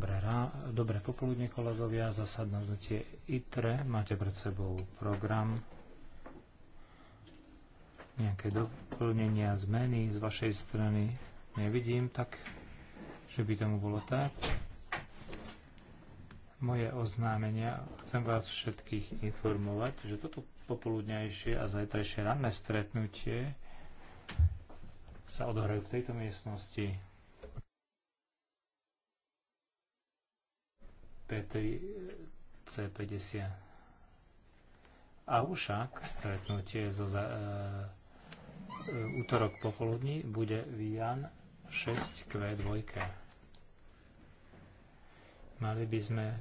Dobré, rá, dobré popoludne, kolegovia. vznutie ITRE. Máte pred sebou program. Nejaké doplnenia, zmeny z vašej strany nevidím, tak že by tomu bolo tak. Moje oznámenia. Chcem vás všetkých informovať, že toto popoludnejšie a zajtrajšie ranné stretnutie sa odohrajú v tejto miestnosti P3C50. A však stretnutie zo za, e, e útorok popoludní bude v Jan 6Q2. Mali by sme e,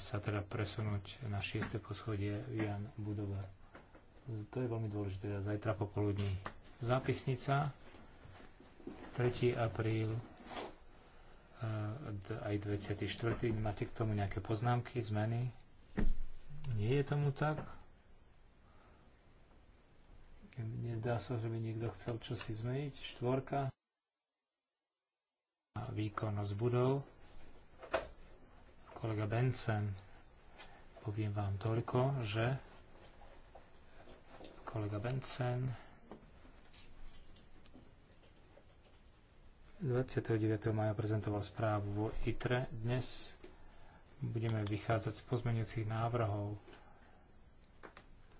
sa teda presunúť na 6. poschodie v Jan budova. To je veľmi dôležité, zajtra popoludní. Zápisnica 3. apríl aj 24. Máte k tomu nejaké poznámky, zmeny? Nie je tomu tak? Nezdá sa, že by niekto chcel čosi zmeniť. Štvorka. A výkonnosť budov. Kolega Bencen, poviem vám toľko, že kolega Bencen 29. maja prezentoval správu vo ITRE. Dnes budeme vychádzať z pozmeňujúcich návrhov,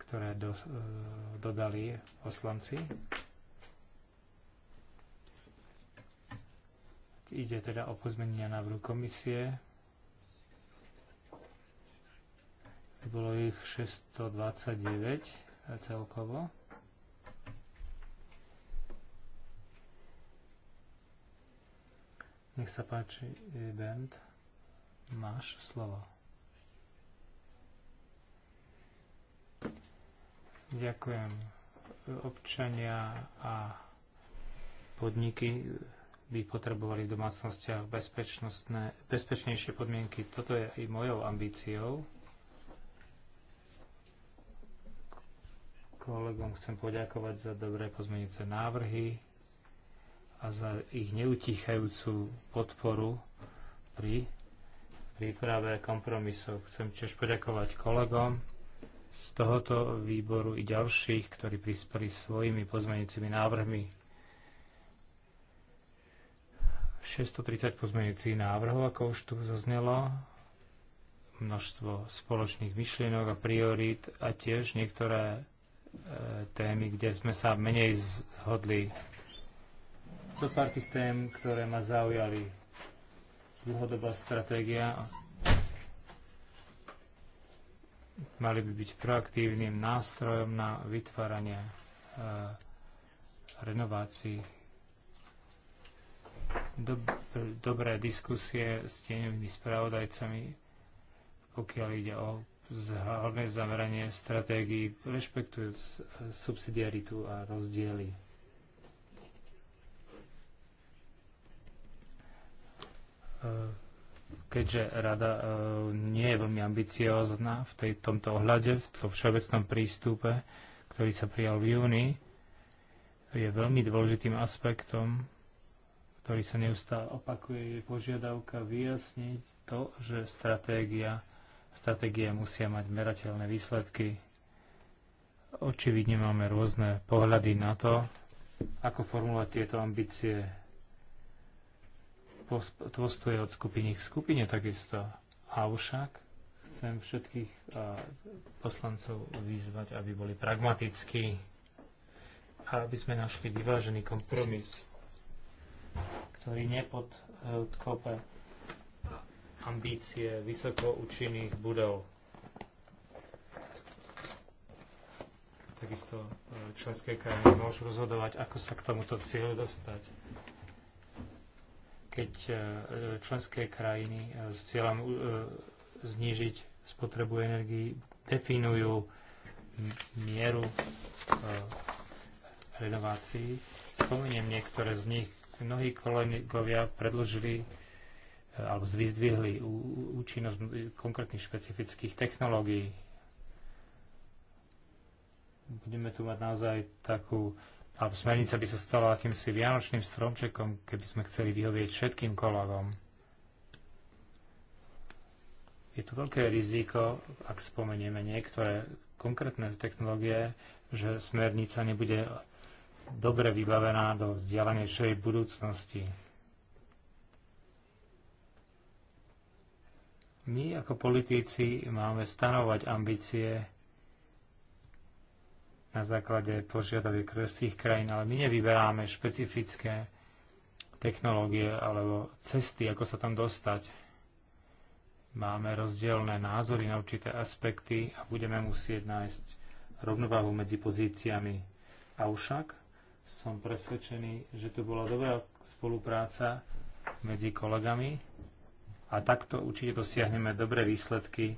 ktoré do, e, dodali poslanci. Ide teda o pozmenenia návrhu komisie. Bolo ich 629 e, celkovo. Nech sa páči, eh, Bernd, máš slovo. Ďakujem. Občania a podniky by potrebovali v domácnostiach bezpečnejšie podmienky. Toto je i mojou ambíciou. Kolegom chcem poďakovať za dobré pozmenice návrhy a za ich neutichajúcu podporu pri príprave kompromisov. Chcem tiež poďakovať kolegom z tohoto výboru i ďalších, ktorí prispeli svojimi pozmenujúcimi návrhmi. 630 pozmenujúcich návrhov, ako už tu zaznelo, množstvo spoločných myšlienok a priorít a tiež niektoré e, témy, kde sme sa menej zhodli zo pár tých tém, ktoré ma zaujali. Dlhodobá stratégia mali by byť proaktívnym nástrojom na vytváranie e, renovácií. Dob- dobré diskusie s tieňovými spravodajcami, pokiaľ ide o hlavné zameranie stratégií, rešpektujúc eh, subsidiaritu a rozdiely. E, keďže rada e, nie je veľmi ambiciózna v tej, tomto ohľade, v tom všeobecnom prístupe, ktorý sa prijal v júni, je veľmi dôležitým aspektom, ktorý sa neustále opakuje, je požiadavka vyjasniť to, že stratégia, stratégia musia mať merateľné výsledky. Očividne máme rôzne pohľady na to, ako formulovať tieto ambície postoje od skupiny k skupine takisto. Avšak chcem všetkých poslancov vyzvať, aby boli pragmatickí a aby sme našli vyvážený kompromis, ktorý nepodkope e, ambície vysoko budov. Takisto e, členské krajiny môžu rozhodovať, ako sa k tomuto cieľu dostať keď e, členské krajiny e, s cieľom e, znížiť spotrebu energii definujú mieru renovácií. Spomeniem niektoré z nich. Mnohí kolegovia predložili alebo zvyzdvihli účinnosť konkrétnych špecifických technológií. Budeme tu mať naozaj takú a smernica by sa stala akýmsi vianočným stromčekom, keby sme chceli vyhovieť všetkým kolegom. Je tu veľké riziko, ak spomenieme niektoré konkrétne technológie, že smernica nebude dobre vybavená do vzdialenejšej budúcnosti. My ako politici máme stanovať ambície na základe požiadaviek kreských krajín, ale my nevyberáme špecifické technológie alebo cesty, ako sa tam dostať. Máme rozdielne názory na určité aspekty a budeme musieť nájsť rovnováhu medzi pozíciami. Avšak som presvedčený, že tu bola dobrá spolupráca medzi kolegami a takto určite dosiahneme dobré výsledky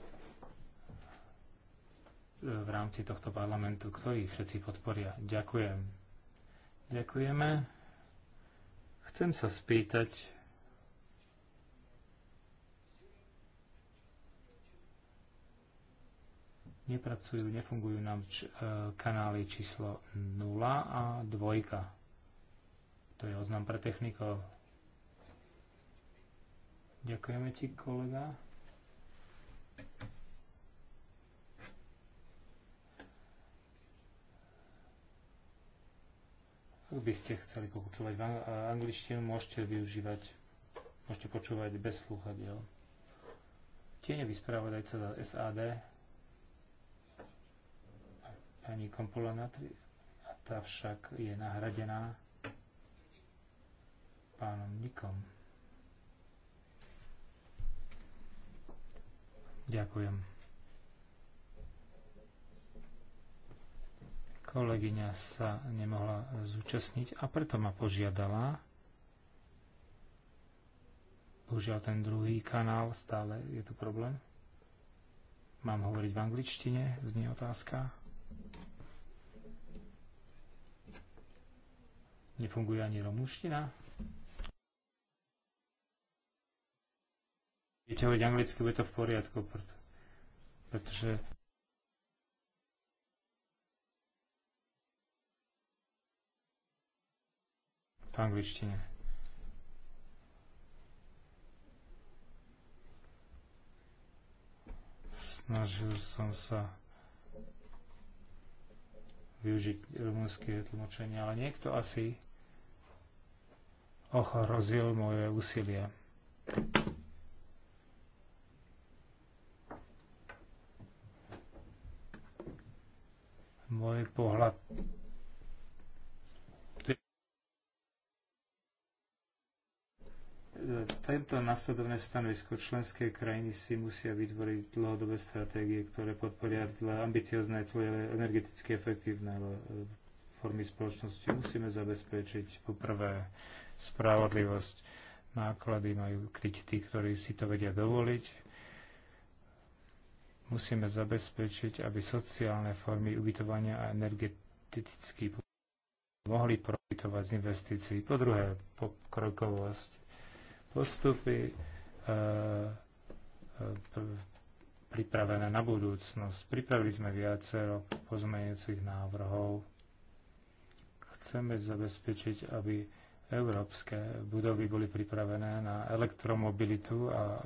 v rámci tohto parlamentu, ktorý všetci podporia. Ďakujem. Ďakujeme. Chcem sa spýtať, nepracujú, nefungujú nám č- e, kanály číslo 0 a 2. To je oznam pre technikov. Ďakujeme ti, kolega. Ak by ste chceli počúvať angličtinu, môžete využívať, môžete počúvať bez slúchadiel. Tieňový spravodajca za SAD, pani Kompolanatri, a tá však je nahradená pánom Nikom. Ďakujem. Kolegyňa sa nemohla zúčastniť a preto ma požiadala. Bohužiaľ ten druhý kanál, stále je tu problém. Mám hovoriť v angličtine, znie otázka. Nefunguje ani romúština. Viete hovoriť anglicky, bude to v poriadku, pretože v angličtine. Snažil som sa využiť rumúnske tlmočenie, ale niekto asi ohrozil moje úsilie. Môj pohľad tento nasledovné stanovisko členské krajiny si musia vytvoriť dlhodobé stratégie, ktoré podporia ambiciozne cieľe energeticky efektívne e, formy spoločnosti. Musíme zabezpečiť poprvé spravodlivosť. Náklady majú kryť tí, ktorí si to vedia dovoliť. Musíme zabezpečiť, aby sociálne formy ubytovania a energetický mohli profitovať z investícií. Po druhé, pokrokovosť postupy e, e, pripravené na budúcnosť. Pripravili sme viacero pozmeňujúcich návrhov. Chceme zabezpečiť, aby európske budovy boli pripravené na elektromobilitu a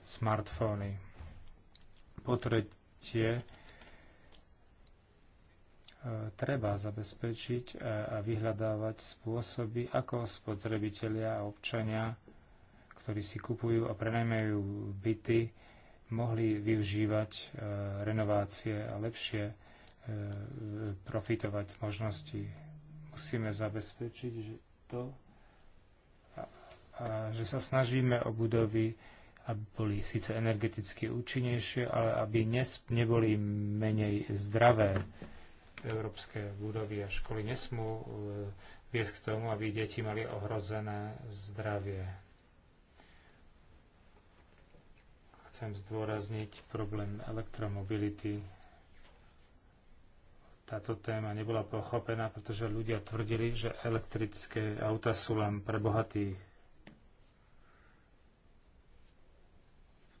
smartfóny. Po tretie, e, treba zabezpečiť a vyhľadávať spôsoby, ako spotrebitelia a občania ktorí si kupujú a prenajmajú byty, mohli využívať e, renovácie a lepšie e, profitovať z možností. Musíme zabezpečiť že to, a, a, že sa snažíme o budovy, aby boli síce energeticky účinnejšie, ale aby nes, neboli menej zdravé. Európske budovy a školy nesmú e, viesť k tomu, aby deti mali ohrozené zdravie chcem zdôrazniť problém elektromobility. Táto téma nebola pochopená, pretože ľudia tvrdili, že elektrické auta sú len pre bohatých.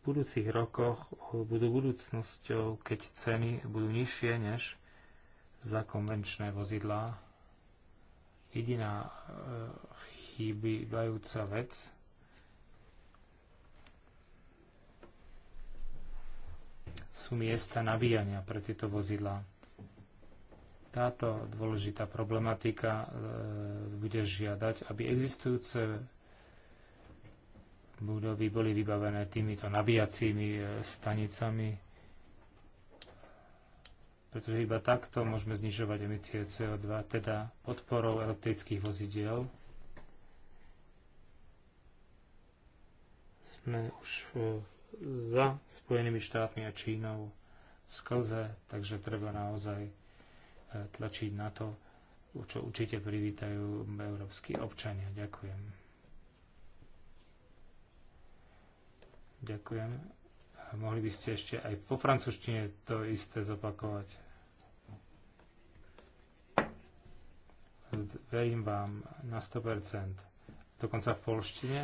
V budúcich rokoch budú budúcnosťou, keď ceny budú nižšie než za konvenčné vozidlá. Jediná e, chýbajúca vec sú miesta nabíjania pre tieto vozidlá. Táto dôležitá problematika e, bude žiadať, aby existujúce budovy boli vybavené týmito nabíjacími e, stanicami, pretože iba takto môžeme znižovať emisie CO2, teda podporou elektrických vozidiel. Sme už za Spojenými štátmi a Čínou sklze, takže treba naozaj e, tlačiť na to, čo určite privítajú európsky občania. Ďakujem. Ďakujem. Mohli by ste ešte aj po francúzštine to isté zopakovať. Verím vám na 100%. Dokonca v polštine.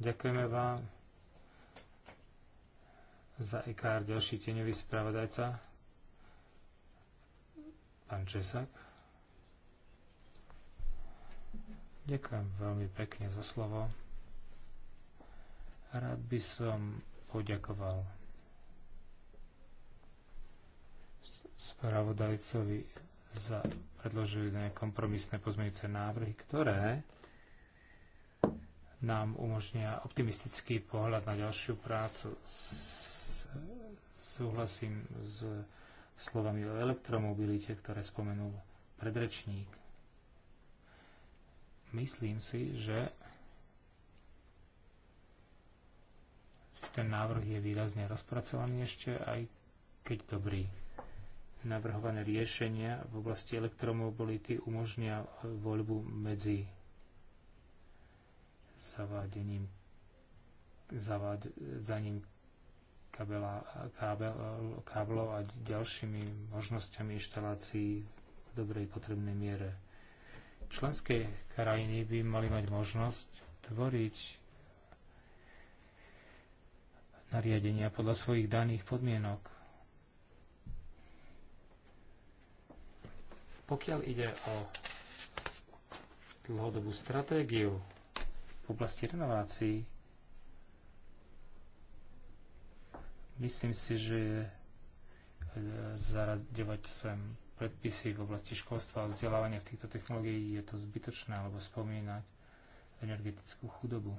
Ďakujeme vám za IKR e ďalší tieňový spravodajca, pán Česak. Ďakujem veľmi pekne za slovo. Rád by som poďakoval spravodajcovi za predložené kompromisné pozmeňujúce návrhy, ktoré nám umožnia optimistický pohľad na ďalšiu prácu. súhlasím s slovami o elektromobilite, ktoré spomenul predrečník. Myslím si, že ten návrh je výrazne rozpracovaný ešte, aj keď dobrý. Navrhované riešenia v oblasti elektromobility umožnia voľbu medzi zavádením zavádzaním kabela, kábel, káblov a ďalšími možnosťami inštalácií v dobrej potrebnej miere. Členské krajiny by mali mať možnosť tvoriť nariadenia podľa svojich daných podmienok. Pokiaľ ide o dlhodobú stratégiu oblasti renovácií myslím si, že je e, zaradevať sem predpisy v oblasti školstva a vzdelávania v týchto technológií je to zbytočné, alebo spomínať energetickú chudobu.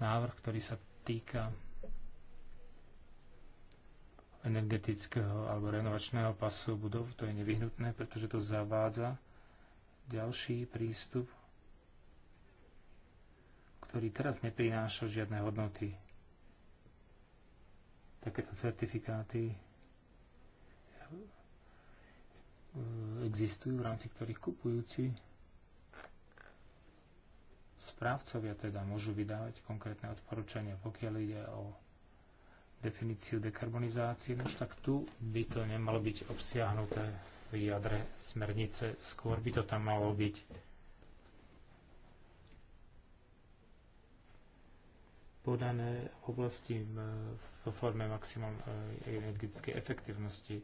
Návrh, ktorý sa týka energetického alebo renovačného pasu budov, to je nevyhnutné, pretože to zavádza ďalší prístup ktorý teraz neprináša žiadne hodnoty. Takéto certifikáty eh, existujú, v rámci ktorých kupujúci správcovia teda môžu vydávať konkrétne odporúčania, pokiaľ ide o definíciu dekarbonizácie, no už tak tu by to nemalo byť obsiahnuté v jadre smernice, skôr by to tam malo byť podané v oblasti v forme maximálnej energetickej efektivnosti.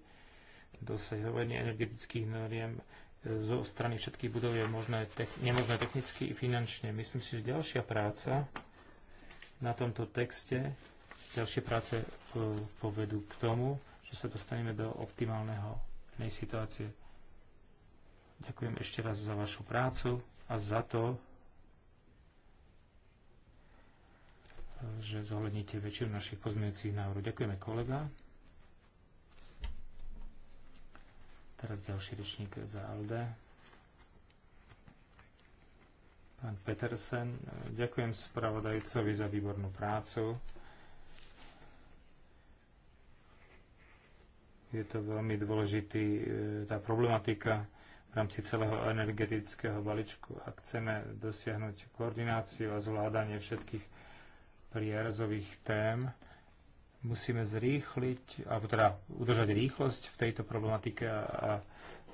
Dosahovanie energetických noriem e, zo strany všetkých budov je možné, nemožné technicky i finančne. Myslím si, že ďalšia práca na tomto texte, ďalšie práce e, povedú k tomu, že sa dostaneme do optimálneho situácie. Ďakujem ešte raz za vašu prácu a za to, že zohľadnite väčšinu našich pozmeňujúcich návrhov. Ďakujeme kolega. Teraz ďalší rečník za ALDE. Pán Petersen, ďakujem spravodajcovi za výbornú prácu. Je to veľmi dôležitý e, tá problematika v rámci celého energetického balíčku. Ak chceme dosiahnuť koordináciu a zvládanie všetkých prierezových tém. Musíme zrýchliť, alebo teda udržať rýchlosť v tejto problematike a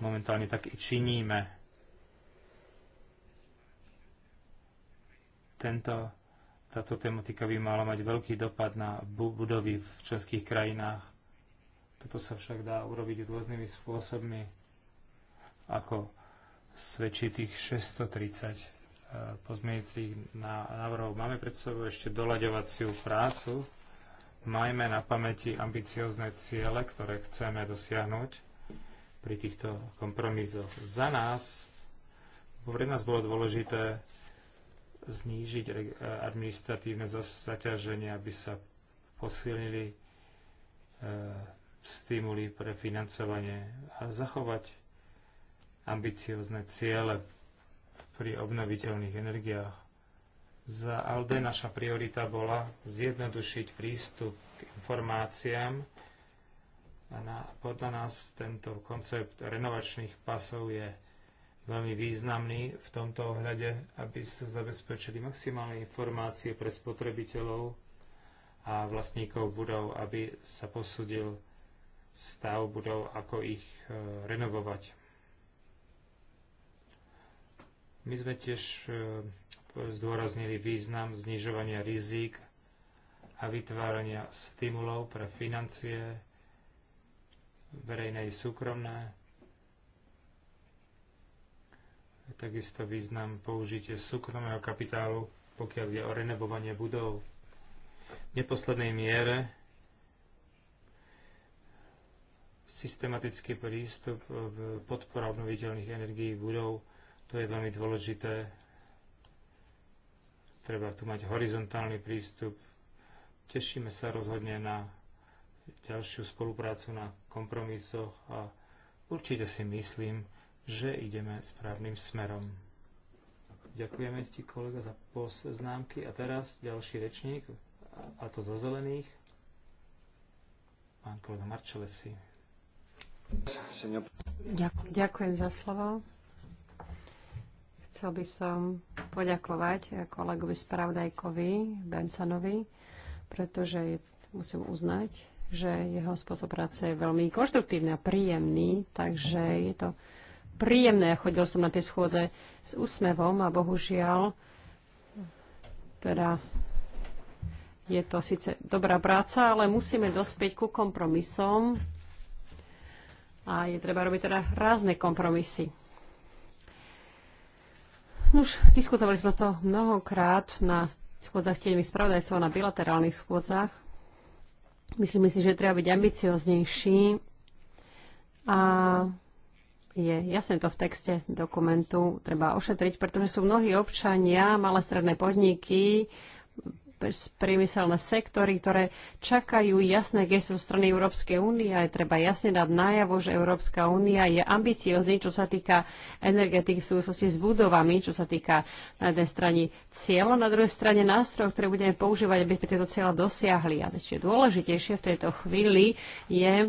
momentálne tak i činíme. Tento, táto tematika by mala mať veľký dopad na budovy v českých krajinách. Toto sa však dá urobiť rôznymi spôsobmi, ako svedčí tých 630 pozmeňujúcich návrhov. Máme pred sebou ešte doľaďovaciu prácu. Majme na pamäti ambiciozne ciele, ktoré chceme dosiahnuť pri týchto kompromisoch. Za nás, pre nás bolo dôležité znížiť e, administratívne zaťaženie, aby sa posilnili e, stimuly pre financovanie a zachovať ambiciozne ciele pri obnoviteľných energiách. Za ALDE naša priorita bola zjednodušiť prístup k informáciám a na, podľa nás tento koncept renovačných pasov je veľmi významný v tomto ohľade, aby sa zabezpečili maximálne informácie pre spotrebiteľov a vlastníkov budov, aby sa posudil stav budov, ako ich e, renovovať. My sme tiež e, zdôraznili význam znižovania rizík a vytvárania stimulov pre financie verejné i súkromné. Takisto význam použitie súkromného kapitálu, pokiaľ ide o renovovanie budov. V neposlednej miere systematický prístup e, podpora obnoviteľných energií budov to je veľmi dôležité. Treba tu mať horizontálny prístup. Tešíme sa rozhodne na ďalšiu spoluprácu na kompromisoch a určite si myslím, že ideme správnym smerom. Ďakujeme ti, kolega, za poznámky. A teraz ďalší rečník, a to za zelených, pán kolega Marčelesi. Ďakujem za slovo. Chcel by som poďakovať kolegovi spravodajkovi Bensanovi, pretože musím uznať, že jeho spôsob práce je veľmi konštruktívny a príjemný, takže je to príjemné. Chodil som na tie schôdze s úsmevom a bohužiaľ teda je to síce dobrá práca, ale musíme dospieť ku kompromisom a je treba robiť teda rázne kompromisy. Už diskutovali sme to mnohokrát na schôdzach tieňmi spravodajcov na bilaterálnych schôdzach. Myslím si, že treba byť ambicioznejší a je jasne to v texte dokumentu treba ošetriť, pretože sú mnohí občania, malé stredné podniky, priemyselné sektory, ktoré čakajú jasné gesto zo strany Európskej únie a je treba jasne dať najavo, že Európska únia je ambiciozný, čo sa týka energetiky v súvislosti s budovami, čo sa týka na jednej strane cieľa, na druhej strane nástrojov, ktoré budeme používať, aby sme tieto cieľa dosiahli. A ešte dôležitejšie v tejto chvíli je e,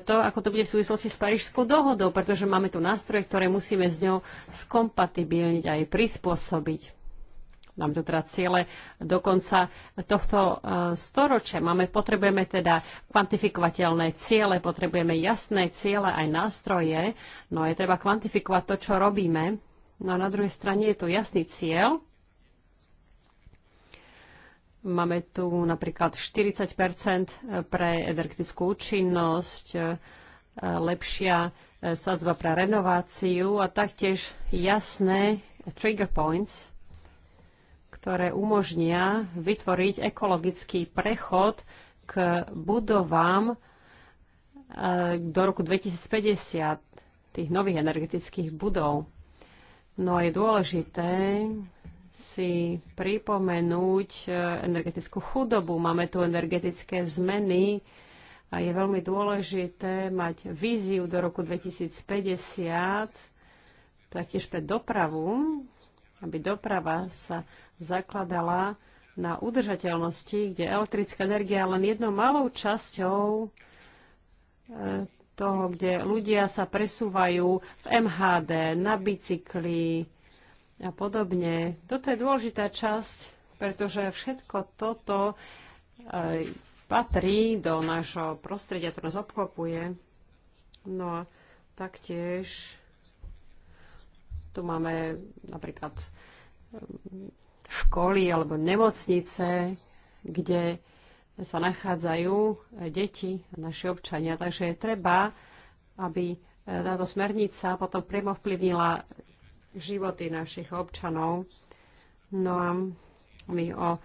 to, ako to bude v súvislosti s Parížskou dohodou, pretože máme tu nástroje, ktoré musíme s ňou skompatibilniť a aj prispôsobiť máme tu teda ciele do konca tohto e, storočia. Máme, potrebujeme teda kvantifikovateľné ciele, potrebujeme jasné ciele aj nástroje, no je treba kvantifikovať to, čo robíme. No a na druhej strane je tu jasný cieľ. Máme tu napríklad 40 pre energetickú účinnosť, e, lepšia e, sadzba pre renováciu a taktiež jasné trigger points, ktoré umožnia vytvoriť ekologický prechod k budovám e, do roku 2050 tých nových energetických budov. No a je dôležité si pripomenúť e, energetickú chudobu. Máme tu energetické zmeny a je veľmi dôležité mať víziu do roku 2050, taktiež pre dopravu, aby doprava sa zakladala na udržateľnosti, kde elektrická energia je len jednou malou časťou e, toho, kde ľudia sa presúvajú v MHD, na bicykli a podobne. Toto je dôležitá časť, pretože všetko toto e, patrí do nášho prostredia, ktoré nás obklopuje. No a taktiež tu máme napríklad um, školy alebo nemocnice, kde sa nachádzajú eh, deti, naši občania. Takže je treba, aby eh, táto smernica potom priamo vplyvnila životy našich občanov. No a my o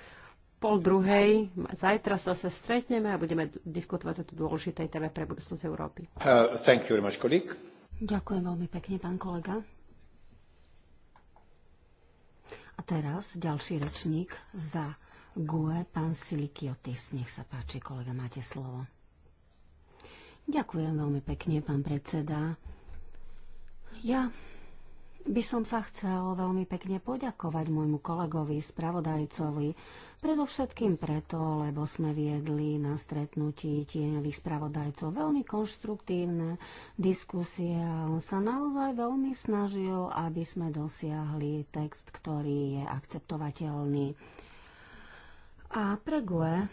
pol druhej zajtra sa sa stretneme a budeme diskutovať o dôležitej téme pre budúcnosť Európy. Uh, thank you very much, Ďakujem veľmi pekne, pán kolega. teraz ďalší rečník za GUE, pán Silikiotis. Nech sa páči, kolega, máte slovo. Ďakujem veľmi pekne, pán predseda. Ja by som sa chcel veľmi pekne poďakovať môjmu kolegovi, spravodajcovi, predovšetkým preto, lebo sme viedli na stretnutí tieňových spravodajcov veľmi konštruktívne diskusie a on sa naozaj veľmi snažil, aby sme dosiahli text, ktorý je akceptovateľný. A pre GUE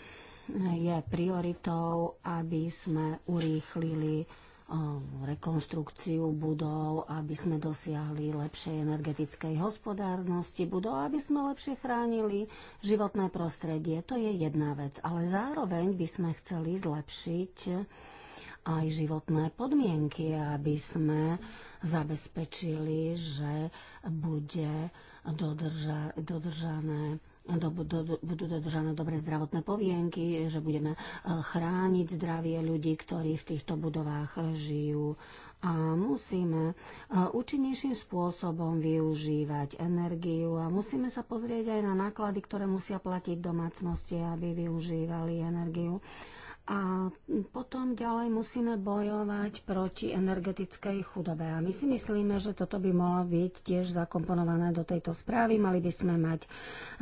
je prioritou, aby sme urýchlili Um, rekonštrukciu budov, aby sme dosiahli lepšej energetickej hospodárnosti budov, aby sme lepšie chránili životné prostredie. To je jedna vec. Ale zároveň by sme chceli zlepšiť aj životné podmienky, aby sme zabezpečili, že bude dodrža, dodržané do, do, budú dodržané dobré zdravotné povienky, že budeme eh, chrániť zdravie ľudí, ktorí v týchto budovách eh, žijú. A musíme eh, účinnejším spôsobom využívať energiu a musíme sa pozrieť aj na náklady, ktoré musia platiť domácnosti, aby využívali energiu. A potom ďalej musíme bojovať proti energetickej chudobe. A my si myslíme, že toto by mohlo byť tiež zakomponované do tejto správy. Mali by sme mať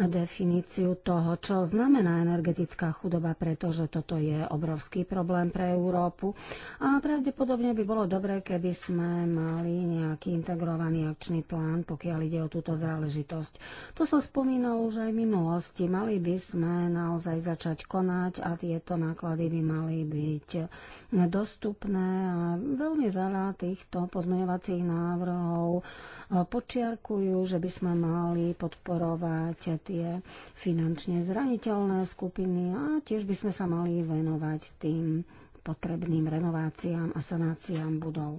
definíciu toho, čo znamená energetická chudoba, pretože toto je obrovský problém pre Európu. A pravdepodobne by bolo dobré, keby sme mali nejaký integrovaný akčný plán, pokiaľ ide o túto záležitosť. To som spomínal už aj v minulosti. Mali by sme naozaj začať konať a tieto náklady by by mali byť dostupné a veľmi veľa týchto pozmeňovacích návrhov eh, počiarkujú, že by sme mali podporovať tie finančne zraniteľné skupiny a tiež by sme sa mali venovať tým potrebným renováciám a sanáciám budov.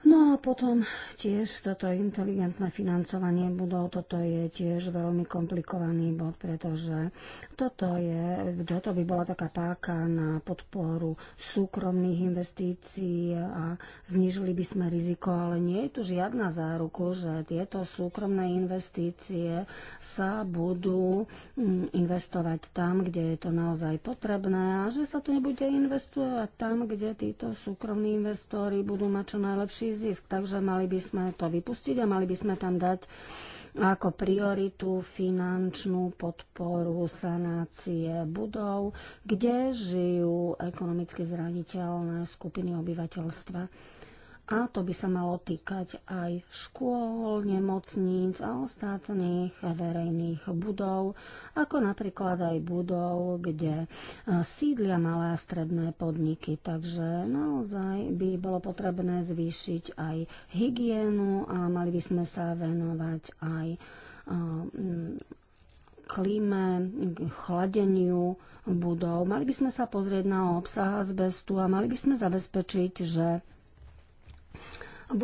No a potom tiež toto inteligentné financovanie budov, toto je tiež veľmi komplikovaný bod, pretože toto, je, to by bola taká páka na podporu súkromných investícií a znižili by sme riziko, ale nie je tu žiadna záruku, že tieto súkromné investície sa budú mm, investovať tam, kde je to naozaj potrebné a že sa to nebude investovať tam, kde títo súkromní investóri budú mať čo najlepší zisk. Takže mali by sme to vypustiť a mali by sme tam dať ako prioritu finančnú podporu sanácie budov, kde žijú ekonomicky zraniteľné skupiny obyvateľstva. A to by sa malo týkať aj škôl, nemocníc a ostatných verejných budov, ako napríklad aj budov, kde e, sídlia malé a stredné podniky. Takže naozaj by bolo potrebné zvýšiť aj hygienu a mali by sme sa venovať aj e, mm, klíme, chladeniu budov. Mali by sme sa pozrieť na obsah azbestu a mali by sme zabezpečiť, že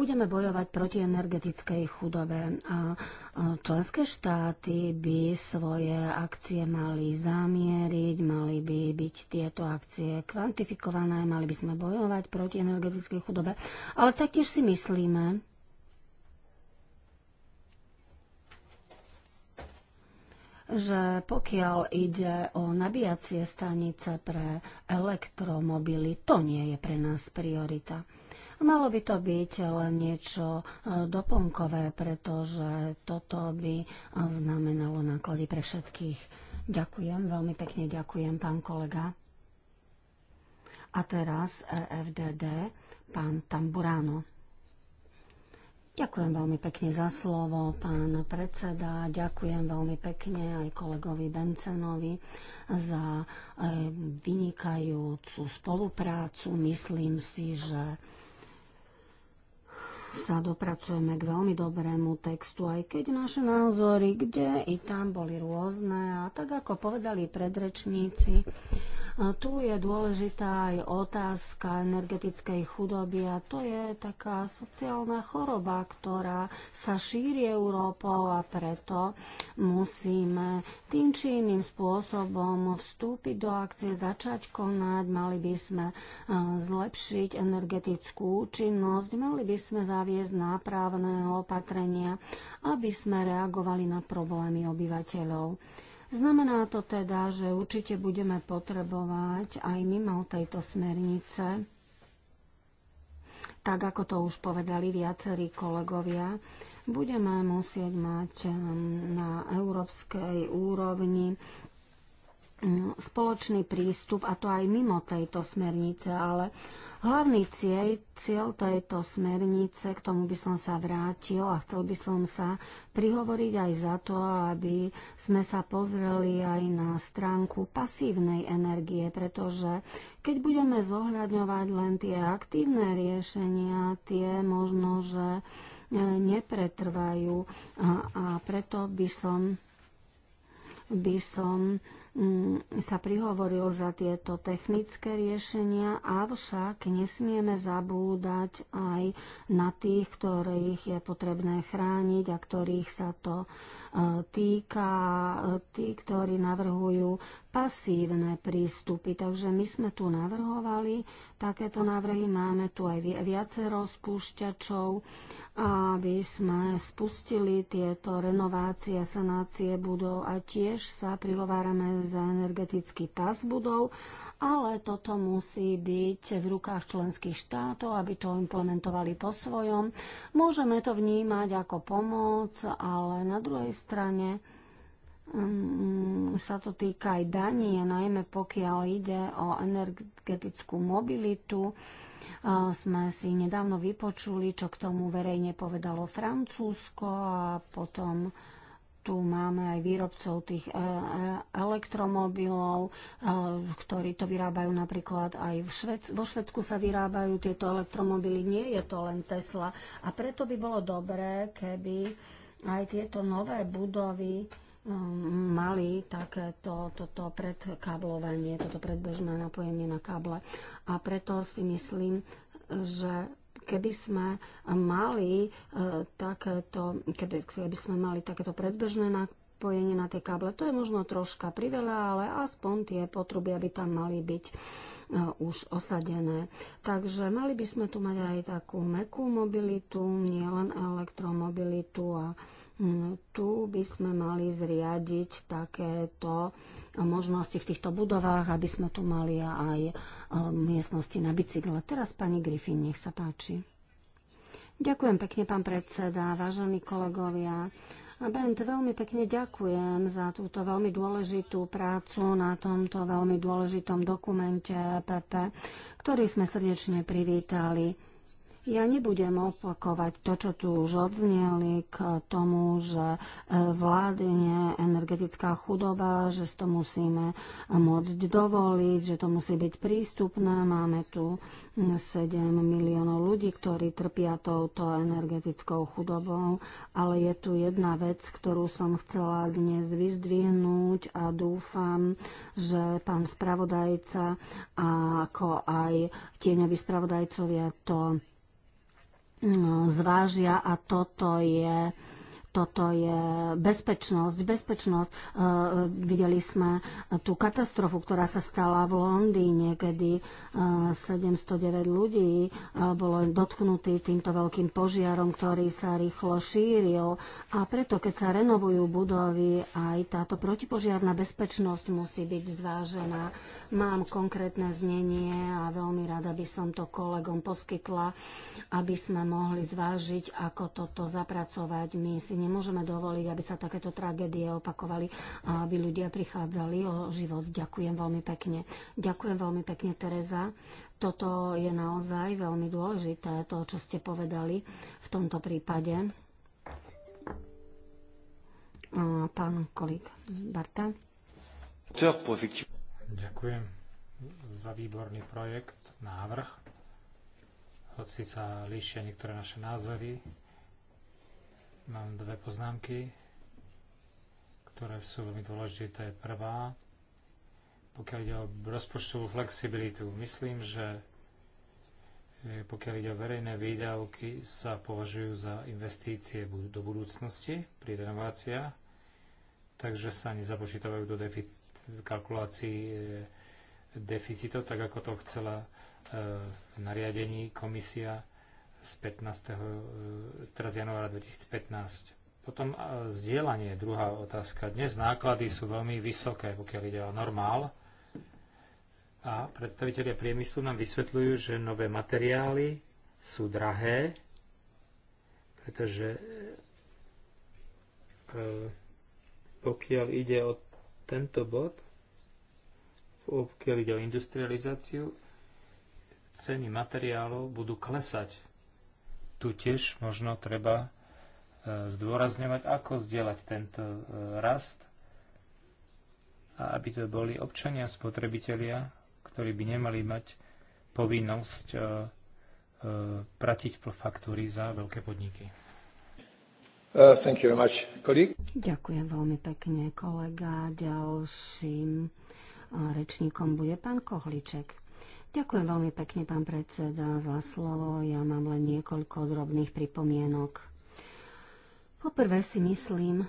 budeme bojovať proti energetickej chudobe. Členské štáty by svoje akcie mali zamieriť, mali by byť tieto akcie kvantifikované, mali by sme bojovať proti energetickej chudobe, ale taktiež si myslíme, že pokiaľ ide o nabíjacie stanice pre elektromobily, to nie je pre nás priorita malo by to byť len niečo e, doplnkové, pretože toto by e, znamenalo náklady pre všetkých. Ďakujem, veľmi pekne ďakujem, pán kolega. A teraz e, FDD, pán Tamburáno. Ďakujem veľmi pekne za slovo, pán predseda. Ďakujem veľmi pekne aj kolegovi Bencenovi za vynikajúcu spoluprácu. Myslím si, že sa dopracujeme k veľmi dobrému textu, aj keď naše názory, kde i tam boli rôzne. A tak ako povedali predrečníci, tu je dôležitá aj otázka energetickej chudoby a to je taká sociálna choroba, ktorá sa šíri Európou a preto musíme tým či iným spôsobom vstúpiť do akcie, začať konať, mali by sme zlepšiť energetickú účinnosť, mali by sme zároveň zaviesť nápravné opatrenia, aby sme reagovali na problémy obyvateľov. Znamená to teda, že určite budeme potrebovať aj mimo tejto smernice, tak ako to už povedali viacerí kolegovia, budeme musieť mať ehm, na európskej úrovni spoločný prístup, a to aj mimo tejto smernice, ale hlavný cieľ, cieľ tejto smernice, k tomu by som sa vrátil a chcel by som sa prihovoriť aj za to, aby sme sa pozreli aj na stránku pasívnej energie, pretože keď budeme zohľadňovať len tie aktívne riešenia, tie možno, že e, nepretrvajú a, a preto by som by som Mm, sa prihovoril za tieto technické riešenia, avšak nesmieme zabúdať aj na tých, ktorých je potrebné chrániť a ktorých sa to uh, E, týka e, tí, ktorí navrhujú pasívne prístupy. Takže my sme tu navrhovali takéto návrhy, máme tu aj viacero spúšťačov, aby sme spustili tieto renovácie a sanácie budov a tiež sa prihovárame za energetický pas budov ale toto musí byť v rukách členských štátov, aby to implementovali po svojom. Môžeme to vnímať ako pomoc, ale na druhej strane mm, sa to týka aj daní, najmä pokiaľ ide o energetickú mobilitu sme si nedávno vypočuli, čo k tomu verejne povedalo Francúzsko a potom tu máme aj výrobcov tých e, e, elektromobilov, e, ktorí to vyrábajú napríklad aj v Šved- vo Švedsku sa vyrábajú tieto elektromobily, nie je to len Tesla. A preto by bolo dobré, keby aj tieto nové budovy mali takéto toto predkablovanie, toto predbežné napojenie na káble. A preto si myslím, že keby sme mali e, takéto, keby, keby sme mali takéto predbežné napojenie na tie káble, to je možno troška priveľa, ale aspoň tie potruby, aby tam mali byť e, už osadené. Takže mali by sme tu mať aj takú mekú mobilitu, nielen elektromobilitu a Hm, tu by sme mali zriadiť takéto možnosti v týchto budovách, aby sme tu mali aj ehm, miestnosti na bicykle. Teraz pani Griffin, nech sa páči. Ďakujem pekne, pán predseda, vážení kolegovia. Bent, veľmi pekne ďakujem za túto veľmi dôležitú prácu na tomto veľmi dôležitom dokumente PP, ktorý sme srdečne privítali. Ja nebudem opakovať to, čo tu už odznieli k tomu, že e, vládne energetická chudoba, že to musíme môcť dovoliť, že to musí byť prístupné. Máme tu 7 miliónov ľudí, ktorí trpia touto energetickou chudobou, ale je tu jedna vec, ktorú som chcela dnes vyzdvihnúť a dúfam, že pán spravodajca ako aj tieňoví spravodajcovia to zvážia a toto je toto je bezpečnosť, bezpečnosť. Uh, videli sme tú katastrofu, ktorá sa stala v Londýne, kedy uh, e, 709 ľudí uh, bolo dotknutý týmto veľkým požiarom, ktorý sa rýchlo šíril. A preto, keď sa renovujú budovy, aj táto protipožiarná bezpečnosť musí byť zvážená. Mám konkrétne znenie a veľmi rada by som to kolegom poskytla, aby sme mohli zvážiť, ako toto zapracovať. My si nemôžeme dovoliť, aby sa takéto tragédie opakovali a aby ľudia prichádzali o život. Ďakujem veľmi pekne. Ďakujem veľmi pekne, Tereza. Toto je naozaj veľmi dôležité, to, čo ste povedali v tomto prípade. Pán Kolík Barta. Ďakujem za výborný projekt, návrh. Hoci sa líšia niektoré naše názory, Mám dve poznámky, ktoré sú veľmi dôležité. Prvá, pokiaľ ide o rozpočtovú flexibilitu, myslím, že e, pokiaľ ide o verejné výdavky, sa považujú za investície do budúcnosti pri renováciách, takže sa nezapočítavajú do deficit, kalkulácií e, deficitov, tak ako to chcela e, v nariadení komisia z, 15, e, z teraz januára 2015. Potom e, zdieľanie, druhá otázka. Dnes náklady sú veľmi vysoké, pokiaľ ide o normál. A predstavitelia priemyslu nám vysvetľujú, že nové materiály sú drahé, pretože e, pokiaľ ide o tento bod, pokiaľ ide o industrializáciu, ceny materiálov budú klesať tu tiež možno treba e, zdôrazňovať, ako zdieľať tento e, rast a aby to boli občania, spotrebitelia, ktorí by nemali mať povinnosť e, pratiť faktúry za veľké podniky. Uh, thank you very much. Ďakujem veľmi pekne, kolega. Ďalším uh, rečníkom bude pán Kohliček. Ďakujem veľmi pekne, pán predseda, za slovo. Ja mám len niekoľko drobných pripomienok. Poprvé si myslím,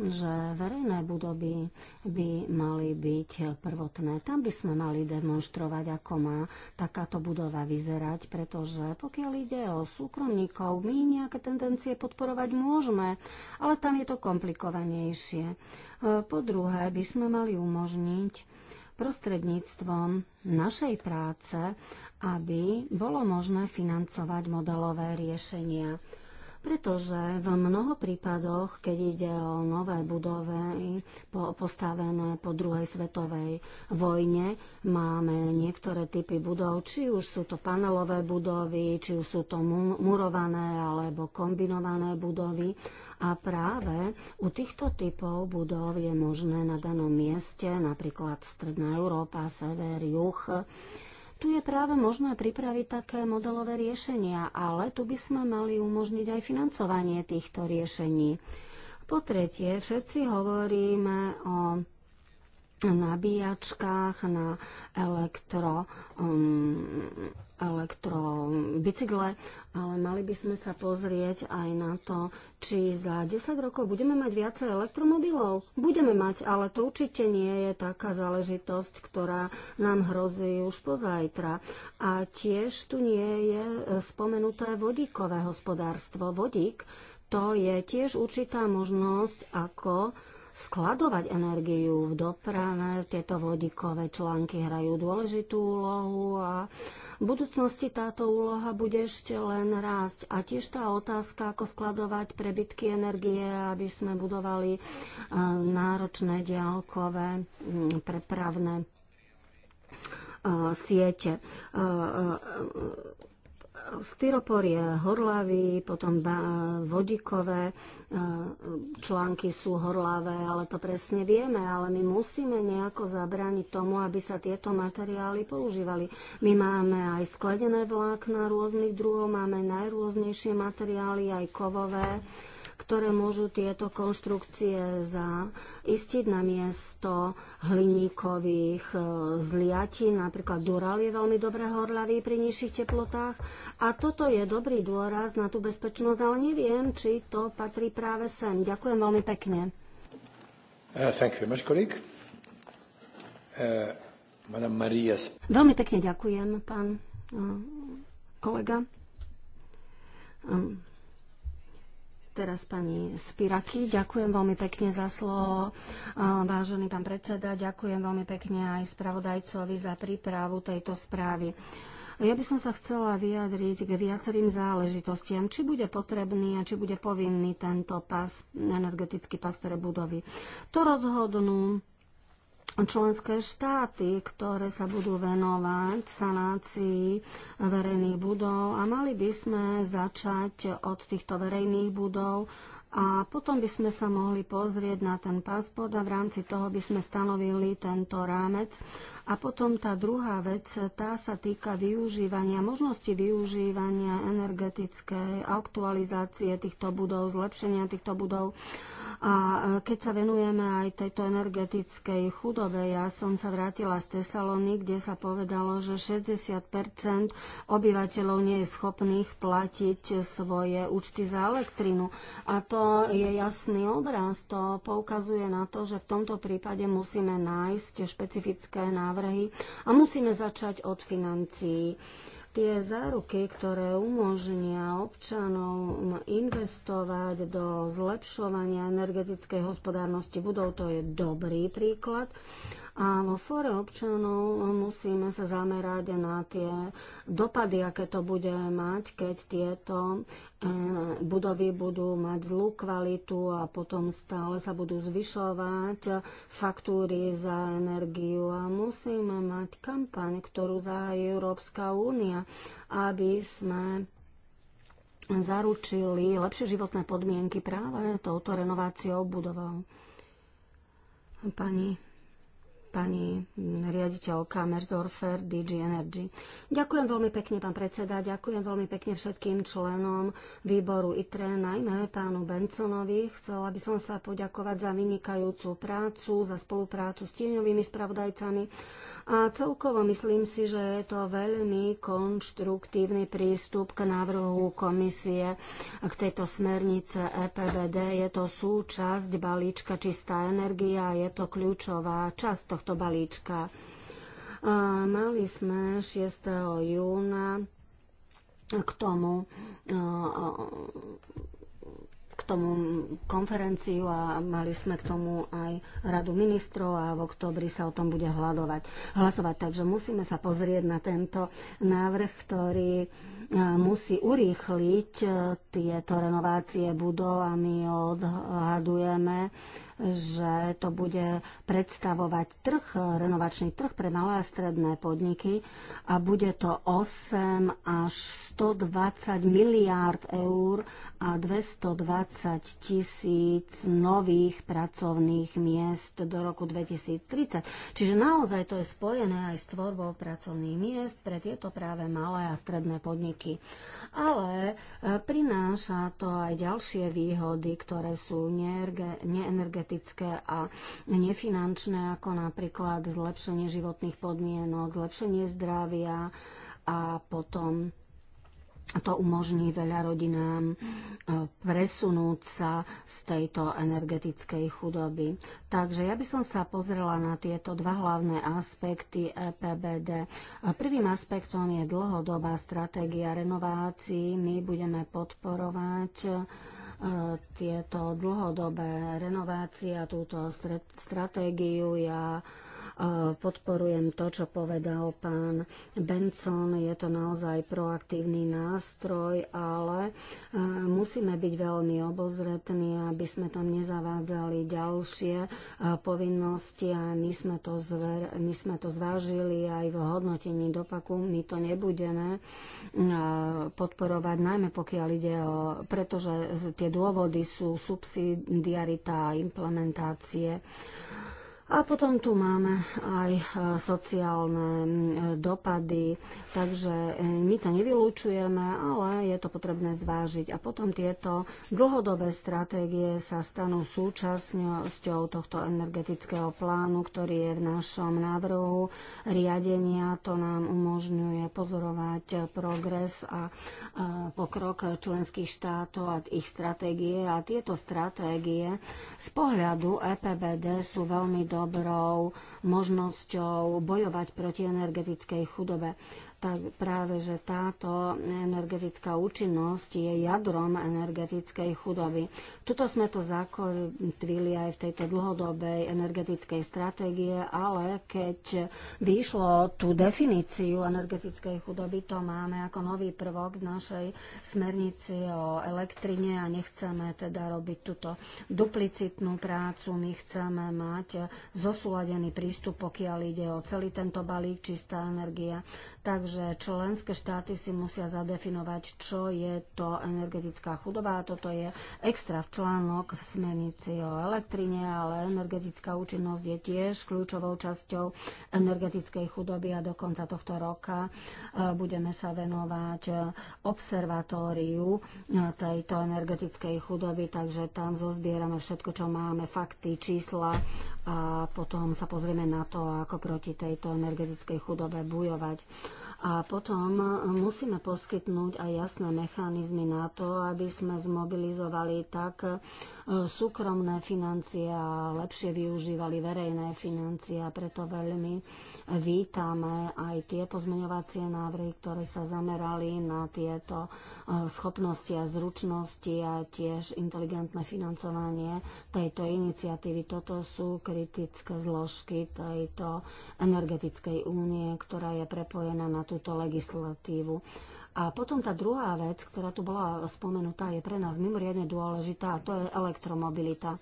že verejné budovy by mali byť prvotné. Tam by sme mali demonstrovať, ako má takáto budova vyzerať, pretože pokiaľ ide o súkromníkov, my nejaké tendencie podporovať môžeme, ale tam je to komplikovanejšie. Po druhé, by sme mali umožniť prostredníctvom našej práce, aby bolo možné financovať modelové riešenia pretože v mnoho prípadoch, keď ide o nové budovy postavené po druhej svetovej vojne, máme niektoré typy budov, či už sú to panelové budovy, či už sú to murované alebo kombinované budovy. A práve u týchto typov budov je možné na danom mieste, napríklad Stredná Európa, Sever, Juh, tu je práve možné pripraviť také modelové riešenia, ale tu by sme mali umožniť aj financovanie týchto riešení. Po tretie, všetci hovoríme o nabíjačkách na elektro um, elektrobicykle, ale mali by sme sa pozrieť aj na to, či za 10 rokov budeme mať viacej elektromobilov. Budeme mať, ale to určite nie je taká záležitosť, ktorá nám hrozí už pozajtra. A tiež tu nie je spomenuté vodíkové hospodárstvo. Vodík to je tiež určitá možnosť, ako skladovať energiu v doprave. Tieto vodíkové články hrajú dôležitú úlohu a v budúcnosti táto úloha bude ešte len rásť. A tiež tá otázka, ako skladovať prebytky energie, aby sme budovali e, náročné diálkové prepravné e, siete. E, Styropor je horlavý, potom vodíkové e, články sú horlavé, ale to presne vieme, ale my musíme nejako zabrániť tomu, aby sa tieto materiály používali. My máme aj skledené vlákna rôznych druhov, máme najrôznejšie materiály, aj kovové ktoré môžu tieto konštrukcie zaistiť na miesto hliníkových e, zliatí. Napríklad Dural je veľmi dobre horľavý pri nižších teplotách. A toto je dobrý dôraz na tú bezpečnosť, ale neviem, či to patrí práve sem. Ďakujem veľmi pekne. Uh, thank you very much, colleague. Uh, Madame Veľmi pekne ďakujem, pán uh, kolega. Um, Teraz pani Spiraky, ďakujem veľmi pekne za slovo. Vážený pán predseda, ďakujem veľmi pekne aj spravodajcovi za prípravu tejto správy. Ja by som sa chcela vyjadriť k viacerým záležitostiam, či bude potrebný a či bude povinný tento pas, energetický pas pre budovy. To rozhodnú členské štáty, ktoré sa budú venovať sanácii verejných budov a mali by sme začať od týchto verejných budov a potom by sme sa mohli pozrieť na ten pasport a v rámci toho by sme stanovili tento rámec. A potom tá druhá vec, tá sa týka využívania, možnosti využívania energetickej aktualizácie týchto budov, zlepšenia týchto budov a e, keď sa venujeme aj tejto energetickej chudobe, ja som sa vrátila z Tesalony, kde sa povedalo, že 60 obyvateľov nie je schopných platiť svoje účty za elektrinu. A to je jasný obraz. To poukazuje na to, že v tomto prípade musíme nájsť špecifické návrhy a musíme začať od financií tie záruky, ktoré umožnia občanom investovať do zlepšovania energetickej hospodárnosti budov, to je dobrý príklad. A vo fóre občanov musíme sa zamerať na tie dopady, aké to bude mať, keď tieto e, budovy budú mať zlú kvalitu a potom stále sa budú zvyšovať faktúry za energiu a musíme mať kampaň, ktorú zahájí Európska únia, aby sme zaručili lepšie životné podmienky práve touto renováciou budovou. Pani pani riaditeľka Merzdorfer DG Energy. Ďakujem veľmi pekne, pán predseda, ďakujem veľmi pekne všetkým členom výboru ITRE, najmä pánu Benconovi. Chcela by som sa poďakovať za vynikajúcu prácu, za spoluprácu s tieňovými spravodajcami a celkovo myslím si, že je to veľmi konštruktívny prístup k návrhu komisie k tejto smernice EPBD. Je to súčasť balíčka Čistá energia, je to kľúčová časť tohto tohto balíčka. Mali sme 6. júna k tomu k tomu konferenciu a mali sme k tomu aj radu ministrov a v oktobri sa o tom bude hľadovať, hlasovať. Takže musíme sa pozrieť na tento návrh, ktorý musí urýchliť tieto renovácie budov a my odhadujeme, že to bude predstavovať trh, renovačný trh pre malé a stredné podniky a bude to 8 až 120 miliárd eur a 220 tisíc nových pracovných miest do roku 2030. Čiže naozaj to je spojené aj s tvorbou pracovných miest pre tieto práve malé a stredné podniky. Ale e, prináša to aj ďalšie výhody, ktoré sú neenergetické energetické a nefinančné, ako napríklad zlepšenie životných podmienok, zlepšenie zdravia a potom to umožní veľa rodinám e, presunúť sa z tejto energetickej chudoby. Takže ja by som sa pozrela na tieto dva hlavné aspekty EPBD. Prvým aspektom je dlhodobá stratégia renovácií. My budeme podporovať E, tieto dlhodobé renovácie a túto stratégiu. Ja E, podporujem to, čo povedal pán Benson. Je to naozaj proaktívny nástroj, ale e, musíme byť veľmi obozretní, aby sme tam nezavádzali ďalšie e, povinnosti a my sme to, zver, my sme to zvážili aj v hodnotení dopaku. My to nebudeme podporovať, najmä pokiaľ ide o... pretože tie dôvody sú subsidiarita a implementácie a potom tu máme aj e, sociálne dopady, takže e, my to nevylúčujeme, ale je to potrebné zvážiť. A potom tieto dlhodobé stratégie sa stanú súčasťou tohto energetického plánu, ktorý je v našom návrhu riadenia. To nám umožňuje pozorovať e, progres a pokrok členských štátov a ich stratégie. A tieto stratégie z pohľadu EPBD sú veľmi dobré dobrou možnosťou bojovať proti energetickej chudobe tak práve, že táto energetická účinnosť je jadrom energetickej chudoby. Tuto sme to zakotvili aj v tejto dlhodobej energetickej stratégie, ale keď vyšlo tú definíciu energetickej chudoby, to máme ako nový prvok v našej smernici o elektrine a nechceme teda robiť túto duplicitnú prácu. My chceme mať zosúladený prístup, pokiaľ ide o celý tento balík čistá energia. Takže Takže členské štáty si musia zadefinovať, čo je to energetická chudoba. A toto je extra v článok v smernici o elektrine, ale energetická účinnosť je tiež kľúčovou časťou energetickej chudoby a do konca tohto roka e, budeme sa venovať observatóriu e, tejto energetickej chudoby, takže tam zozbierame všetko, čo máme, fakty, čísla a potom sa pozrieme na to, ako proti tejto energetickej chudobe bojovať. A potom e, musíme poskytnúť aj jasné mechanizmy na to, aby sme zmobilizovali tak e, súkromné financie a lepšie využívali verejné financie. A preto veľmi e, vítame aj tie pozmeňovacie návrhy, ktoré sa zamerali na tieto schopnosti a zručnosti a tiež inteligentné financovanie tejto iniciatívy. Toto sú kritické zložky tejto energetickej únie, ktorá je prepojená na túto legislatívu. A potom tá druhá vec, ktorá tu bola spomenutá, je pre nás mimoriadne dôležitá a to je elektromobilita.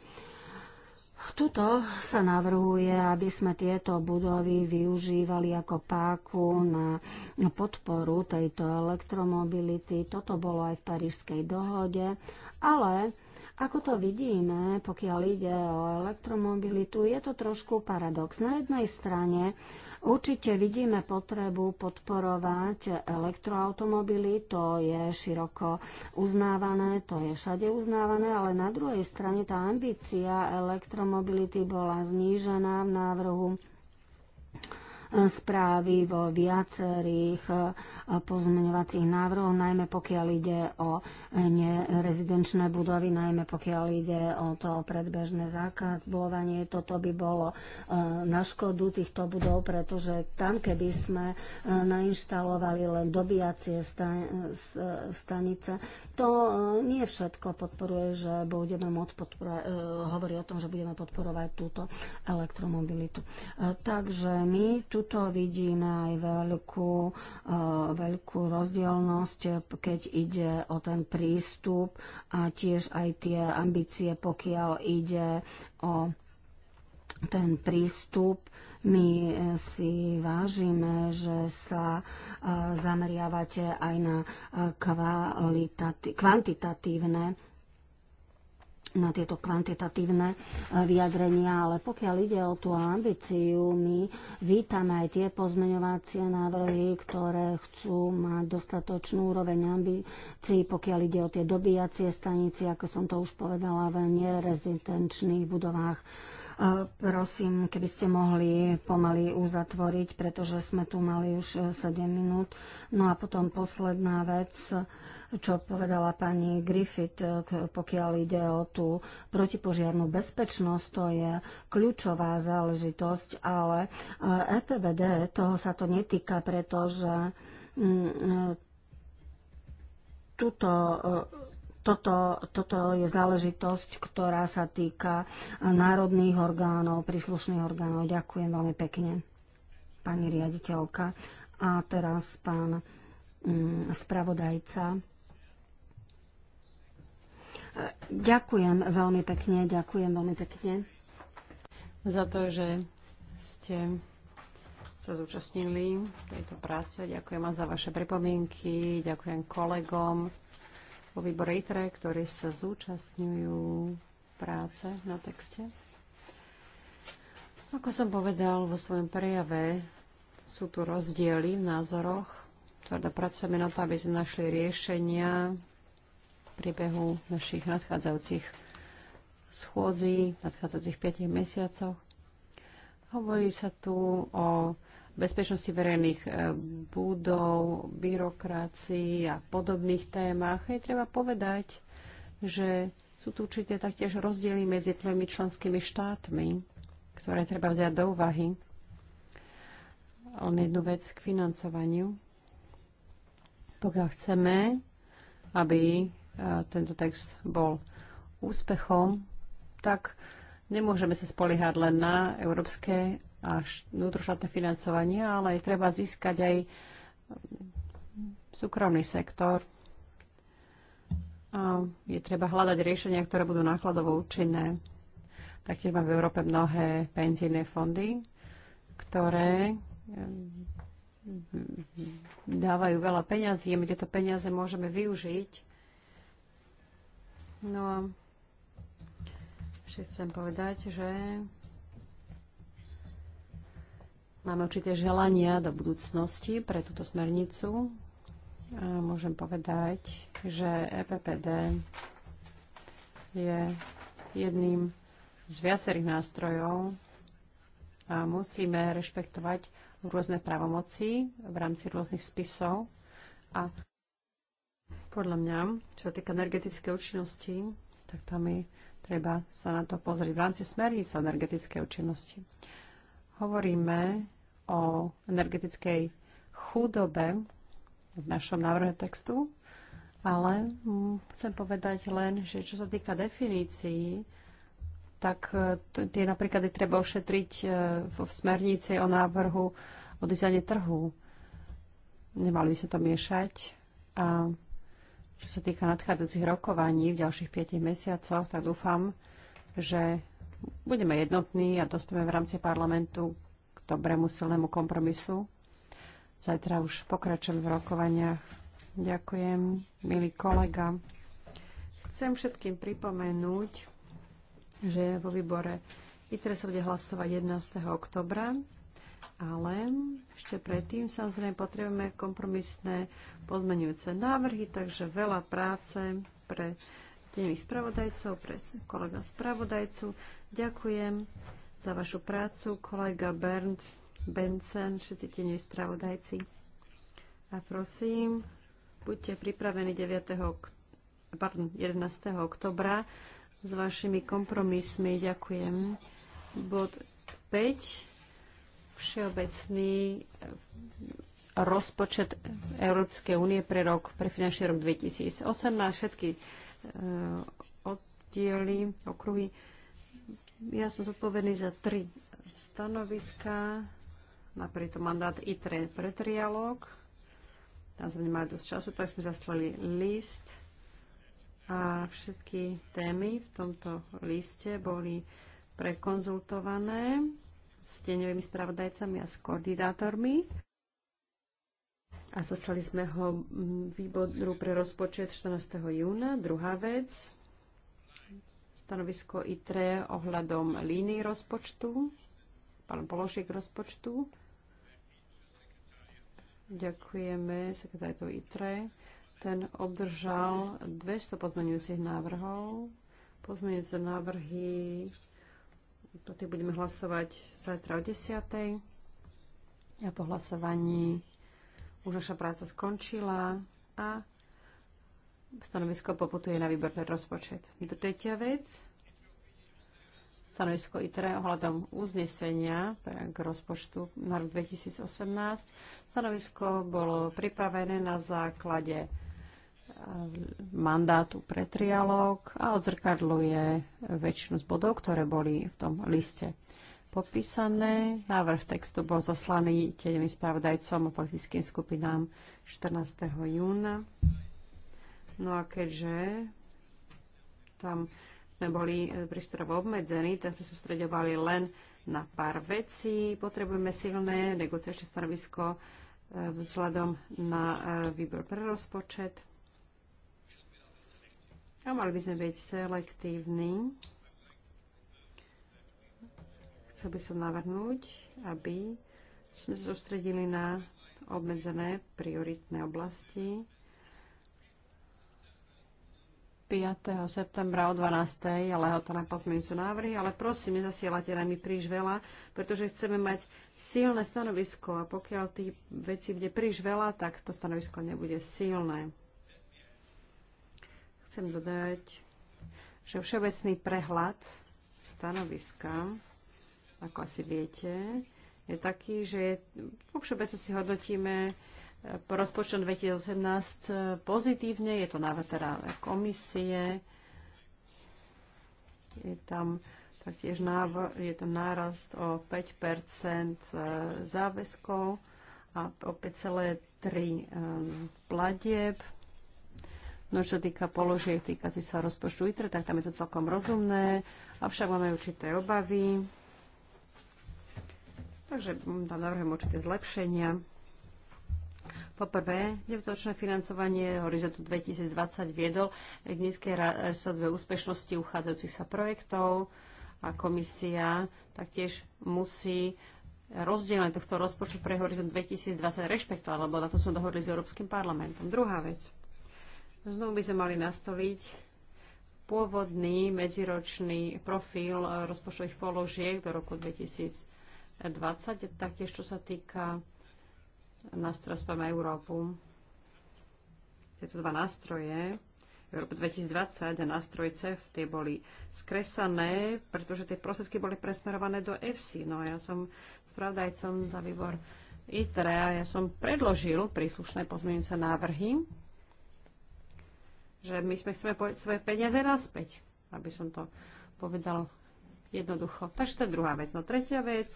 Tuto sa navrhuje, aby sme tieto budovy využívali ako páku na podporu tejto elektromobility. Toto bolo aj v Parížskej dohode, ale ako to vidíme, pokiaľ ide o elektromobilitu, je to trošku paradox. Na jednej strane Určite vidíme potrebu podporovať elektroautomobily, to je široko uznávané, to je všade uznávané, ale na druhej strane tá ambícia elektromobility bola znížená v návrhu správy vo viacerých eh, pozmeňovacích návrhoch, najmä pokiaľ ide o nerezidenčné budovy, najmä pokiaľ ide o to predbežné zákazbovanie. Toto by bolo eh, na škodu týchto budov, pretože tam, keby sme eh, nainštalovali len dobíjacie stanice, to nie všetko podporuje, že budeme môcť podporovať, hovorí o tom, že budeme podporovať túto elektromobilitu. Takže my tu tuto vidíme aj veľkú, e, veľkú rozdielnosť, keď ide o ten prístup a tiež aj tie ambície, pokiaľ ide o ten prístup. My e, si vážime, že sa e, zameriavate aj na kvantitatívne na tieto kvantitatívne e, vyjadrenia, ale pokiaľ ide o tú ambíciu, my vítame aj tie pozmeňovacie návrhy, ktoré chcú mať dostatočnú úroveň ambícií, pokiaľ ide o tie dobíjacie stanice, ako som to už povedala, v nerezidenčných budovách. Prosím, keby ste mohli pomaly uzatvoriť, pretože sme tu mali už 7 e, minút. No a potom posledná vec, čo povedala pani Griffith, e, pokiaľ ide o tú protipožiarnú bezpečnosť, to je kľúčová záležitosť, ale EPVD e toho sa to netýka, pretože mm, tuto toto, toto je záležitosť, ktorá sa týka národných orgánov, príslušných orgánov. Ďakujem veľmi pekne, pani riaditeľka. A teraz pán mm, spravodajca. Ďakujem veľmi pekne, ďakujem veľmi pekne. Za to, že ste sa zúčastnili tejto práce. Ďakujem vám za vaše pripomienky, ďakujem kolegom vo výbore ITRE, ktorí sa zúčastňujú práce na texte. Ako som povedal vo svojom prejave, sú tu rozdiely v názoroch. Tvrdo pracujeme na to, aby sme našli riešenia v priebehu našich nadchádzajúcich schôdzí, v nadchádzajúcich 5 mesiacoch. Hovorí sa tu o bezpečnosti verejných e, budov, byrokracii a podobných témach, je treba povedať, že sú tu určite taktiež rozdiely medzi jednotlivými členskými štátmi, ktoré treba vziať do úvahy. Len jednu vec k financovaniu. Pokiaľ chceme, aby e, tento text bol úspechom, tak nemôžeme sa spoliehať len na európske a vnútroštátne financovanie, ale aj treba získať aj súkromný sektor. A je treba hľadať riešenia, ktoré budú nákladovo účinné. Taktiež máme v Európe mnohé penzijné fondy, ktoré ehm, dávajú veľa peňazí a my tieto peniaze môžeme využiť. No a ešte chcem povedať, že Máme určité želania do budúcnosti pre túto smernicu. A môžem povedať, že EPPD je jedným z viacerých nástrojov a musíme rešpektovať rôzne pravomoci v rámci rôznych spisov. A podľa mňa, čo týka energetické účinnosti, tak tam je treba sa na to pozrieť v rámci smernice energetické účinnosti. Hovoríme o energetickej chudobe v našom návrhu textu, ale chcem povedať len, že čo sa týka definícií, tak tie napríklad je treba ošetriť e, v smernici o návrhu o dizajne trhu. Nemali by sa to miešať. A čo sa týka nadchádzajúcich rokovaní v ďalších 5 mesiacoch, tak dúfam, že budeme jednotní a dospieme v rámci parlamentu dobrému silnému kompromisu. Zajtra už pokračujem v rokovaniach. Ďakujem, milý kolega. Chcem všetkým pripomenúť, že vo výbore ITRE sa bude hlasovať 11. oktobra, ale ešte predtým samozrejme potrebujeme kompromisné pozmenujúce návrhy, takže veľa práce pre denných spravodajcov, pre kolega spravodajcu. Ďakujem za vašu prácu, kolega Bernd Benson, všetci tie spravodajci. A prosím, buďte pripravení 9. Pardon, 11. oktobra s vašimi kompromismi. Ďakujem. Bod 5. Všeobecný eh, rozpočet Európskej únie pre rok, pre finančný rok 2018. Všetky eh, oddiely, okruhy ja som zodpovedný za tri stanoviská, má preto mandát ITRE pre trialog. Tam sme nemali dosť času, tak sme zaslali list a všetky témy v tomto liste boli prekonzultované s tieňovými spravodajcami a s koordinátormi. A zaslali sme ho výboru pre rozpočet 14. júna. Druhá vec, stanovisko ITRE ohľadom línii rozpočtu, pán položiek rozpočtu. Ďakujeme sekretártu ITRE. Ten obdržal 200 pozmeňujúcich návrhov. Pozmeňujúce návrhy, to tie budeme hlasovať zajtra o 10. A po hlasovaní už naša práca skončila a Stanovisko poputuje na výbor pre rozpočet. Tretia vec. Stanovisko ITRE ohľadom uznesenia k rozpočtu na rok 2018. Stanovisko bolo pripravené na základe e, mandátu pre trialóg a odzrkadluje väčšinu z bodov, ktoré boli v tom liste popísané. Návrh textu bol zaslaný tieňovým spravodajcom a politickým skupinám 14. júna. No a keďže tam sme boli e, prístravo obmedzení, tak sme sústredovali len na pár vecí. Potrebujeme silné negociačné stanovisko e, vzhľadom na e, výbor pre rozpočet. A mali by sme byť selektívni. Chcel by som navrhnúť, aby sme sa sústredili na obmedzené prioritné oblasti 5. septembra o 12. je to na pozmeňujúce návrhy, ale prosím, nezasielate mi príliš veľa, pretože chceme mať silné stanovisko a pokiaľ tých vecí bude príliš veľa, tak to stanovisko nebude silné. Chcem dodať, že všeobecný prehľad stanoviska, ako asi viete, je taký, že vo všeobecnosti hodnotíme po rozpočtu 2018 eh, pozitívne. Je to návrh teda komisie. Je tam taktiež návr, je to nárast o 5 eh, záväzkov a o 5,3 eh, platieb. No čo týka položiek týkajúci sa rozpočtu ITRE, tak tam je to celkom rozumné, avšak máme určité obavy. Takže mm, tam navrhujem určité zlepšenia. Poprvé, nevtočné financovanie Horizontu 2020 viedol k nízkej sadzbe úspešnosti uchádzajúcich sa projektov a komisia taktiež musí rozdielať tohto rozpočtu pre Horizont 2020 rešpektovať, lebo na to som dohodli s Európskym parlamentom. Druhá vec. Znovu by sme mali nastoliť pôvodný medziročný profil eh, rozpočtových položiek do roku 2020, taktiež čo sa týka nástroj Spam Európu. Tieto dva nástroje, Európa 2020 a nástroj CEF, tie boli skresané, pretože tie prostriedky boli presmerované do EFSI. No ja som spravdajcom za výbor ITRE a ja som predložil príslušné pozmeňujúce návrhy, že my sme chceme povedať svoje peniaze naspäť, aby som to povedal jednoducho. Takže to je druhá vec. No tretia vec,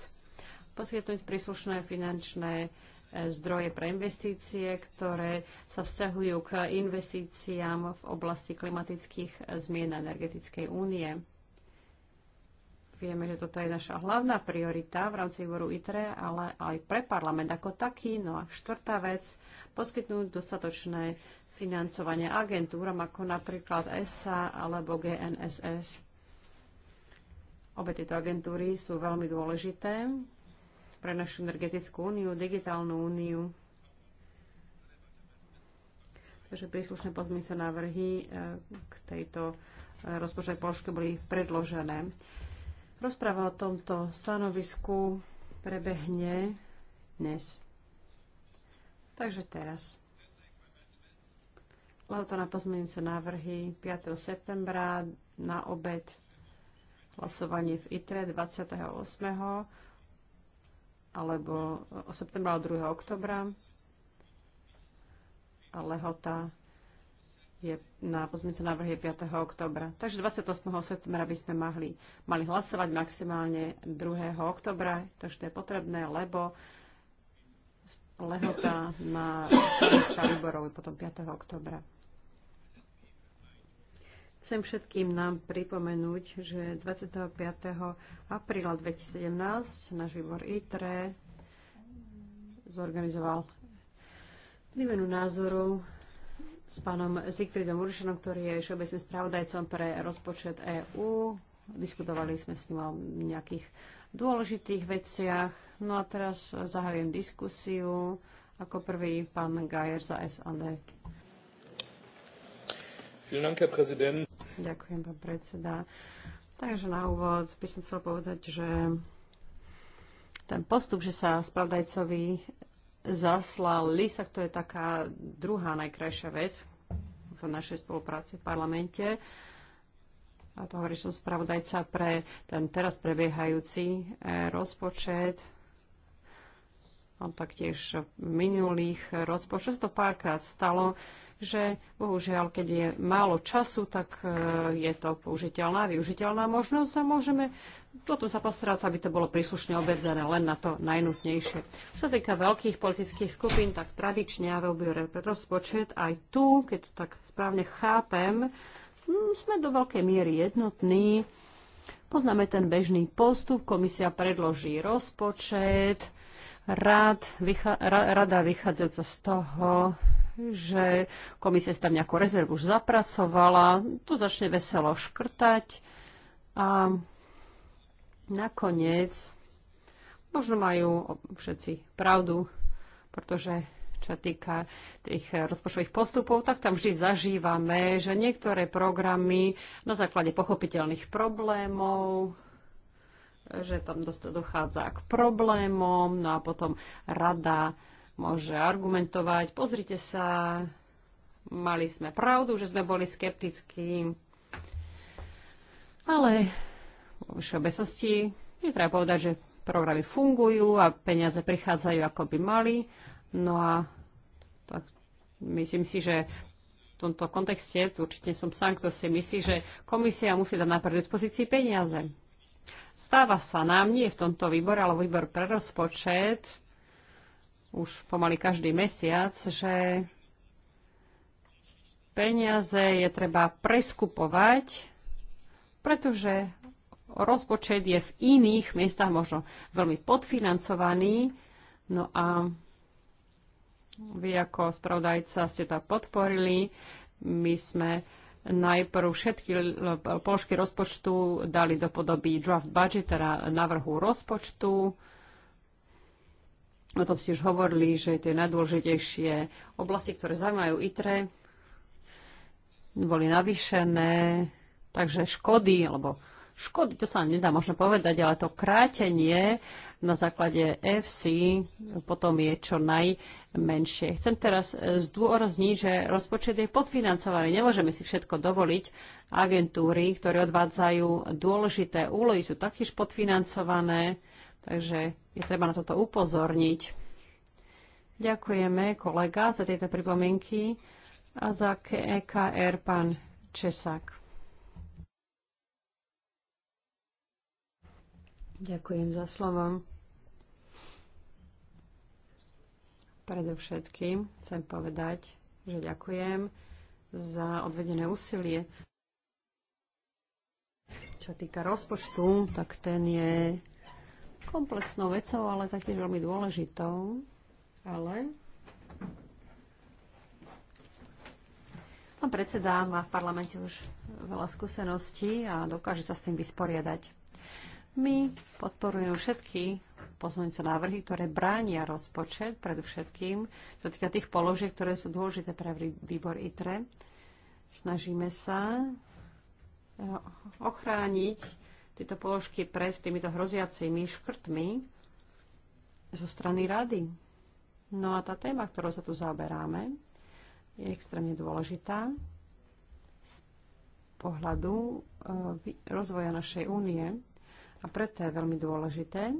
poskytnúť príslušné finančné E, zdroje pre investície, ktoré sa vzťahujú k investíciám v oblasti klimatických zmien energetickej únie. Vieme, že toto je naša hlavná priorita v rámci výboru ITRE, ale aj pre parlament ako taký. No a štvrtá vec, poskytnúť dostatočné financovanie agentúram ako napríklad ESA alebo GNSS. Obe tieto agentúry sú veľmi dôležité pre našu energetickú úniu, digitálnu úniu. Takže príslušné pozmeňujúce návrhy e, k tejto e, rozpočtovej položke boli predložené. Rozpráva o tomto stanovisku prebehne dnes. Takže teraz. Lehoto na pozmeňujúce návrhy 5. septembra na obed hlasovanie v ITRE 28 alebo od septembra 2. oktobra. A lehota je na pozmice návrhy 5. oktobra. Takže 28. septembra by sme mali, mali hlasovať maximálne 2. oktobra, takže to je potrebné, lebo lehota na výborov je potom 5. oktobra. Chcem všetkým nám pripomenúť, že 25. apríla 2017 náš výbor ITRE zorganizoval výmenu názoru s pánom Zigfridom Uršenom, ktorý je všeobecným spravodajcom pre rozpočet EÚ. Diskutovali sme s ním o nejakých dôležitých veciach. No a teraz zahajujem diskusiu. Ako prvý pán Gajer za SAD. Ďakujem, pán predseda. Takže na úvod by som chcel povedať, že ten postup, že sa spravdajcovi zaslal list, tak to je taká druhá najkrajšia vec v našej spolupráci v parlamente. A to hovorí som spravodajca pre ten teraz prebiehajúci eh, rozpočet a taktiež minulých sa to párkrát stalo, že bohužiaľ, keď je málo času, tak e, je to použiteľná, využiteľná možnosť a môžeme toto sa postarať, aby to bolo príslušne obedzené len na to najnutnejšie. Čo sa týka veľkých politických skupín, tak tradične ja robím rozpočet aj tu, keď to tak správne chápem, hm, sme do veľkej miery jednotní. Poznáme ten bežný postup, komisia predloží rozpočet, rád, rada vychádzajúca z toho, že komisia si tam nejakú rezervu už zapracovala, tu začne veselo škrtať a nakoniec možno majú všetci pravdu, pretože čo týka tých rozpočtových postupov, tak tam vždy zažívame, že niektoré programy na základe pochopiteľných problémov že tam dochádza k problémom, no a potom rada môže argumentovať. Pozrite sa, mali sme pravdu, že sme boli skeptickí, ale vo všeobecnosti je treba povedať, že programy fungujú a peniaze prichádzajú, ako by mali. No a tak myslím si, že v tomto kontexte, určite som sám, kto si myslí, že komisia musí dať najprv dispozícii peniaze. Stáva sa nám, nie v tomto výbore, ale výbor pre rozpočet, už pomaly každý mesiac, že peniaze je treba preskupovať, pretože rozpočet je v iných miestach možno veľmi podfinancovaný. No a vy ako spravodajca ste to podporili. My sme najprv všetky položky rozpočtu dali do podoby draft budget, teda návrhu rozpočtu. O tom si už hovorili, že tie najdôležitejšie oblasti, ktoré zaujímajú ITRE, boli navýšené, takže škody alebo škody. To sa nedá možno povedať, ale to krátenie na základe FC potom je čo najmenšie. Chcem teraz e, zdôrazniť, že rozpočet je podfinancovaný. Nemôžeme si všetko dovoliť. Agentúry, ktoré odvádzajú dôležité úlohy, sú taktiež podfinancované, takže je treba na toto upozorniť. Ďakujeme kolega za tieto pripomienky a za KKR e pán Česák. Ďakujem za slovo. Predovšetkým chcem povedať, že ďakujem za odvedené úsilie. Čo týka rozpočtu, tak ten je komplexnou vecou, ale taktiež veľmi dôležitou. Ale pán predseda má v parlamente už veľa skúseností a dokáže sa s tým vysporiadať. My podporujeme všetky pozmeňujúce návrhy, ktoré bránia rozpočet, predovšetkým, čo týka tých položiek, ktoré sú dôležité pre výbor ITRE. Snažíme sa eh, ochrániť tieto položky pred týmito hroziacimi škrtmi zo strany rady. No a tá téma, ktorou sa tu zaoberáme, je extrémne dôležitá z pohľadu eh, rozvoja našej únie. A preto je veľmi dôležité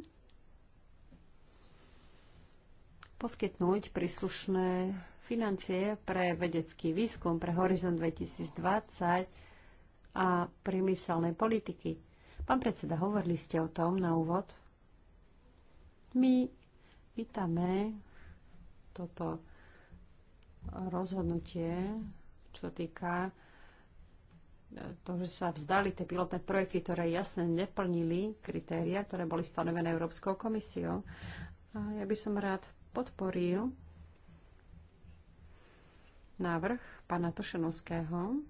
poskytnúť príslušné financie pre vedecký výskum, pre Horizon 2020 a priemyselnej politiky. Pán predseda, hovorili ste o tom na úvod. My vítame toto rozhodnutie, čo týka to, že sa vzdali tie pilotné projekty, ktoré jasne neplnili kritéria, ktoré boli stanovené Európskou komisiou. A ja by som rád podporil návrh pána Tošenovského,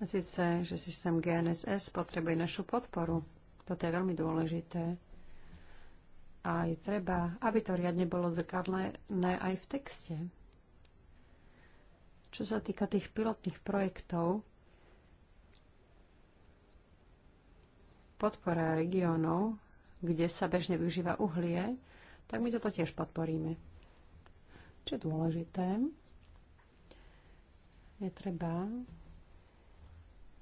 a síce, že systém GNSS potrebuje našu podporu. Toto je veľmi dôležité. A je treba, aby to riadne bolo zrkadlené aj v texte. Čo sa týka tých pilotných projektov, podpora regiónov, kde sa bežne využíva uhlie, tak my toto tiež podporíme. Čo je dôležité, je treba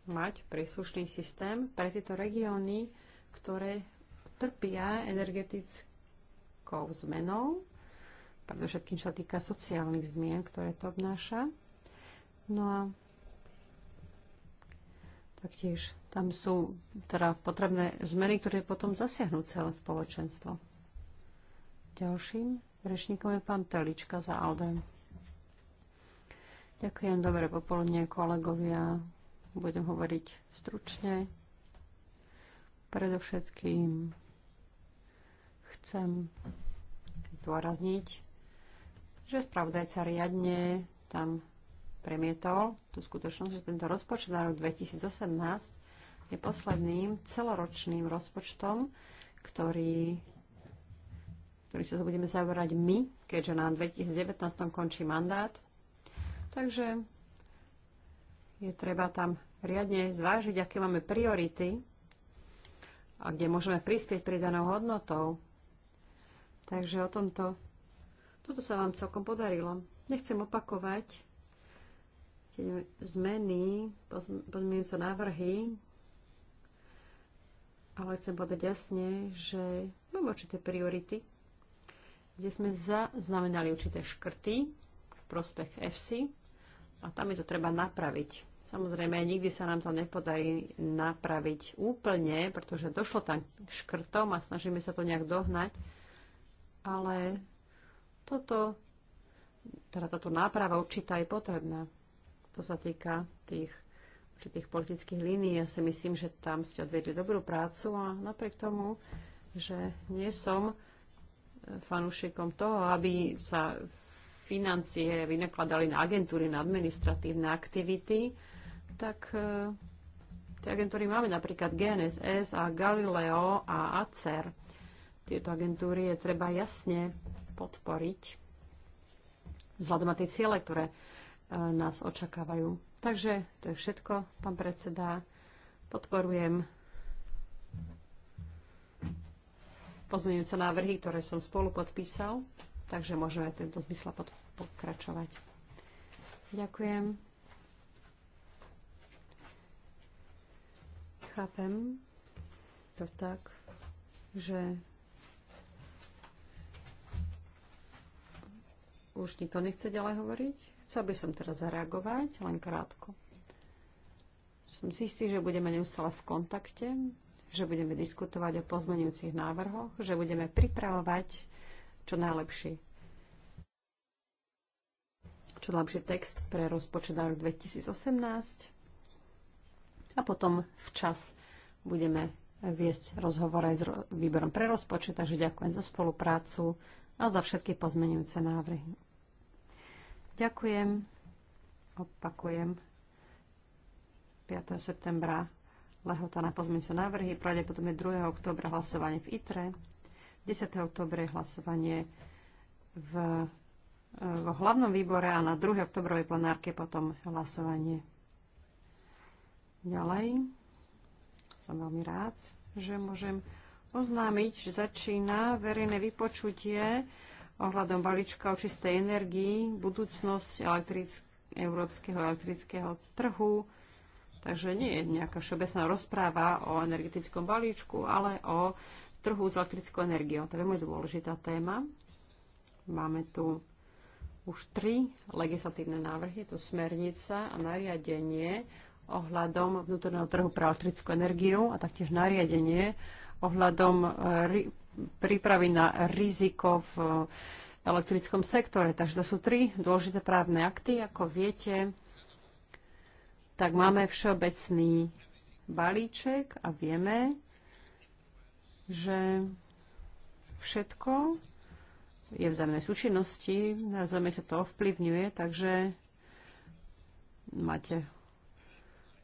mať príslušný systém pre tieto regióny, ktoré trpia energetickou zmenou, pretože kým sa týka sociálnych zmien, ktoré to obnáša. No a taktiež tam sú teda potrebné zmeny, ktoré potom zasiahnu celé spoločenstvo. Ďalším rečníkom je pán Telička za Aldem. Ďakujem, dobre popoludne kolegovia. Budem hovoriť stručne. Predovšetkým chcem zdôrazniť, že spravdajca riadne tam premietol tú skutočnosť, že tento rozpočet na rok 2018 je posledným celoročným rozpočtom, ktorý, ktorý sa budeme zaoberať my, keďže na 2019 končí mandát. Takže je treba tam riadne zvážiť, aké máme priority a kde môžeme prispieť pridanou hodnotou. Takže o tomto, toto sa vám celkom podarilo. Nechcem opakovať zmeny, pozmeňujúce návrhy, ale chcem povedať jasne, že máme určité priority, kde sme zaznamenali určité škrty v prospech FC a tam je to treba napraviť. Samozrejme, nikdy sa nám to nepodarí napraviť úplne, pretože došlo tam škrtom a snažíme sa to nejak dohnať, ale toto, teda táto náprava určitá je potrebná. To sa týka tých tých politických línií. Ja si myslím, že tam ste odvedli dobrú prácu a napriek tomu, že nie som e, fanúšikom toho, aby sa financie vynakladali na agentúry, na administratívne aktivity, tak e, tie agentúry máme napríklad GNSS a Galileo a ACER. Tieto agentúry je treba jasne podporiť vzhľadom na tie ciele, ktoré nás očakávajú. Takže to je všetko, pán predseda. Podporujem pozmeňujúce návrhy, ktoré som spolu podpísal, takže môžeme v tomto zmysle pokračovať. Ďakujem. Chápem to tak, že už nikto nechce ďalej hovoriť? Chcel by som teraz zareagovať, len krátko. Som si istý, že budeme neustále v kontakte, že budeme diskutovať o pozmenujúcich návrhoch, že budeme pripravovať čo najlepší čo najlepší text pre rozpočet na rok 2018 a potom včas budeme viesť rozhovor aj s výborom pre rozpočet, takže ďakujem za spoluprácu a za všetky pozmenujúce návrhy. Ďakujem. Opakujem. 5. septembra lehota na pozmeňujúce návrhy, pravdepodobne 2. oktobra hlasovanie v ITRE, 10. oktobra hlasovanie v, v hlavnom výbore a na 2. oktobrovej plenárke potom hlasovanie. Ďalej, som veľmi rád, že môžem oznámiť, že začína verejné vypočutie ohľadom balíčka o čistej energii, budúcnosť elektrick- európskeho elektrického trhu. Takže nie je nejaká všeobecná rozpráva o energetickom balíčku, ale o trhu s elektrickou energiou. To je veľmi dôležitá téma. Máme tu už tri legislatívne návrhy, je to smernica a nariadenie ohľadom vnútorného trhu pre elektrickú energiu a taktiež nariadenie ohľadom prípravy na riziko v elektrickom sektore. Takže to sú tri dôležité právne akty. Ako viete, tak máme všeobecný balíček a vieme, že všetko je v zájomnej súčinnosti, na zájme sa to ovplyvňuje, takže máte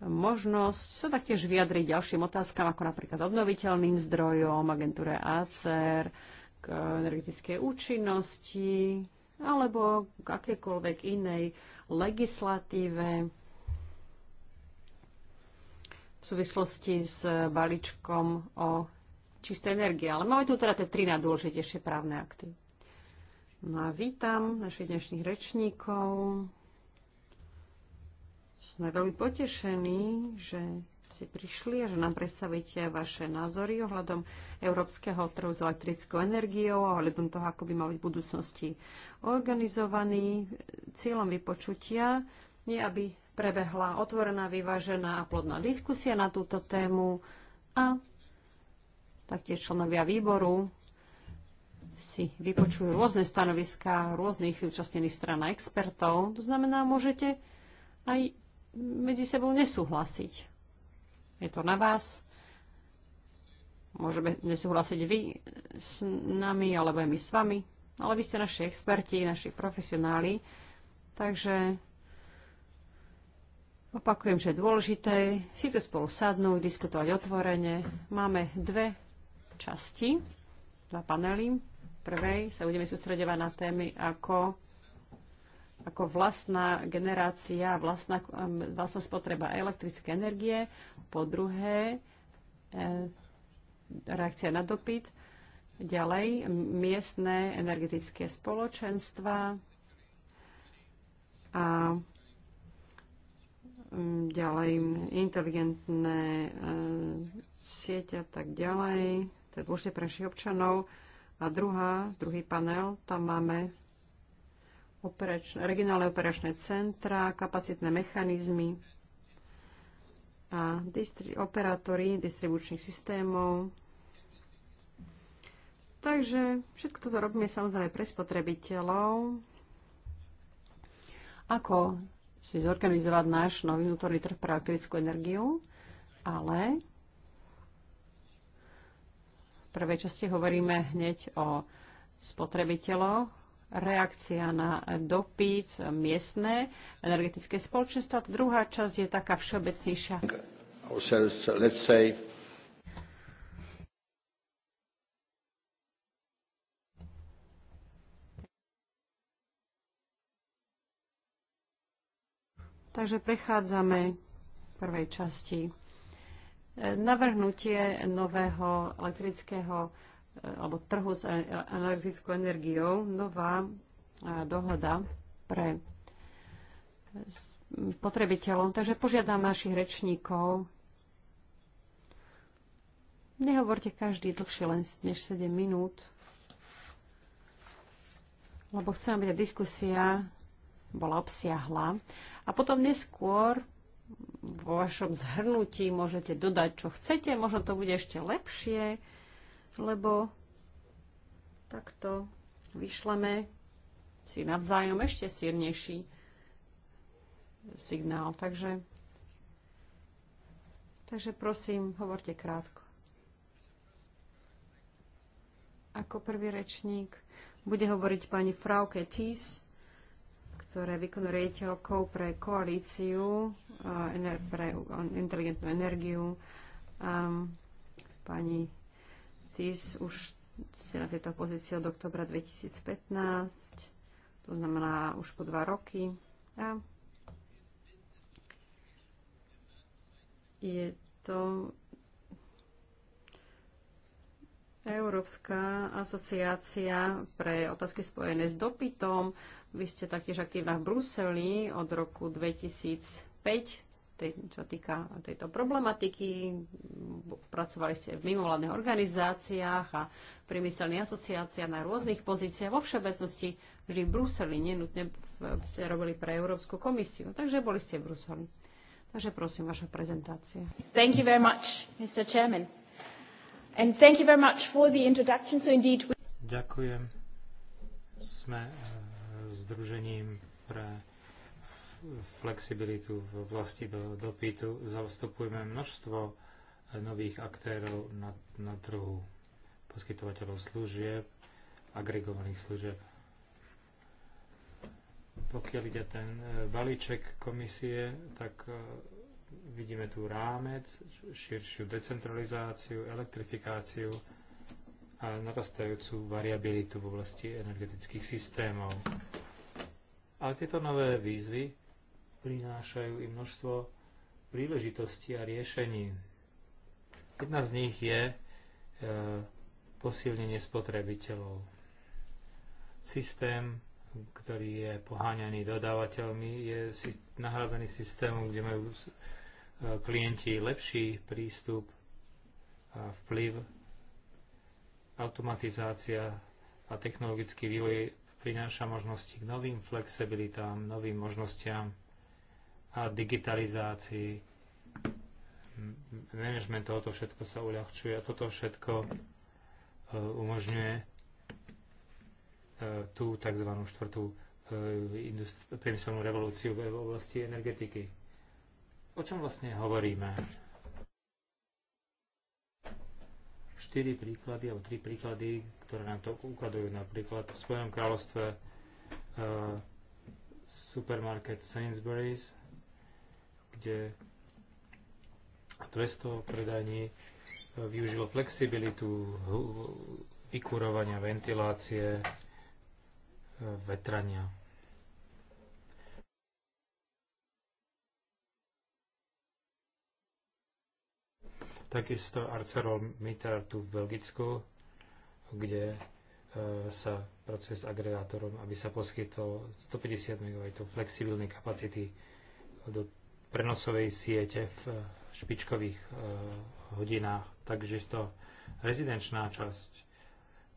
možnosť sa taktiež vyjadriť ďalším otázkam, ako napríklad obnoviteľným zdrojom, agentúre ACER, k energetickej účinnosti alebo k akékoľvek inej legislatíve v súvislosti s balíčkom o čisté energie. Ale máme tu teda tie tri najdôležitejšie právne akty. No a vítam našich dnešných rečníkov. Sme veľmi potešení, že ste prišli a že nám predstavíte vaše názory ohľadom európskeho trhu s elektrickou energiou a ohľadom toho, ako by mal byť v budúcnosti organizovaný. Cieľom vypočutia je, aby prebehla otvorená, vyvážená a plodná diskusia na túto tému a taktiež členovia výboru si vypočujú rôzne stanoviská rôznych účastnených stran a expertov. To znamená, môžete aj medzi sebou nesúhlasiť. Je to na vás. Môžeme nesúhlasiť vy s nami, alebo aj my s vami. Ale vy ste naši experti, naši profesionáli. Takže opakujem, že je dôležité si tu spolu sadnúť, diskutovať otvorene. Máme dve časti, dva panely. V prvej sa budeme sústredovať na témy ako ako vlastná generácia, vlastná, vlastná spotreba elektrické energie, po druhé reakcia na dopyt, ďalej miestne energetické spoločenstva a ďalej inteligentné e, sieť a tak ďalej, to je dôležité pre našich občanov. A druhá, druhý panel, tam máme operačné, regionálne operačné centra, kapacitné mechanizmy a distri- operátory distribučných systémov. Takže všetko toto robíme samozrejme pre spotrebiteľov. Ako si zorganizovať náš nový vnútorný trh pre elektrickú energiu, ale v prvej časti hovoríme hneď o spotrebiteľoch, reakcia na dopyt miestne energetické spoločenstva. Druhá časť je taká všeobecnejšia. Uh, Takže prechádzame k prvej časti. Navrhnutie nového elektrického E, alebo trhu s analytickou e, energiou nová e, dohoda pre spotrebiteľom. Takže požiadam našich rečníkov. Nehovorte každý dlhšie len než 7 minút, lebo chcem, aby tá diskusia bola obsiahla. A potom neskôr vo vašom zhrnutí môžete dodať, čo chcete, možno to bude ešte lepšie lebo takto vyšleme si navzájom ešte silnejší signál. Takže, takže prosím, hovorte krátko. Ako prvý rečník bude hovoriť pani Frauke Tis, ktorá je výkonnou riaditeľkou pre koalíciu eh, pre inteligentnú energiu. Um, pani Tis už ste na tejto pozícii od oktobra 2015, to znamená už po dva roky. A je to Európska asociácia pre otázky spojené s dopytom. Vy ste taktiež aktívna v Bruseli od roku 2005 tej, čo týka tejto problematiky. Pracovali ste v mimovládnych organizáciách a priemyselných asociáciách na rôznych pozíciách. Vo všeobecnosti vždy v Bruseli, nenutne ste robili pre Európsku komisiu. Takže boli ste v Bruseli. Takže prosím, vaša prezentácia. Thank you very much, Mr. Chairman. And thank you very much for the introduction. So indeed... we... Ďakujem. Sme eh, združením pre flexibilitu v oblasti do, dopytu. Zastupujeme množstvo nových aktérov na, na trhu, poskytovateľov služieb, agregovaných služieb. Pokiaľ ide ten e, balíček komisie, tak e, vidíme tu rámec, širšiu decentralizáciu, elektrifikáciu a narastajúcu variabilitu v oblasti energetických systémov. Ale tieto nové výzvy prinášajú i množstvo príležitostí a riešení. Jedna z nich je e, posilnenie spotrebiteľov. Systém, ktorý je poháňaný dodávateľmi, je nahradzený systémom, kde majú e, klienti lepší prístup a vplyv. Automatizácia a technologický vývoj prináša možnosti k novým flexibilitám, novým možnostiam a digitalizácii. Management tohoto všetko sa uľahčuje a toto všetko e, umožňuje e, tú tzv. štvrtú e, priemyselnú revolúciu v oblasti energetiky. O čom vlastne hovoríme? Štyri príklady, alebo tri príklady, ktoré nám to ukadujú. Napríklad v Spojenom kráľovstve supermarket Sainsbury's, kde 200 predaní e, využilo flexibilitu vykurovania, ventilácie, e, vetrania. Takisto ArcelorMittal tu v Belgicku, kde e, sa pracuje s agregátorom, aby sa poskytol 150 MW flexibilnej kapacity do prenosovej siete v eh, špičkových eh, hodinách. Takže to rezidenčná časť,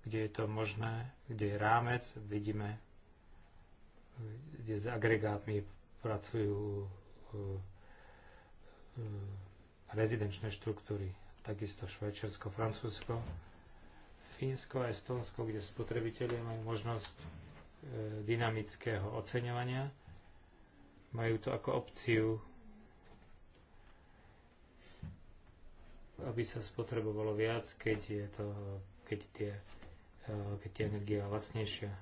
kde je to možné, kde je rámec, vidíme, kde s agregátmi pracujú eh, rezidenčné štruktúry. Takisto Švajčiarsko, Francúzsko, Fínsko a Estónsko, kde spotrebitelia majú možnosť dynamického oceňovania. Majú to ako opciu aby sa spotrebovalo viac, keď, je to, keď, tie, e, keď tie energia je lacnejšia.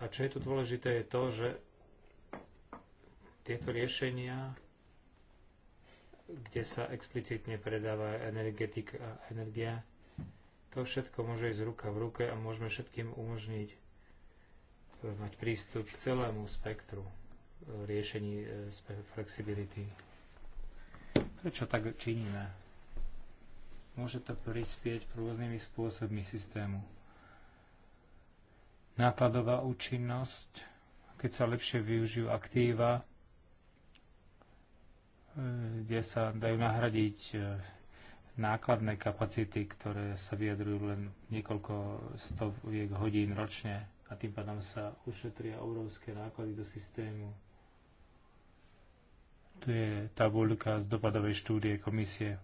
A čo je tu dôležité, je to, že tieto riešenia, kde sa explicitne predáva energetika a energia, to všetko môže ísť ruka v ruke a môžeme všetkým umožniť mať prístup k celému spektru e, riešení e, flexibility. Prečo tak činíme? Môže to prispieť rôznymi spôsobmi systému. Nákladová účinnosť, keď sa lepšie využijú aktíva, e, kde sa dajú nahradiť e, nákladné kapacity, ktoré sa vyjadrujú len niekoľko stoviek hodín ročne a tým pádom sa ušetria obrovské náklady do systému. Tu je tabuľka z dopadovej štúdie komisie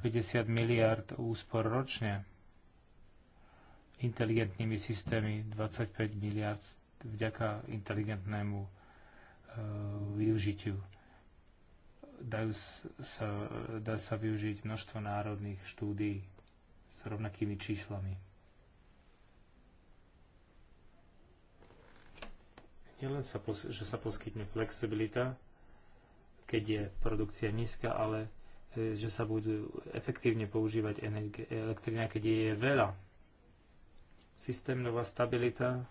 50 miliard úspor ročne inteligentnými systémy 25 miliard vďaka inteligentnému e, využitiu. Dajú sa, dá sa využiť množstvo národných štúdií s rovnakými číslami. Nielen, sa, že sa poskytne flexibilita, keď je produkcia nízka, ale E, že sa budú efektívne používať elektrina, keď je, je veľa. Systémová stabilita,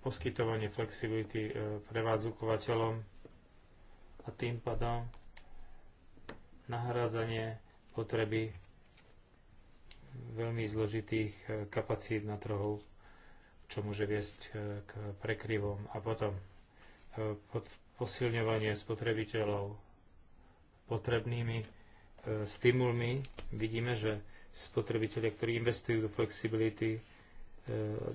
poskytovanie flexibility e, prevádzukovateľom a tým pádom nahrádzanie potreby veľmi zložitých e, kapacít na trhu, čo môže viesť k prekryvom a potom posilňovanie spotrebiteľov potrebnými e, stimulmi vidíme, že spotrebitelia, ktorí investujú do flexibility e,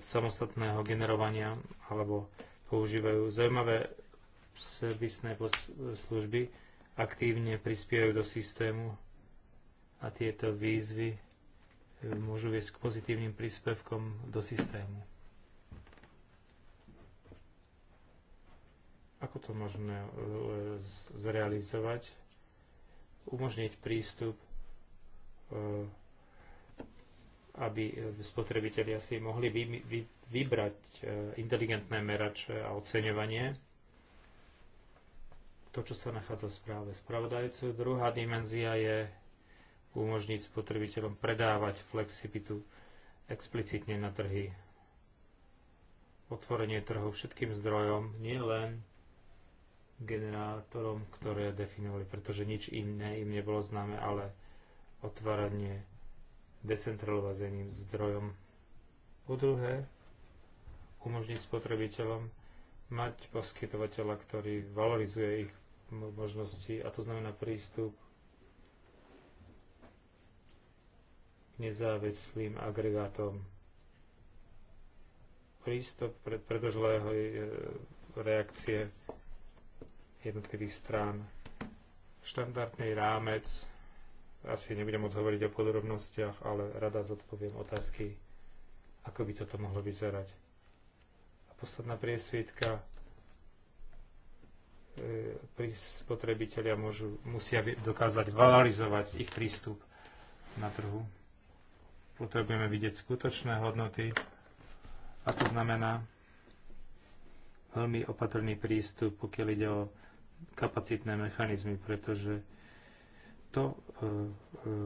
samostatného generovania alebo používajú zaujímavé servisné služby, aktívne prispievajú do systému a tieto výzvy e, môžu viesť k pozitívnym príspevkom do systému. Ako to možno zrealizovať? umožniť prístup, e, aby spotrebitelia si mohli vybrať e, inteligentné merače a oceňovanie. To, čo sa nachádza v správe spravodajcu. Druhá dimenzia je umožniť spotrebiteľom predávať flexibilitu explicitne na trhy. Otvorenie trhu všetkým zdrojom, nie len generátorom, ktoré definovali, pretože nič iné im nebolo známe, ale otváranie decentralizovaným zdrojom. Po druhé, umožniť spotrebiteľom mať poskytovateľa, ktorý valorizuje ich možnosti, a to znamená prístup k nezávislým agregátom. Prístup predpredložilého e, reakcie jednotlivých strán. Štandardný rámec, asi nebudem moc hovoriť o podrobnostiach, ale rada zodpoviem otázky, ako by toto mohlo vyzerať. A posledná priesvitka, e, pri spotrebitelia môžu, musia dokázať valorizovať ich prístup na trhu. Potrebujeme vidieť skutočné hodnoty a to znamená veľmi opatrný prístup, pokiaľ ide o kapacitné mechanizmy, pretože to e, e,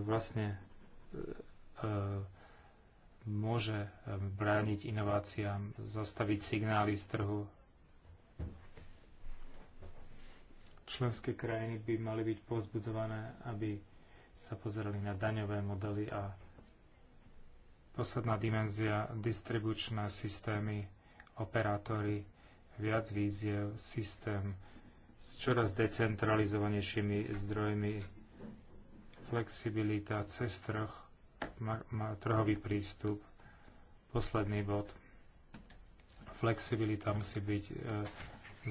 vlastne e, môže brániť inováciám, zastaviť signály z trhu. Členské krajiny by mali byť pozbudzované, aby sa pozerali na daňové modely a posledná dimenzia, distribučné systémy, operátory, viac víziev, systém s čoraz decentralizovanejšími zdrojmi, flexibilita cez trh, trhový prístup. Posledný bod. Flexibilita musí byť e,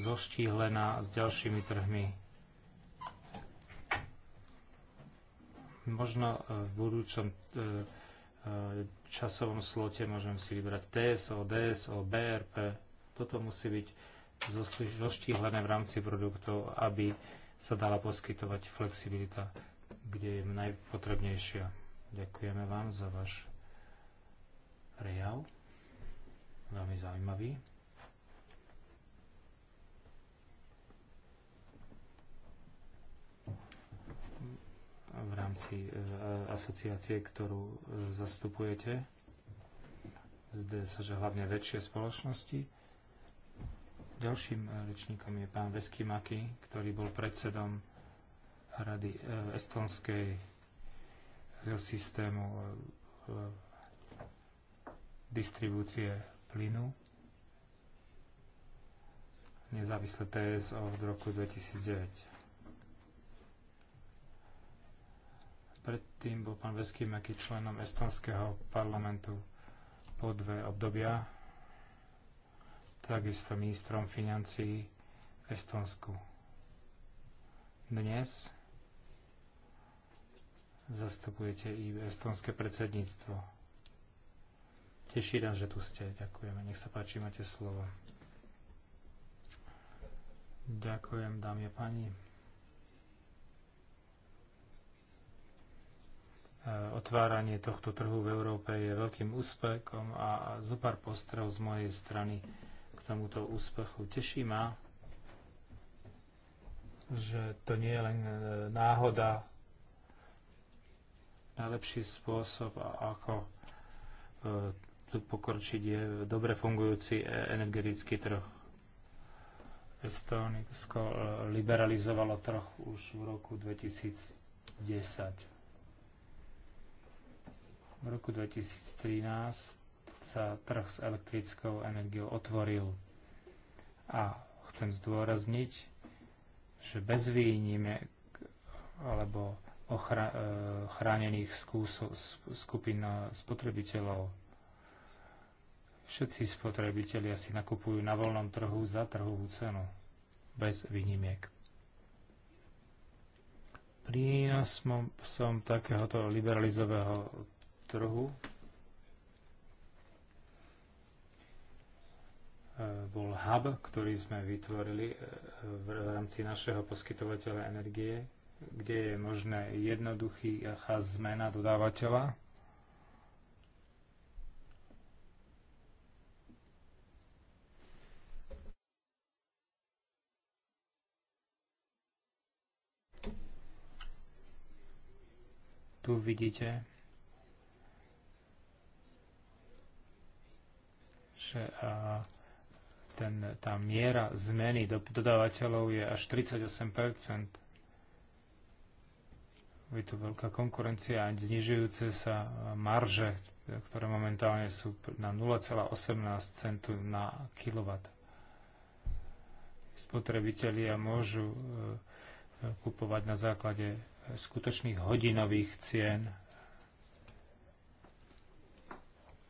zoštíhlená s ďalšími trhmi. Možno e, v budúcom e, e, časovom slote môžem si vybrať TSO, DSO, BRP. Toto musí byť zoštíhlené v rámci produktov, aby sa dala poskytovať flexibilita, kde je najpotrebnejšia. Ďakujeme vám za váš prejav. Veľmi zaujímavý. v rámci e, asociácie, ktorú e, zastupujete. Zde sa, že hlavne väčšie spoločnosti Ďalším e, rečníkom je pán Vesky Maki, ktorý bol predsedom Rady e, Estonskej e, systému distribúcie plynu nezávisle TSO v roku 2009. Predtým bol pán Vesky Meky členom estonského parlamentu po dve obdobia takisto ministrom financií v Estonsku. Dnes zastupujete i estonské predsedníctvo. Teší nás, že tu ste. Ďakujeme. Nech sa páči, máte slovo. Ďakujem, dámy a pani. E, otváranie tohto trhu v Európe je veľkým úspechom a zo pár postrehov z mojej strany tomuto úspechu. Teší ma, že to nie je len e, náhoda. Najlepší spôsob, ako e, tu pokročiť, je dobre fungujúci e, energetický trh. Estónsko liberalizovalo trh už v roku 2010. V roku 2013 sa trh s elektrickou energiou otvoril. A chcem zdôrazniť, že bez výnime alebo ochra- e, chránených skupín spotrebiteľov všetci spotrebitelia si nakupujú na voľnom trhu za trhovú cenu, bez výnimiek. Prínosom som takéhoto liberalizového trhu bol hub, ktorý sme vytvorili e, v rámci našeho poskytovateľa energie, kde je možné jednoduchý zmena dodávateľa. Tu vidíte, že ten, tá miera zmeny do, dodávateľov je až 38 Je tu veľká konkurencia a znižujúce sa marže, ktoré momentálne sú na 0,18 centu na kilowatt. Spotrebitelia môžu e, kupovať na základe e, skutočných hodinových cien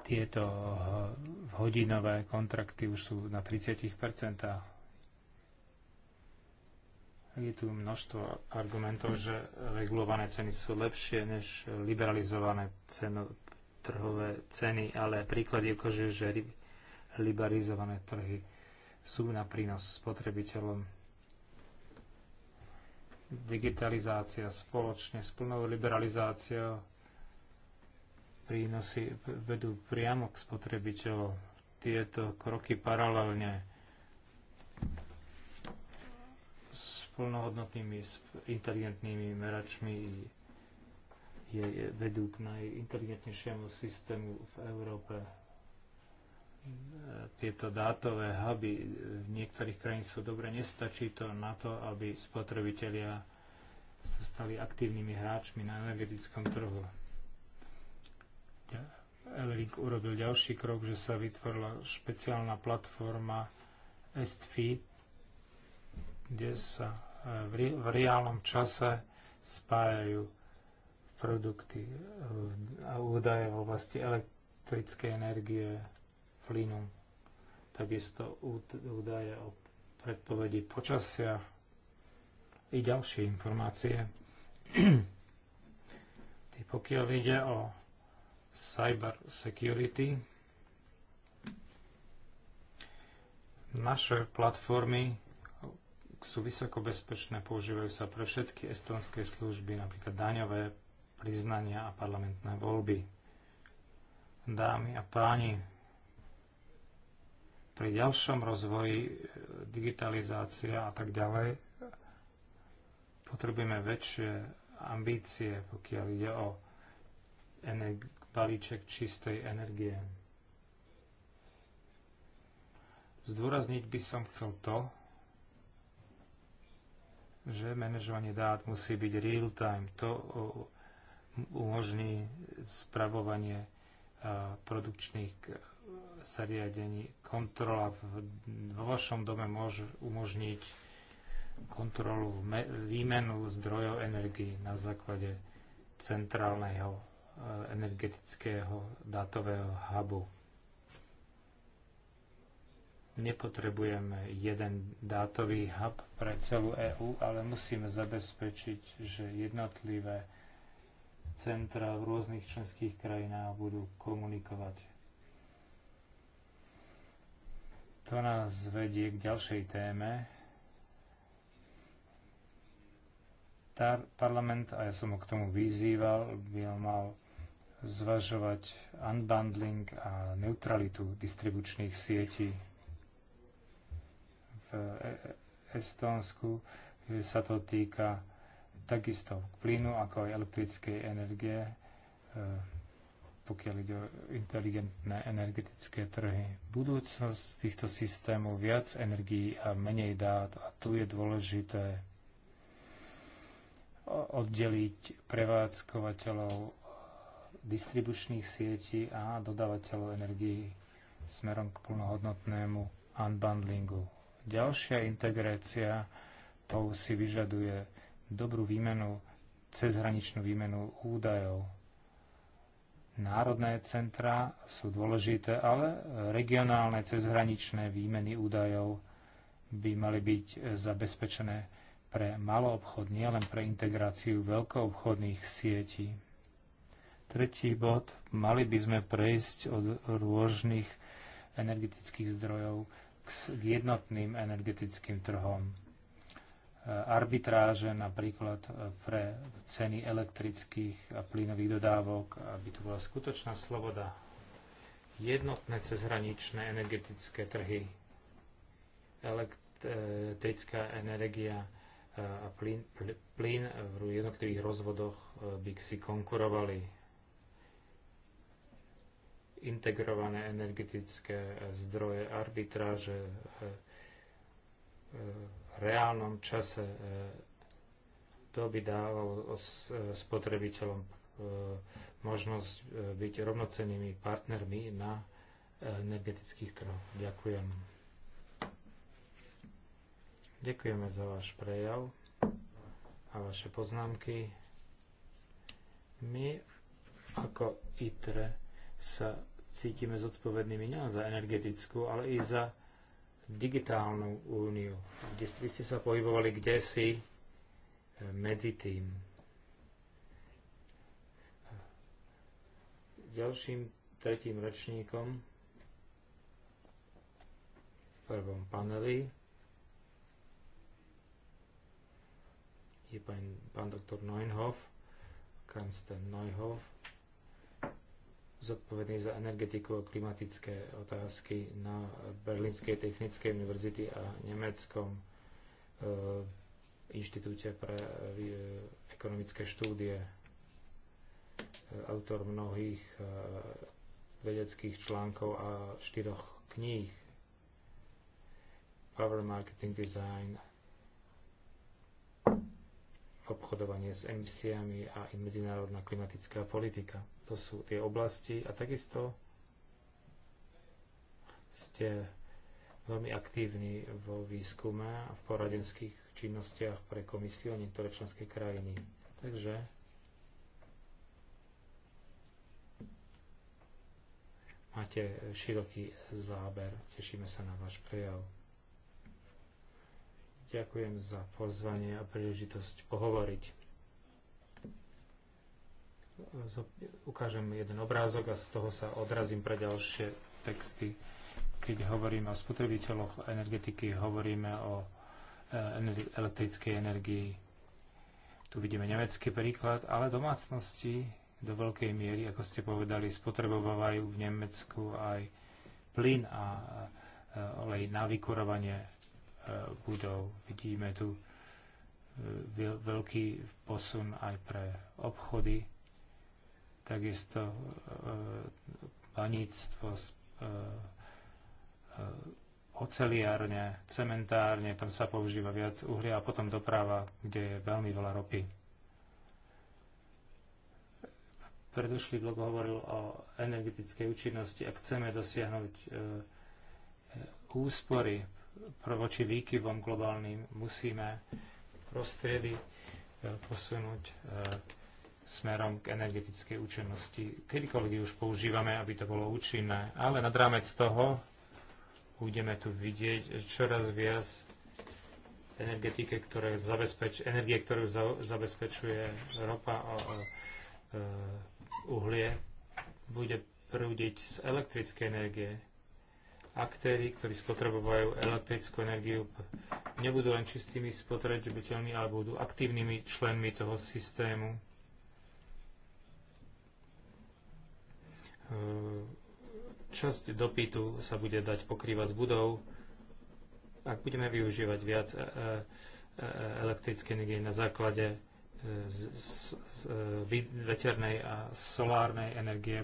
Tieto eh, hodinové kontrakty už sú na 30 je tu množstvo argumentov, že regulované ceny sú lepšie než liberalizované ceno, trhové ceny, ale príklad je ukazujú, že liberalizované trhy sú na prínos spotrebiteľom. Digitalizácia spoločne s plnou liberalizáciou prínosy vedú priamo k spotrebiteľom. Tieto kroky paralelne s plnohodnotnými, s inteligentnými meračmi je, je, vedú k najinteligentnejšiemu systému v Európe. E, tieto dátové huby v niektorých krajín sú dobre, nestačí to na to, aby spotrebitelia sa stali aktívnymi hráčmi na energetickom trhu Elric urobil ďalší krok, že sa vytvorila špeciálna platforma STFI, kde sa e, v, v reálnom čase spájajú produkty e, a údaje v oblasti elektrickej energie, plynu, takisto údaje o predpovedi počasia i ďalšie informácie. Pokiaľ ide o cyber security. Naše platformy sú vysoko bezpečné, používajú sa pre všetky estonské služby, napríklad daňové priznania a parlamentné voľby. Dámy a páni, pri ďalšom rozvoji e, digitalizácia a tak ďalej potrebujeme väčšie ambície, pokiaľ ide o balíček čistej energie. Zdôrazniť by som chcel to, že manažovanie dát musí byť real-time. To umožní spravovanie produkčných e, zariadení. Kontrola v, vo vašom dome môže umožniť kontrolu, výmenu zdrojov energii na základe centrálneho energetického dátového hubu. Nepotrebujeme jeden dátový hub pre celú EÚ, ale musíme zabezpečiť, že jednotlivé centra v rôznych členských krajinách budú komunikovať. To nás vedie k ďalšej téme, parlament, a ja som ho k tomu vyzýval, by mal zvažovať unbundling a neutralitu distribučných sietí. V e- Estónsku sa to týka takisto plynu, ako aj elektrickej energie, e, pokiaľ ide o inteligentné energetické trhy. Budúcnosť týchto systémov viac energií a menej dát a tu je dôležité oddeliť prevádzkovateľov distribučných sietí a dodávateľov energií smerom k plnohodnotnému unbundlingu. Ďalšia integrácia to si vyžaduje dobrú výmenu, cezhraničnú výmenu údajov. Národné centra sú dôležité, ale regionálne cezhraničné výmeny údajov by mali byť zabezpečené pre maloobchod, nielen pre integráciu veľkoobchodných sietí. Tretí bod, mali by sme prejsť od rôznych energetických zdrojov k jednotným energetickým trhom. E, arbitráže napríklad e, pre ceny elektrických a plynových dodávok, aby to bola skutočná sloboda. Jednotné cezhraničné energetické trhy, elektrická energia e, a plyn, plyn v jednotlivých rozvodoch by si konkurovali integrované energetické eh, zdroje, arbitráže, eh, eh, v reálnom čase to by dávalo spotrebiteľom možnosť byť rovnocennými partnermi na energetických trhoch. Ďakujem. Ďakujeme za váš prejav a vaše poznámky. My ako ITRE sa cítime zodpovednými nielen za energetickú, ale i za digitálnu úniu. Kde vy ste sa pohybovali kde si eh, medzi tým. Ďalším tretím ročníkom v prvom paneli je pán, pán doktor Neunhoff, Kanster Neunhoff, zodpovedný za energetiku a klimatické otázky na Berlínskej technickej univerzity a Nemeckom eh, inštitúte pre eh, ekonomické štúdie. Eh, autor mnohých vedeckých článkov a štyroch kníh. Power Marketing Design obchodovanie s emisiami a medzinárodná klimatická politika. To sú tie oblasti a takisto ste veľmi aktívni vo výskume a v poradenských činnostiach pre komisiu a niektoré členské krajiny. Takže máte široký záber. Tešíme sa na váš prejav. Ďakujem za pozvanie a príležitosť pohovoriť. Ukážem jeden obrázok a z toho sa odrazím pre ďalšie texty. Keď hovoríme o spotrebiteľoch energetiky, hovoríme o e, elektrickej energii. Tu vidíme nemecký príklad, ale domácnosti do veľkej miery, ako ste povedali, spotrebovávajú v Nemecku aj plyn a e, olej na vykurovanie budov. Vidíme tu e, veľký posun aj pre obchody, takisto paníctvo, e, e, oceliárne, cementárne, tam sa používa viac uhlia a potom doprava, kde je veľmi veľa ropy. Predošlý blok hovoril o energetickej účinnosti. Ak chceme dosiahnuť úspory voči výkyvom globálnym musíme prostriedy e, posunúť e, smerom k energetickej účinnosti. Kedykoľvek už používame, aby to bolo účinné. Ale nad rámec toho budeme tu vidieť čoraz viac energetike, ktoré zabezpeč, energie, ktorú za, zabezpečuje ropa a, a e, uhlie, bude prúdiť z elektrické energie aktéry, ktorí spotrebovajú elektrickú energiu, nebudú len čistými spotrebiteľmi, ale budú aktívnymi členmi toho systému. E, časť dopytu sa bude dať pokrývať z budov. Ak budeme využívať viac e, e, elektrické energie na základe z, z, z veternej a solárnej energie,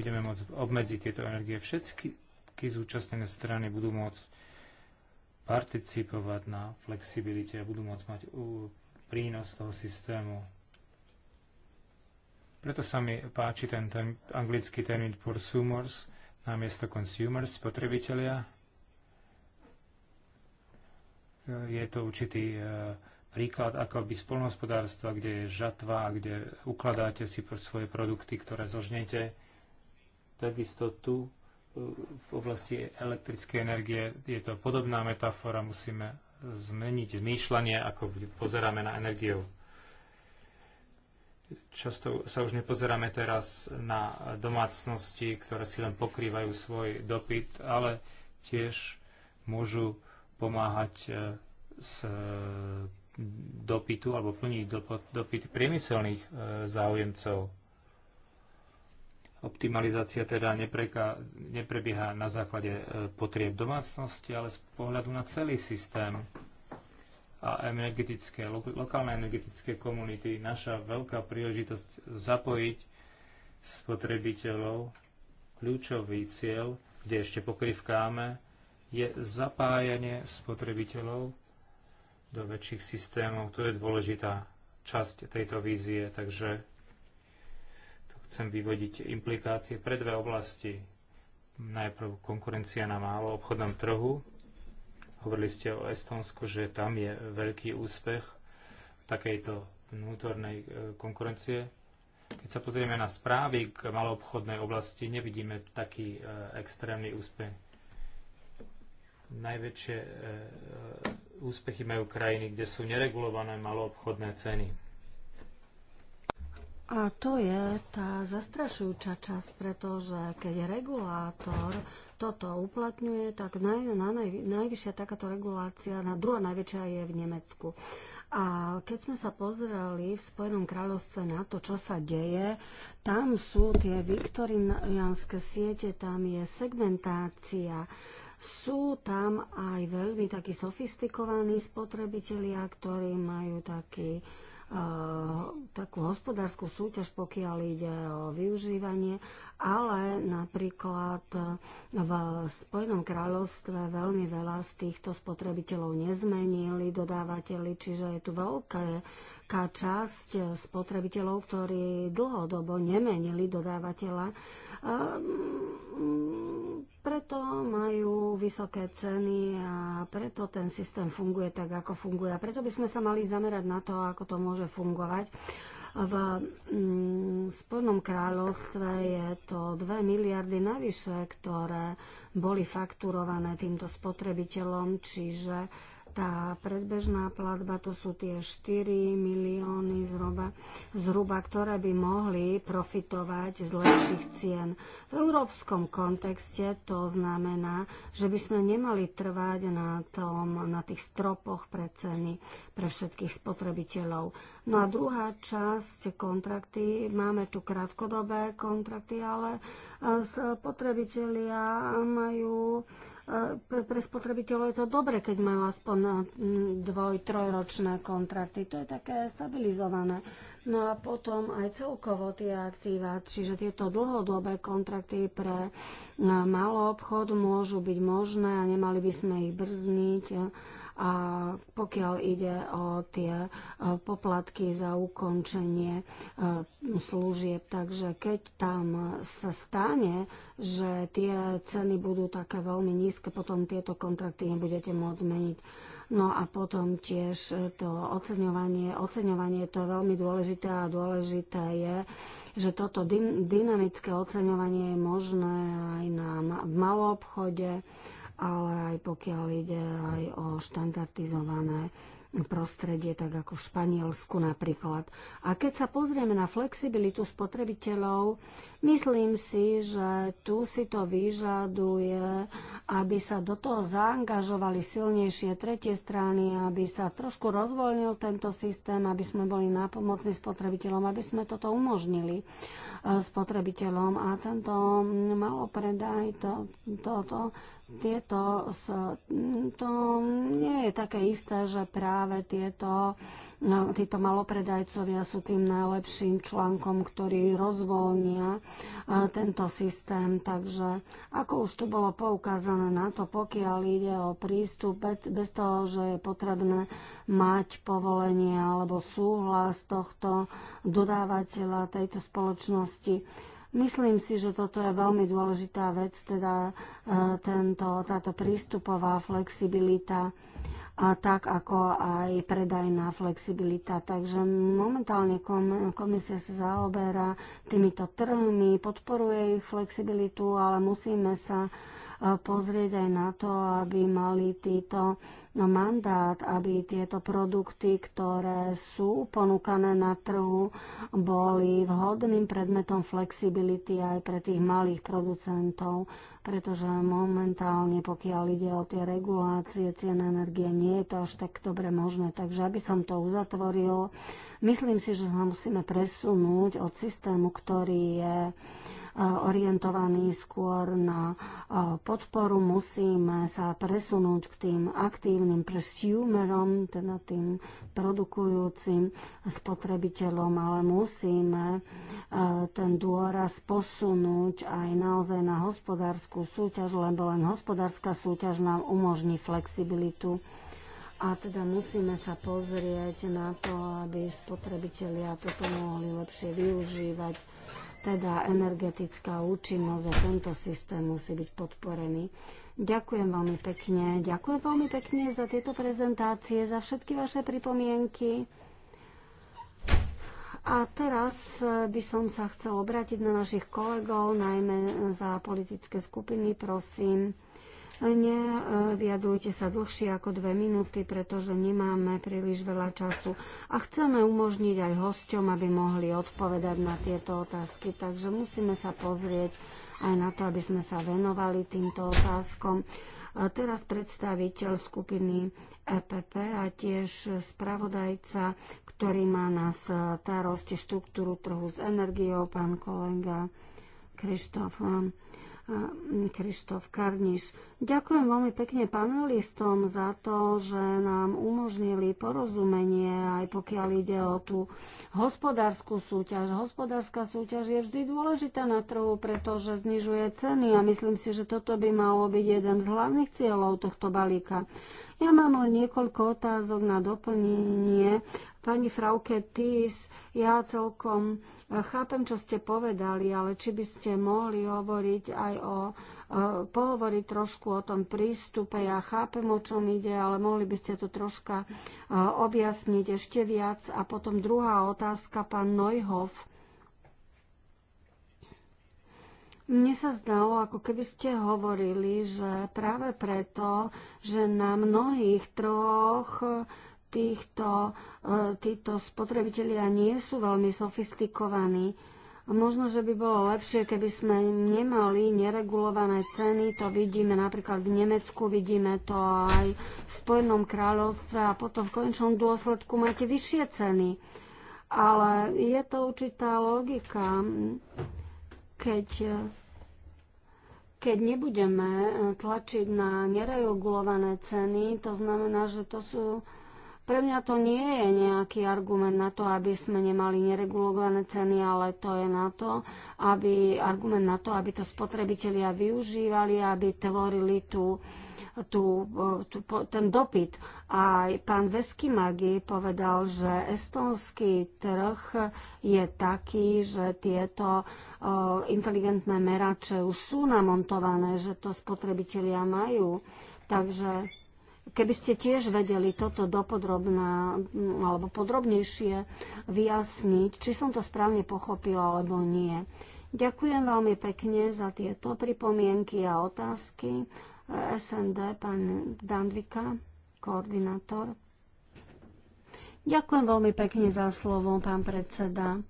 budeme môcť obmedziť tieto energie. Všetky všetky zúčastnené strany budú môcť participovať na flexibilite a budú môcť mať uh, prínos toho systému. Preto sa mi páči ten, ten anglický termín prosumers namiesto consumers, spotrebitelia. Je to určitý uh, príklad ako by spolnohospodárstva, kde je žatva a kde ukladáte si svoje produkty, ktoré zožnete. Takisto tu v oblasti elektrickej energie je to podobná metafora, musíme zmeniť zmýšľanie, ako pozeráme na energiu. Často sa už nepozeráme teraz na domácnosti, ktoré si len pokrývajú svoj dopyt, ale tiež môžu pomáhať e, s e, dopytu alebo plniť dopyt priemyselných e, záujemcov Optimalizácia teda nepreka, neprebieha na základe e, potrieb domácnosti, ale z pohľadu na celý systém a energetické, lokálne energetické komunity, naša veľká príležitosť zapojiť spotrebiteľov, kľúčový cieľ, kde ešte pokrivkáme, je zapájanie spotrebiteľov do väčších systémov. To je dôležitá časť tejto vízie, takže chcem vyvodiť implikácie pre dve oblasti. Najprv konkurencia na málo obchodnom trhu. Hovorili ste o Estonsku, že tam je veľký úspech takejto vnútornej e, konkurencie. Keď sa pozrieme na správy k maloobchodnej oblasti, nevidíme taký e, extrémny úspech. Najväčšie e, úspechy majú krajiny, kde sú neregulované maloobchodné ceny a to je tá zastrašujúca časť, pretože keď regulátor toto uplatňuje, tak naj, na naj, najvyššia takáto regulácia, na druhá najväčšia je v Nemecku. A keď sme sa pozreli v Spojenom kráľovstve na to, čo sa deje, tam sú tie viktorianské siete, tam je segmentácia, sú tam aj veľmi takí sofistikovaní spotrebitelia, ktorí majú taký Eh, takú hospodárskú súťaž, pokiaľ ide o využívanie, ale napríklad eh, v Spojenom kráľovstve veľmi veľa z týchto spotrebiteľov nezmenili dodávateľi, čiže je tu veľké veľká časť eh, spotrebiteľov, ktorí dlhodobo nemenili dodávateľa, eh, preto majú vysoké ceny a preto ten systém funguje tak, ako funguje. A preto by sme sa mali zamerať na to, ako to môže fungovať. V mm, Spojenom kráľovstve je to 2 miliardy navyše, ktoré boli fakturované týmto spotrebiteľom, čiže tá predbežná platba to sú tie 4 milióny zhruba, zhruba, ktoré by mohli profitovať z lepších cien. V európskom kontexte to znamená, že by sme nemali trvať na, tom, na tých stropoch pre ceny pre všetkých spotrebiteľov. No a druhá časť kontrakty, máme tu krátkodobé kontrakty, ale e, spotrebitelia majú pre, pre spotrebiteľov je to dobre, keď majú aspoň mm, dvoj, trojročné kontrakty. To je také stabilizované. No a potom aj celkovo tie aktíva, čiže tieto dlhodobé kontrakty pre mm, malý obchod môžu byť možné a nemali by sme ich brzniť a pokiaľ ide o tie e, poplatky za ukončenie e, služieb, takže keď tam sa stane, že tie ceny budú také veľmi nízke, potom tieto kontrakty nebudete môcť zmeniť. No a potom tiež to oceňovanie. Oceňovanie to je veľmi dôležité a dôležité je, že toto dynamické oceňovanie je možné aj na malom obchode ale aj pokiaľ ide aj o štandardizované prostredie, tak ako v Španielsku napríklad. A keď sa pozrieme na flexibilitu spotrebiteľov, myslím si, že tu si to vyžaduje, aby sa do toho zaangažovali silnejšie tretie strany, aby sa trošku rozvoľnil tento systém, aby sme boli nápomocní spotrebiteľom, aby sme toto umožnili e, spotrebiteľom. A tento malopredaj, toto to, to tieto, to nie je také isté, že práve tieto, no, títo malopredajcovia sú tým najlepším článkom, ktorý rozvoľnia tento systém. Takže ako už tu bolo poukázané na to, pokiaľ ide o prístup, bez toho, že je potrebné mať povolenie alebo súhlas tohto dodávateľa tejto spoločnosti, Myslím si, že toto je veľmi dôležitá vec, teda e, tento, táto prístupová flexibilita a tak ako aj predajná flexibilita. Takže momentálne komisia sa zaoberá týmito trhmi, podporuje ich flexibilitu, ale musíme sa pozrieť aj na to, aby mali títo mandát, aby tieto produkty, ktoré sú ponúkané na trhu, boli vhodným predmetom flexibility aj pre tých malých producentov, pretože momentálne, pokiaľ ide o tie regulácie cien energie, nie je to až tak dobre možné. Takže aby som to uzatvoril, myslím si, že sa musíme presunúť od systému, ktorý je orientovaní skôr na e, podporu. Musíme sa presunúť k tým aktívnym presumerom, teda tým produkujúcim spotrebiteľom, ale musíme e, ten dôraz posunúť aj naozaj na hospodárskú súťaž, lebo len hospodárska súťaž nám umožní flexibilitu a teda musíme sa pozrieť na to, aby spotrebitelia toto mohli lepšie využívať teda energetická účinnosť a tento systém musí byť podporený. Ďakujem veľmi pekne. Ďakujem veľmi pekne za tieto prezentácie, za všetky vaše pripomienky. A teraz by som sa chcel obrátiť na našich kolegov, najmä za politické skupiny, prosím. Nevyjadrujte sa dlhšie ako dve minúty, pretože nemáme príliš veľa času a chceme umožniť aj hosťom, aby mohli odpovedať na tieto otázky. Takže musíme sa pozrieť aj na to, aby sme sa venovali týmto otázkom. Teraz predstaviteľ skupiny EPP a tiež spravodajca, ktorý má na starosti štruktúru trhu s energiou, pán kolega Krištof. Mm, Krištof Karniš. Ďakujem veľmi pekne panelistom za to, že nám umožnili porozumenie, aj pokiaľ ide o tú hospodárskú súťaž. Hospodárska súťaž je vždy dôležitá na trhu, pretože znižuje ceny a myslím si, že toto by malo byť jeden z hlavných cieľov tohto balíka. Ja mám len niekoľko otázok na doplnenie Pani Frauke Tis, ja celkom eh, chápem, čo ste povedali, ale či by ste mohli hovoriť aj o, eh, pohovoriť trošku o tom prístupe. Ja chápem, o čom ide, ale mohli by ste to troška eh, objasniť ešte viac. A potom druhá otázka, pán Neuhoff. Mne sa zdalo, ako keby ste hovorili, že práve preto, že na mnohých troch týchto, e, títo spotrebitelia nie sú veľmi sofistikovaní. Možno, že by bolo lepšie, keby sme nemali neregulované ceny. To vidíme napríklad v Nemecku, vidíme to aj v Spojenom kráľovstve a potom v končnom dôsledku máte vyššie ceny. Ale je to určitá logika, keď keď nebudeme tlačiť na neregulované ceny, to znamená, že to sú pre mňa to nie je nejaký argument na to, aby sme nemali neregulované ceny, ale to je na to, aby, argument na to, aby to spotrebitelia využívali, aby tvorili tú tú, tú, ten dopyt. A pán Vesky Magy povedal, že estonský trh je taký, že tieto inteligentné merače už sú namontované, že to spotrebitelia majú. Takže Keby ste tiež vedeli toto dopodrobná alebo podrobnejšie vyjasniť, či som to správne pochopila alebo nie. Ďakujem veľmi pekne za tieto pripomienky a otázky. SND, pán Dandvika, koordinátor. Ďakujem veľmi pekne za slovo, pán predseda.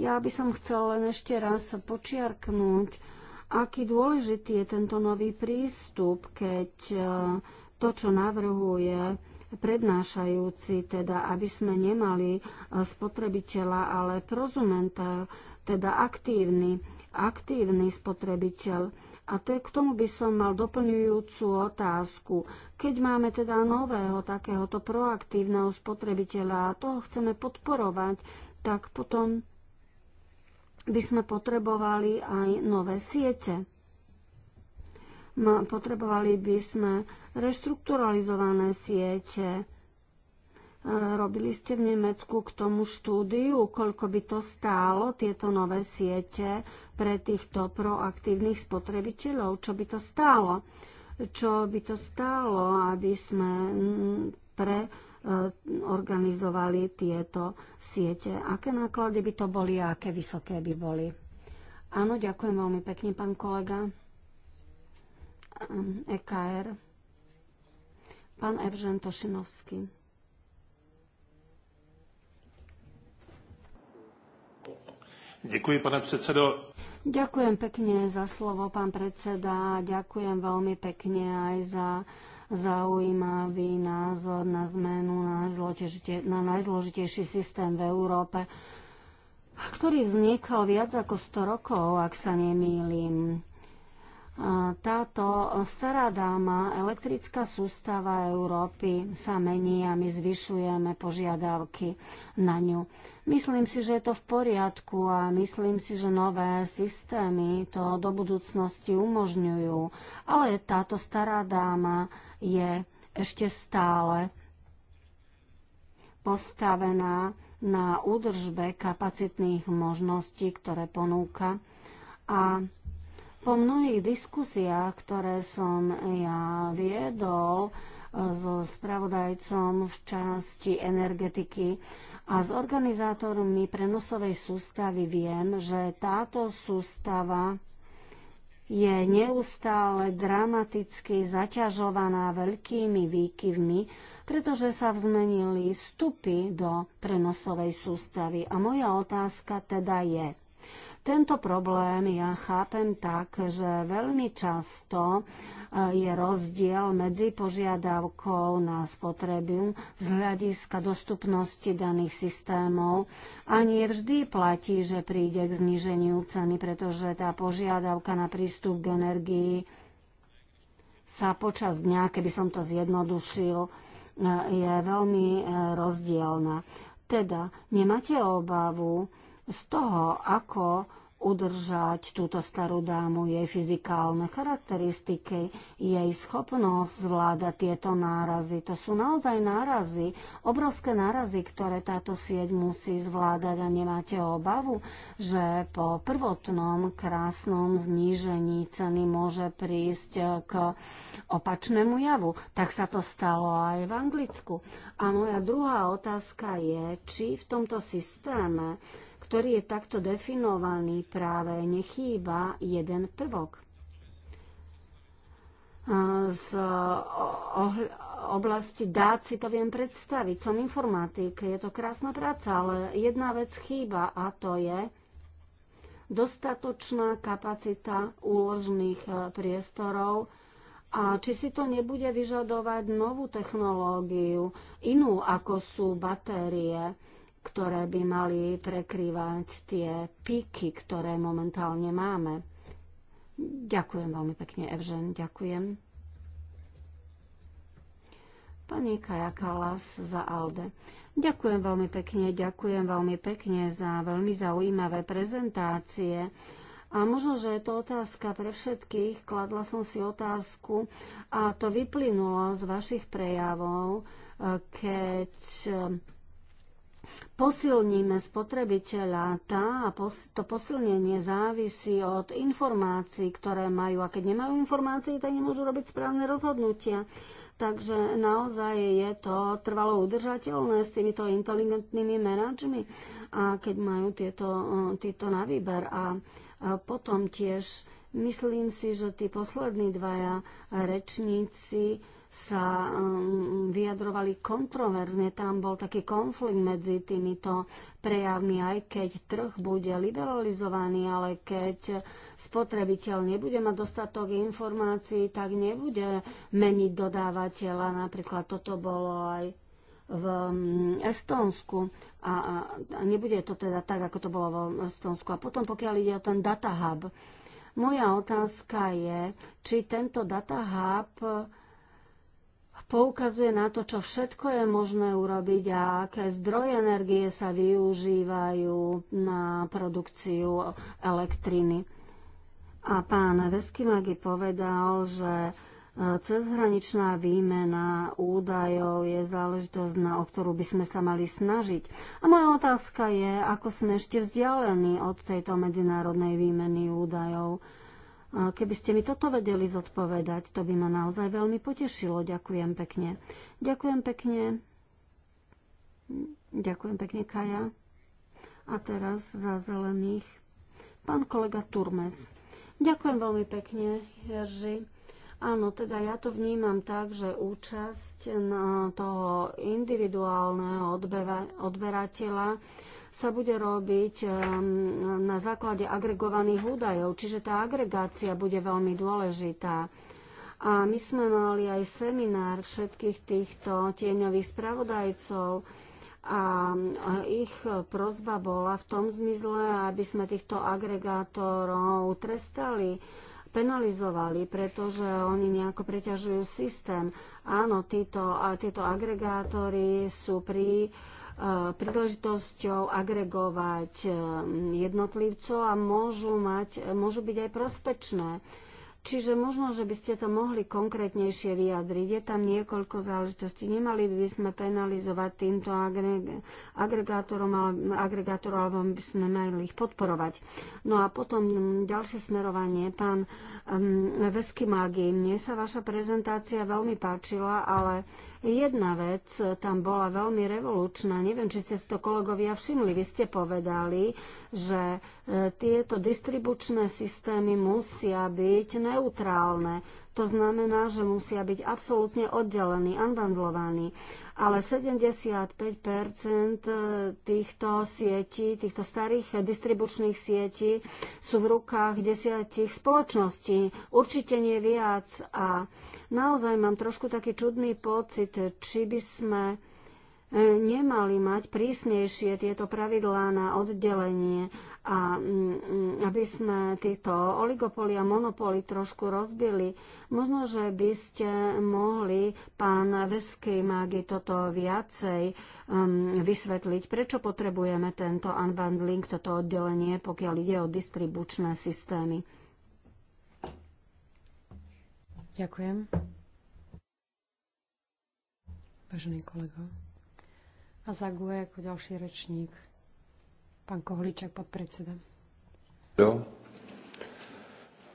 Ja by som chcel len ešte raz počiarknúť, aký dôležitý je tento nový prístup, keď e, to, čo navrhuje prednášajúci, teda aby sme nemali e, spotrebiteľa, ale prozumenta, teda aktívny, aktívny spotrebiteľ. A to, k tomu by som mal doplňujúcu otázku. Keď máme teda nového takéhoto proaktívneho spotrebiteľa a toho chceme podporovať, tak potom by sme potrebovali aj nové siete. Potrebovali by sme reštrukturalizované siete. E, robili ste v Nemecku k tomu štúdiu, koľko by to stálo, tieto nové siete pre týchto proaktívnych spotrebiteľov, čo by to stálo? Čo by to stálo, aby sme pre E, organizovali tieto siete. Aké náklady by to boli a aké vysoké by boli? Áno, ďakujem veľmi pekne, pán kolega. EKR. Ehm, e pán Evžen Tošinovský. Ďakujem, pane predsedo. Ďakujem pekne za slovo, pán predseda. Ďakujem veľmi pekne aj za zaujímavý názor na zmenu na, na najzložitejší systém v Európe, ktorý vznikol viac ako 100 rokov, ak sa nemýlim. Táto stará dáma, elektrická sústava Európy sa mení a my zvyšujeme požiadavky na ňu. Myslím si, že je to v poriadku a myslím si, že nové systémy to do budúcnosti umožňujú, ale táto stará dáma je ešte stále postavená na údržbe kapacitných možností, ktoré ponúka a po mnohých diskusiách, ktoré som ja viedol e, so spravodajcom v časti energetiky a s organizátormi prenosovej sústavy, viem, že táto sústava je neustále dramaticky zaťažovaná veľkými výkyvmi, pretože sa vzmenili vstupy do prenosovej sústavy. A moja otázka teda je, tento problém ja chápem tak, že veľmi často eh, je rozdiel medzi požiadavkou na spotrebu z hľadiska dostupnosti daných systémov a nie vždy platí, že príde k zniženiu ceny, pretože tá požiadavka na prístup k energii sa počas dňa, keby som to zjednodušil, eh, je veľmi eh, rozdielna. Teda nemáte obavu, z toho, ako udržať túto starú dámu, jej fyzikálne charakteristiky, jej schopnosť zvládať tieto nárazy. To sú naozaj nárazy, obrovské nárazy, ktoré táto sieť musí zvládať a nemáte obavu, že po prvotnom krásnom znížení ceny môže prísť k opačnému javu. Tak sa to stalo aj v Anglicku. A moja druhá otázka je, či v tomto systéme ktorý je takto definovaný, práve nechýba jeden prvok z oblasti dát si to viem predstaviť. Som informatik, je to krásna práca, ale jedna vec chýba a to je dostatočná kapacita úložných e, priestorov a či si to nebude vyžadovať novú technológiu, inú ako sú batérie ktoré by mali prekrývať tie píky, ktoré momentálne máme. Ďakujem veľmi pekne, Evžen, ďakujem. Pani Kaja Kalas za Alde. Ďakujem veľmi pekne, ďakujem veľmi pekne za veľmi zaujímavé prezentácie. A možno, že je to otázka pre všetkých. Kladla som si otázku a to vyplynulo z vašich prejavov, eh, keď posilníme spotrebiteľa, tá, to posilnenie závisí od informácií, ktoré majú. A keď nemajú informácie, tak nemôžu robiť správne rozhodnutia. Takže naozaj je to trvalo udržateľné s týmito inteligentnými manažmi, a keď majú tieto, e, tieto na výber. A e, potom tiež myslím si, že tí poslední dvaja rečníci sa um, vyjadrovali kontroverzne. Tam bol taký konflikt medzi týmito prejavmi, aj keď trh bude liberalizovaný, ale keď spotrebiteľ nebude mať dostatok informácií, tak nebude meniť dodávateľa. Napríklad toto bolo aj v um, Estónsku a, a nebude to teda tak, ako to bolo v Estónsku. A potom, pokiaľ ide o ten data hub, moja otázka je, či tento data hub poukazuje na to, čo všetko je možné urobiť a aké zdroje energie sa využívajú na produkciu elektriny. A pán Veskimagi povedal, že e, cezhraničná výmena údajov je záležitosť, na, o ktorú by sme sa mali snažiť. A moja otázka je, ako sme ešte vzdialení od tejto medzinárodnej výmeny údajov. Keby ste mi toto vedeli zodpovedať, to by ma naozaj veľmi potešilo. Ďakujem pekne. Ďakujem pekne. Ďakujem pekne, Kaja. A teraz za zelených pán kolega Turmes. Ďakujem veľmi pekne, Jerži. Áno, teda ja to vnímam tak, že účasť na toho individuálneho odberateľa sa bude robiť ehm, na základe agregovaných údajov, čiže tá agregácia bude veľmi dôležitá. A my sme mali aj seminár všetkých týchto tieňových spravodajcov, a eh, ich prozba bola v tom zmysle, aby sme týchto agregátorov trestali, penalizovali, pretože oni nejako preťažujú systém. Áno, títo, a títo agregátory sú pri E, príležitosťou agregovať e, jednotlivcov a môžu, mať, môžu byť aj prospečné. Čiže možno, že by ste to mohli konkrétnejšie vyjadriť. Je tam niekoľko záležitostí. Nemali by sme penalizovať týmto agregátorom, agregátorom, alebo by sme mali ich podporovať. No a potom ďalšie smerovanie. Pán um, Vesky Mági, mne sa vaša prezentácia veľmi páčila, ale uh, Jedna vec tam bola veľmi revolučná, neviem, či ste si to kolegovia všimli, vy ste povedali, že e, tieto distribučné systémy musia byť neutrálne. To znamená, že musia byť absolútne oddelení, unbundlovaní ale 75 eh, týchto sietí, týchto starých distribučných sietí sú v rukách desiatich spoločností. Určite nie viac a naozaj mám trošku taký čudný pocit, či by sme nemali mať prísnejšie tieto pravidlá na oddelenie a mm, aby sme tieto oligopoly a monopoly trošku rozbili. Možno, že by ste mohli, pán Veský Mági, toto viacej um, vysvetliť, prečo potrebujeme tento unbundling, toto oddelenie, pokiaľ ide o distribučné systémy. Ďakujem. Vážený kolego a zaguje ako ďalší rečník. Pán Kohličak, podpredseda. Jo.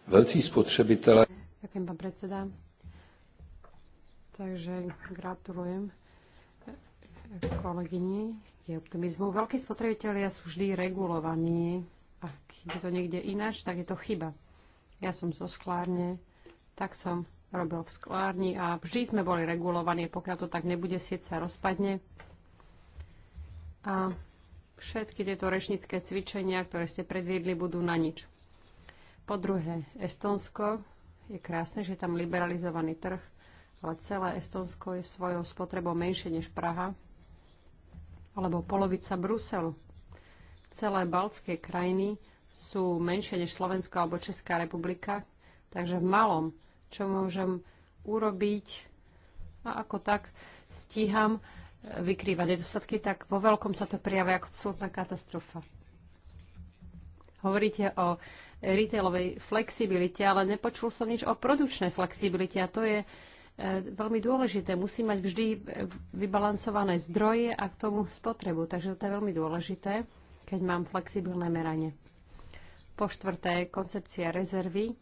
Veľcí spotřebitelé. Ďakujem, pán predseda. Takže gratulujem kolegyni. Je optimizmu. Veľkí spotrebitelia sú vždy regulovaní. Ak je to niekde ináč, tak je to chyba. Ja som zo sklárne, tak som robil v sklárni a vždy sme boli regulovaní. Pokiaľ to tak nebude, sieť sa rozpadne a všetky tieto rečnícke cvičenia, ktoré ste predviedli, budú na nič. Po druhé, Estonsko je krásne, že je tam liberalizovaný trh, ale celé Estonsko je svojou spotrebou menšie než Praha alebo polovica Bruselu. Celé baltské krajiny sú menšie než Slovensko alebo Česká republika, takže v malom, čo môžem urobiť a ako tak stíham vykrýva nedostatky, tak vo veľkom sa to prijavuje ako absolútna katastrofa. Hovoríte o retailovej flexibilite, ale nepočul som nič o produkčnej flexibilite a to je e, veľmi dôležité. Musí mať vždy e, vybalancované zdroje a k tomu spotrebu. Takže to je veľmi dôležité, keď mám flexibilné meranie. Po štvrté, koncepcia rezervy.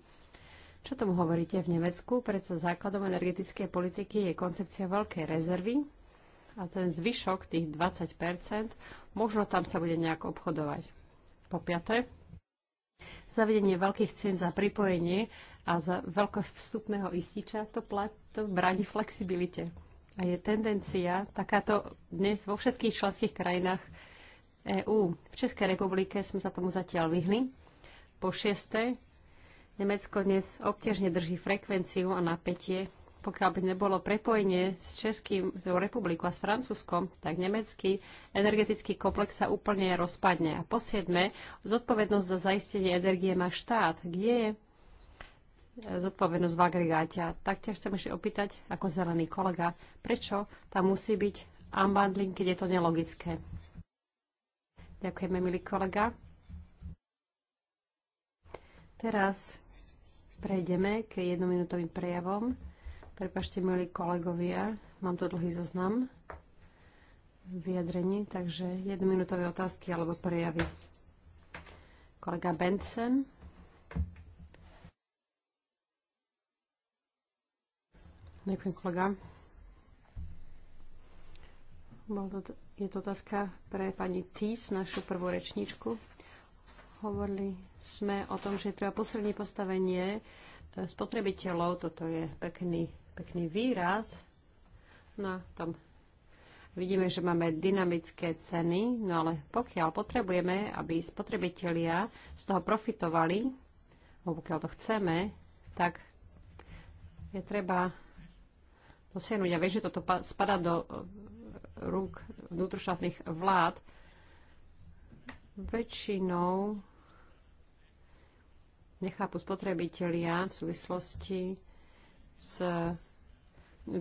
Čo tomu hovoríte v Nemecku? Predsa základom energetickej politiky je koncepcia veľkej rezervy a ten zvyšok, tých 20 možno tam sa bude nejako obchodovať. Po piaté, zavedenie veľkých cien za pripojenie a za veľkosť vstupného ističa to, plat, to bráni flexibilite. A je tendencia takáto dnes vo všetkých členských krajinách EÚ. V Českej republike sme sa tomu zatiaľ vyhli. Po šieste, Nemecko dnes obtiažne drží frekvenciu a napätie pokiaľ by nebolo prepojenie s Českým republikou a s Francúzskom, tak nemecký energetický komplex sa úplne rozpadne. A po siedme, zodpovednosť za zaistenie energie má štát. Kde je zodpovednosť v agregáte? A taktiež chcem ešte opýtať, ako zelený kolega, prečo tam musí byť unbundling, keď je to nelogické? Ďakujeme, milý kolega. Teraz prejdeme k jednominútovým prejavom. Prepašte, milí kolegovia, mám tu dlhý zoznam vyjadrení, takže jednominútové otázky alebo prejavy. Kolega Benson. Ďakujem, kolega. Je to otázka pre pani Tis, našu prvú rečníčku. Hovorili sme o tom, že treba posilniť postavenie e, spotrebiteľov. Toto je pekný pekný výraz. No tam vidíme, že máme dynamické ceny, no ale pokiaľ potrebujeme, aby spotrebitelia z toho profitovali, alebo pokiaľ to chceme, tak je treba dosiahnuť. Ja viem, že toto spada do e, rúk vnútroštátnych vlád. Väčšinou nechápu spotrebitelia v súvislosti z,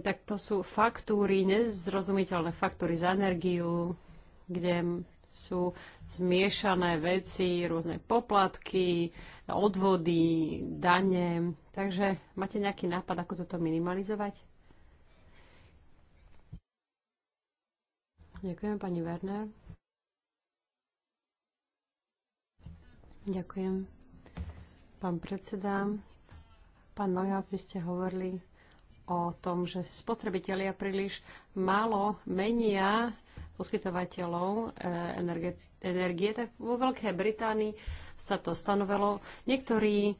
tak to sú faktúry, nezrozumiteľné faktúry za energiu, kde sú zmiešané veci, rôzne poplatky, odvody, dane. Takže máte nejaký nápad, ako toto minimalizovať? Ďakujem, pani Werner. Ďakujem, pán predseda. Pán Laja, vy ste hovorili o tom, že spotrebitelia príliš málo menia poskytovateľov e, energie, energie, tak vo Veľkej Británii sa to stanovelo. Niektorí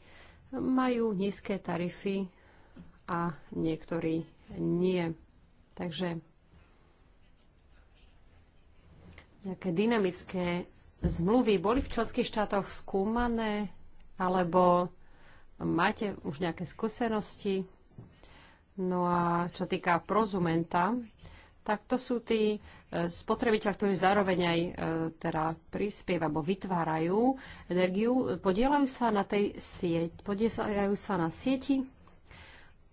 majú nízke tarify a niektorí nie. Takže nejaké dynamické zmluvy boli v členských štátoch skúmané, alebo Máte už nejaké skúsenosti? No a čo týka prozumenta, tak to sú tí e, spotrebiteľ, ktorí zároveň aj e, teda prispieva alebo vytvárajú energiu, podielajú sa na tej sieť, podielajú sa na sieti,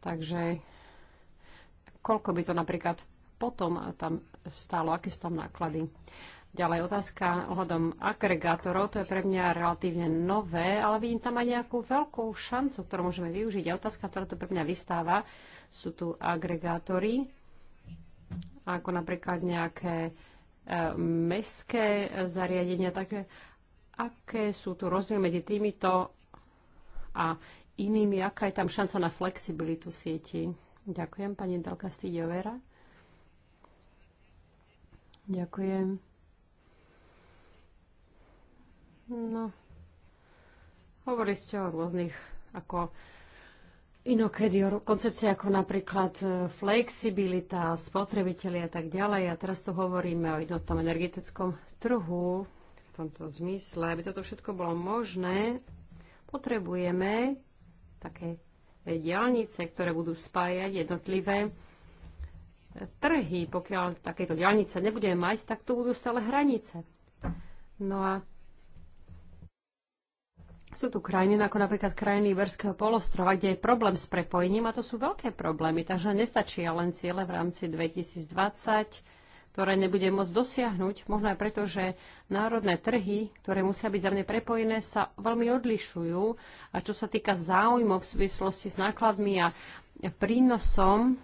takže koľko by to napríklad potom tam stálo, aké sú tam náklady. Ďalej otázka ohľadom agregátorov, to je pre mňa relatívne nové, ale vidím tam aj nejakú veľkú šancu, ktorú môžeme využiť. A otázka, ktorá to pre mňa vystáva, sú tu agregátory, ako napríklad nejaké e, mestské zariadenia, také, aké sú tu rozdiely medzi týmito a inými, aká je tam šanca na flexibilitu sieti. Ďakujem, pani Delka Stýďovera. Ďakujem. No, hovorili ste o rôznych, ako inokedy, o koncepcii ako napríklad e, flexibilita, spotrebitelia a tak ďalej. A teraz tu hovoríme o jednotnom energetickom trhu v tomto zmysle. Aby toto všetko bolo možné, potrebujeme také diálnice, ktoré budú spájať jednotlivé e, trhy. Pokiaľ takéto diálnice nebudeme mať, tak tu budú stále hranice. No a sú tu krajiny, ako napríklad krajiny Iberského polostrova, kde je problém s prepojením a to sú veľké problémy, takže nestačí len ciele v rámci 2020, ktoré nebude môcť dosiahnuť, možno aj preto, že národné trhy, ktoré musia byť zrovne prepojené, sa veľmi odlišujú a čo sa týka záujmov v súvislosti s nákladmi a prínosom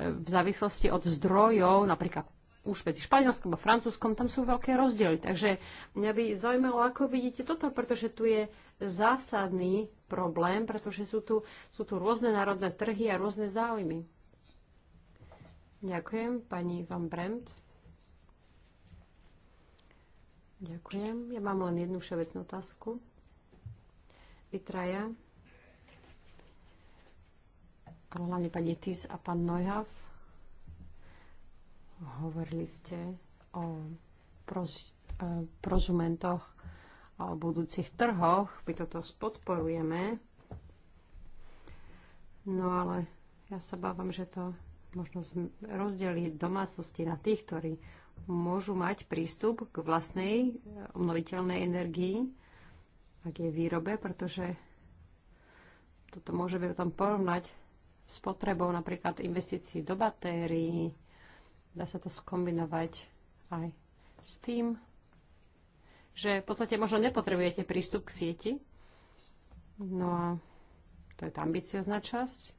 v závislosti od zdrojov, napríklad už medzi Španielskom a Francúzskom, tam sú veľké rozdiely. Takže mňa by zaujímalo, ako vidíte toto, pretože tu je zásadný problém, pretože sú tu, sú tu rôzne národné trhy a rôzne záujmy. Ďakujem, pani Van Bremt. Ďakujem. Ja mám len jednu všeobecnú otázku. Vytraja. Ale hlavne pani Tis a pán Neuhav Hovorili ste o proz, e, prozumentoch, o budúcich trhoch. My toto podporujeme. No ale ja sa bávam, že to možno rozdeliť domácnosti na tých, ktorí môžu mať prístup k vlastnej e, obnoviteľnej energii, ak je výrobe, pretože toto môžeme tam porovnať s potrebou napríklad investícií do batérií, dá sa to skombinovať aj s tým, že v podstate možno nepotrebujete prístup k sieti. No a to je tá ambiciozná časť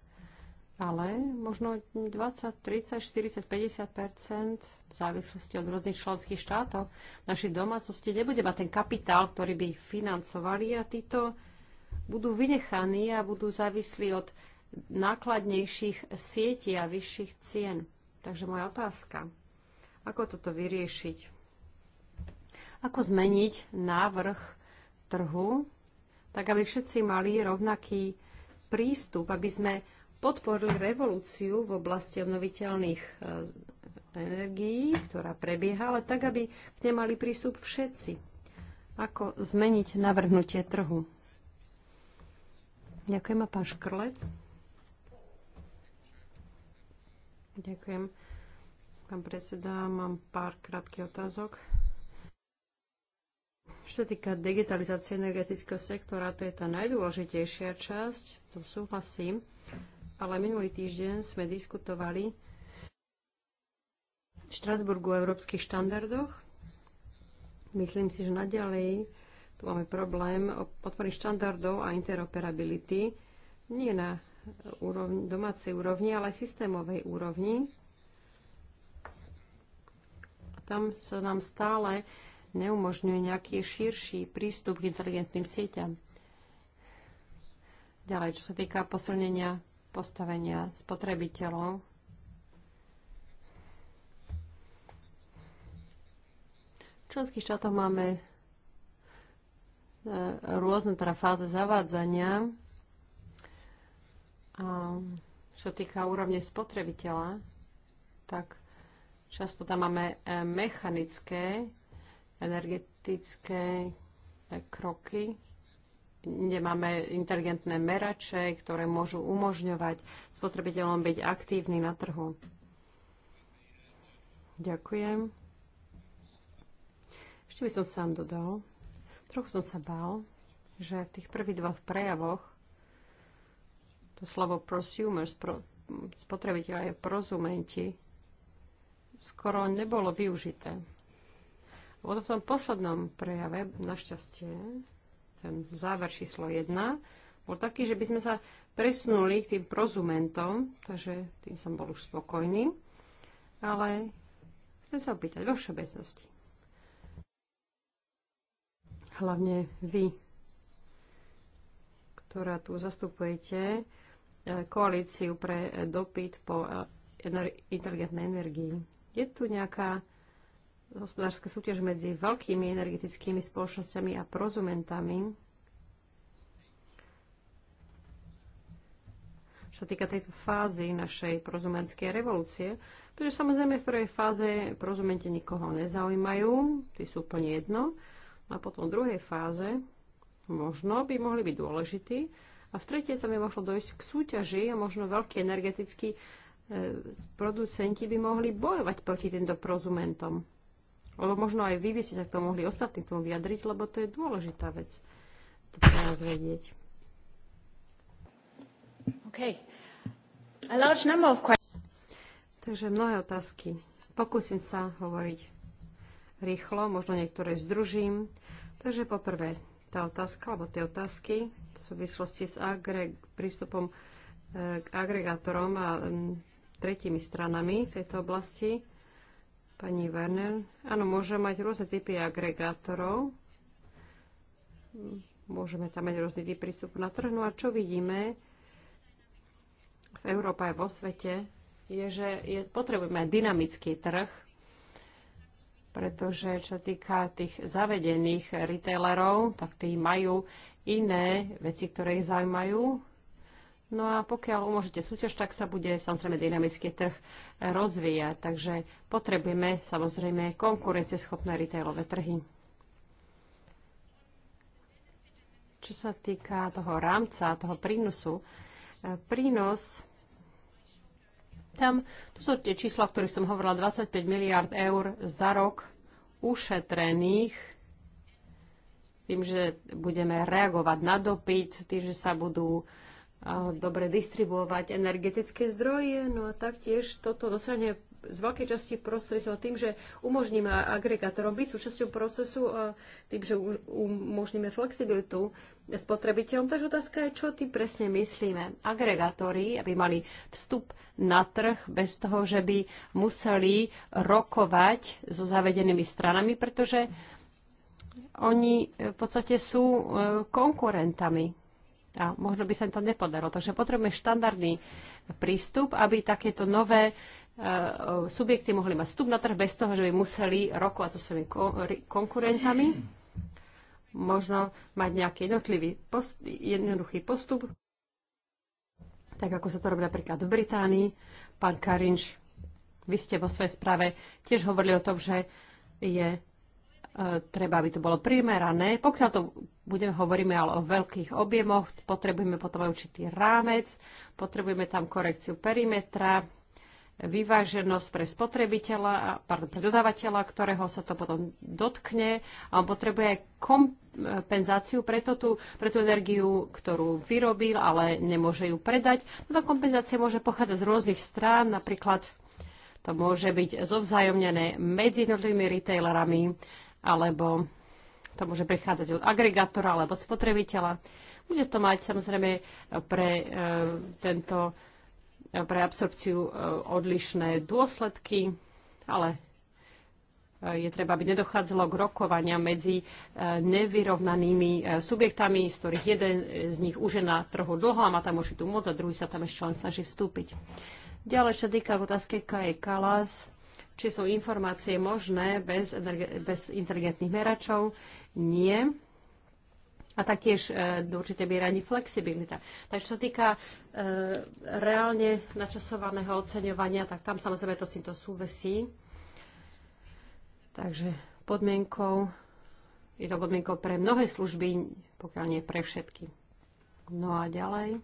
ale možno 20, 30, 40, 50 v závislosti od rôznych členských štátov našich domácnosti nebude mať ten kapitál, ktorý by financovali a títo budú vynechaní a budú závislí od nákladnejších sietí a vyšších cien. Takže moja otázka, ako toto vyriešiť? Ako zmeniť návrh trhu, tak aby všetci mali rovnaký prístup, aby sme podporili revolúciu v oblasti obnoviteľných e, energií, ktorá prebieha, ale tak, aby k nej mali prístup všetci. Ako zmeniť navrhnutie trhu? Ďakujem pán Škrlec. Ďakujem. Pán predseda, mám pár krátkých otázok. Čo sa týka digitalizácie energetického sektora, to je tá najdôležitejšia časť, v tom súhlasím, ale minulý týždeň sme diskutovali v Štrasburgu o európskych štandardoch. Myslím si, že naďalej tu máme problém o podpory štandardov a interoperability. Nie na úrovni, domácej úrovni, ale aj systémovej úrovni. A tam sa nám stále neumožňuje nejaký širší prístup k inteligentným sieťam. Ďalej, čo sa týka posilnenia postavenia spotrebiteľov, v členských štátoch máme e, rôzne teda fáze zavádzania čo týka úrovne spotrebiteľa, tak často tam máme e, mechanické, energetické e, kroky, kde máme inteligentné merače, ktoré môžu umožňovať spotrebiteľom byť aktívny na trhu. Ďakujem. Ešte by som sám dodal. Trochu som sa bál, že v tých prvých dvoch prejavoch to slovo prosumers, pro, spotrebiteľ je prozumenti, skoro nebolo využité. A v tom poslednom prejave, našťastie, ten záver číslo 1, bol taký, že by sme sa presunuli k tým prozumentom, takže tým som bol už spokojný. Ale chcem sa opýtať vo všeobecnosti. Hlavne vy, ktorá tu zastupujete E, koalíciu pre e, dopyt po e, inteligentnej energii. Je tu nejaká hospodárska súťaž medzi veľkými energetickými spoločnosťami a prozumentami. Čo sa týka tejto fázy našej prozumentskej revolúcie, pretože samozrejme v prvej fáze prozumente nikoho nezaujímajú, tí sú úplne jedno, a potom v druhej fáze možno by mohli byť dôležití, a v tretie tam je mohlo dojsť k súťaži a možno veľký energetický e, producenti by mohli bojovať proti týmto prozumentom. Lebo možno aj vy by ste sa k tomu mohli ostatní k tomu vyjadriť, lebo to je dôležitá vec. To pre nás vedieť. Okay. A large number of questions. Takže mnohé otázky. Pokúsim sa hovoriť rýchlo, možno niektoré združím. Takže poprvé, tá otázka, alebo tie otázky v súvislosti s agreg- prístupom e, k agregátorom a tretími stranami v tejto oblasti. Pani Werner, áno, môže mať rôzne typy agregátorov. Môžeme tam mať rôzny typ prístupu na trh. No a čo vidíme v Európe aj vo svete, je, že je, potrebujeme dynamický trh, pretože čo týka tých zavedených retailerov, tak tí majú iné veci, ktoré ich zaujímajú. No a pokiaľ umožíte súťaž, tak sa bude samozrejme dynamický trh rozvíjať. Takže potrebujeme samozrejme konkurencieschopné retailové trhy. Čo sa týka toho rámca, toho prínosu, prínos tam, to sú tie čísla, o ktorých som hovorila, 25 miliard eur za rok ušetrených tým, že budeme reagovať na dopyt, tým, že sa budú dobre distribuovať energetické zdroje. No a taktiež toto dosadne z veľkej časti prostredstvom tým, že umožníme agregátorom byť súčasťou procesu, tým, že umožníme flexibilitu spotrebiteľom. Takže otázka je, čo tým presne myslíme. Agregátori, aby mali vstup na trh bez toho, že by museli rokovať so zavedenými stranami, pretože oni v podstate sú e, konkurentami. A možno by sa im to nepodarilo. Takže potrebujeme štandardný prístup, aby takéto nové Eh, subjekty mohli mať vstup na trh bez toho, že by museli rokovať so svojimi konkurentami. Možno mať nejaký jednotlivý post, jednoduchý postup, tak ako sa to robí napríklad v Británii. Pán Karinš, vy ste vo svojej správe tiež hovorili o tom, že je eh, treba, aby to bolo primerané. Pokiaľ to budeme, hovoríme ale o veľkých objemoch, potrebujeme potom aj určitý rámec, potrebujeme tam korekciu perimetra, vyváženosť pre spotrebiteľa, pardon, pre dodávateľa, ktorého sa to potom dotkne a on potrebuje aj kompenzáciu pre, to, tú, pre tú energiu, ktorú vyrobil, ale nemôže ju predať. No tá kompenzácia môže pochádzať z rôznych strán, napríklad to môže byť zovzájomnené medzi jednotlivými retailerami, alebo to môže prichádzať od agregátora alebo od spotrebiteľa. Bude to mať samozrejme pre e, tento pre absorpciu e, odlišné dôsledky, ale e, je treba, aby nedochádzalo k rokovania medzi e, nevyrovnanými subjektami, z ktorých jeden z nich už je na trhu dlho a má tam určitú moc a druhý sa tam ešte len snaží vstúpiť. Ďalej, čo týka otázky KE Kalas, či sú informácie možné bez, bez inteligentných meračov? Nie a taktiež e, do určitej miery flexibilita. Takže čo sa týka e, reálne načasovaného oceňovania, tak tam samozrejme to si to súvisí. Takže podmienkou, je to podmienkou pre mnohé služby, pokiaľ nie pre všetky. No a ďalej.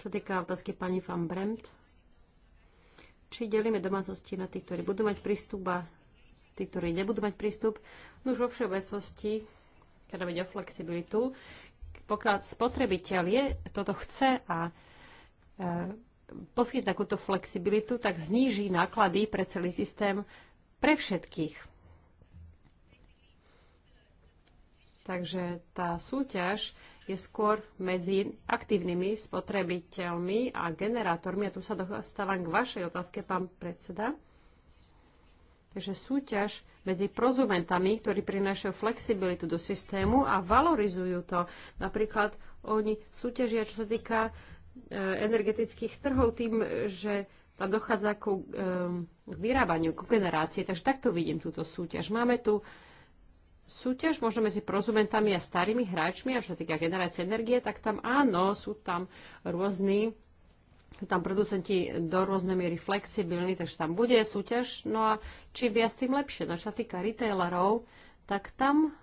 Čo týka otázky pani van Bremt, či delíme domácnosti na tých, ktorí budú mať prístup a tí, ktorí nebudú mať prístup. No už vo všeobecnosti, keď ide o flexibilitu, pokiaľ spotrebiteľ je, toto chce a e, poskytne takúto flexibilitu, tak zníži náklady pre celý systém pre všetkých. Takže tá súťaž je skôr medzi aktívnymi spotrebiteľmi a generátormi. A tu sa dostávam k vašej otázke, pán predseda. Takže súťaž medzi prozumentami, ktorí prinášajú flexibilitu do systému a valorizujú to. Napríklad oni súťažia, čo sa týka e, energetických trhov tým, že tam dochádza ku, e, k vyrábaniu, ku generácii. Takže takto vidím túto súťaž. Máme tu súťaž možno medzi prozumentami a starými hráčmi, a čo sa týka generácie energie, tak tam áno, sú tam rôzni tam producenti do rôznej miery flexibilní, takže tam bude súťaž. No a čím viac, tým lepšie. No čo sa týka retailerov, tak tam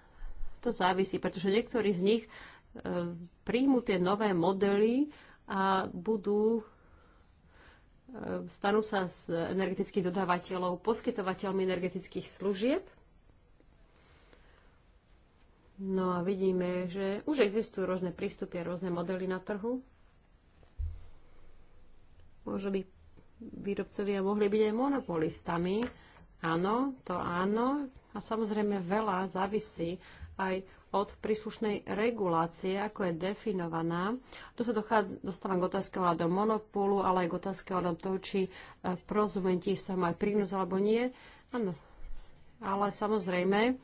to závisí, pretože niektorí z nich e, príjmu tie nové modely a budú e, stanú sa z energetických dodávateľov poskytovateľmi energetických služieb. No a vidíme, že už existujú rôzne prístupy a rôzne modely na trhu. Môže by výrobcovia mohli byť aj monopolistami. Áno, to áno. A samozrejme veľa závisí aj od príslušnej regulácie, ako je definovaná. Tu sa dostávam k otázke ohľadom monopolu, ale aj k otázke ohľadom toho, či e, prozumenti sa má prínos alebo nie. Áno, ale samozrejme,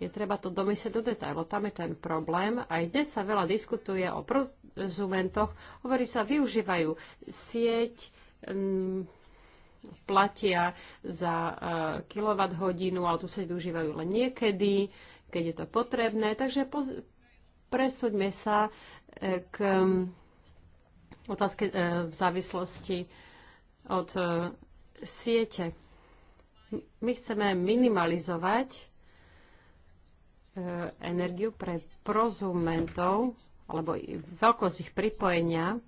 je treba to domyslieť do detajlov. Tam je ten problém. Aj dnes sa veľa diskutuje o prozumentoch. Hovorí sa, využívajú sieť, mm, platia za uh, eh, kilowatt hodinu, ale tu sa využívajú len niekedy, keď je to potrebné. Takže poz- presúďme sa eh, k mm, otázke eh, v závislosti od e, siete. My chceme minimalizovať E, energiu pre prozumentov alebo veľkosť ich pripojenia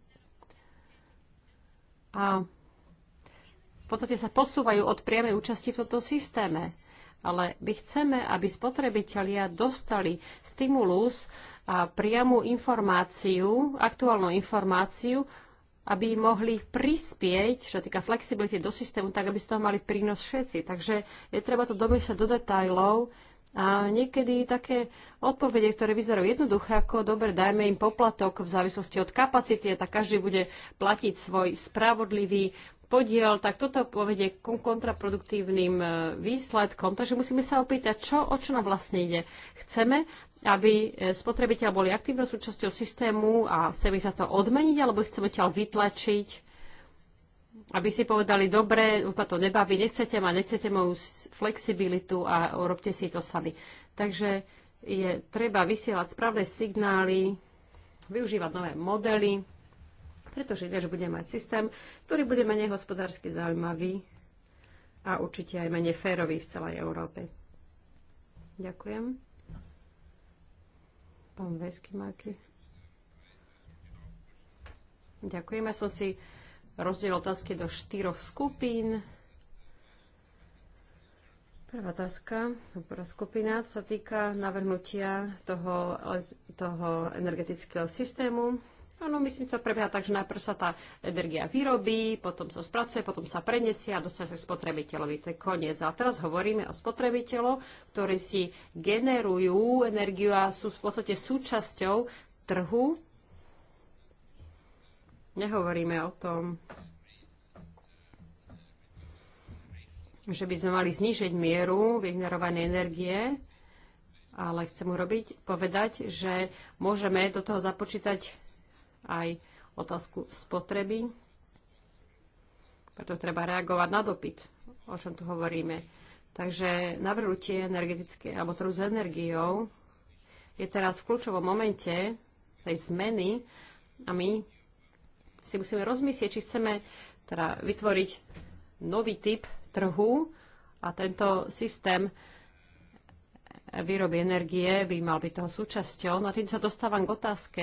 a v podstate sa posúvajú od priamej účasti v tomto systéme. Ale my chceme, aby spotrebitelia dostali stimulus a priamu informáciu, aktuálnu informáciu, aby mohli prispieť, čo týka flexibility do systému, tak aby z toho mali prínos všetci. Takže je treba to domýšľať do detajlov, a niekedy také odpovede, ktoré vyzerajú jednoduché, ako dobre, dajme im poplatok v závislosti od kapacity, tak každý bude platiť svoj spravodlivý podiel, tak toto povedie k kontraproduktívnym e, výsledkom. Takže musíme sa opýtať, čo, o čo nám vlastne ide. Chceme, aby e, spotrebiteľ boli aktívnou súčasťou systému a chceme sa to odmeniť, alebo chceme ťa vytlačiť aby si povedali, dobre, už ma to nebaví, nechcete ma, nechcete moju flexibilitu a robte si to sami. Takže je treba vysielať správne signály, využívať nové modely, pretože ináč budeme mať systém, ktorý bude menej hospodársky zaujímavý a určite aj menej férový v celej Európe. Ďakujem. Pán Vesky Ďakujem. Ja som si rozdiel otázky do štyroch skupín. Prvá otázka, prvá skupina, to sa týka navrhnutia toho, toho energetického systému. Áno, myslím, že to prebieha tak, že najprv sa tá energia vyrobí, potom sa spracuje, potom sa prenesie a dostane sa k spotrebiteľovi. To je koniec. A teraz hovoríme o spotrebiteľoch, ktorí si generujú energiu a sú v podstate súčasťou trhu Nehovoríme o tom, že by sme mali znižiť mieru vygenerovanej energie, ale chcem urobiť, povedať, že môžeme do toho započítať aj otázku spotreby, preto treba reagovať na dopyt, o čom tu hovoríme. Takže navrútie energetické, alebo trhu s energiou je teraz v kľúčovom momente tej zmeny a my si musíme rozmyslieť, či chceme teda vytvoriť nový typ trhu a tento systém výroby energie by mal byť toho súčasťou. No a tým sa dostávam k otázke,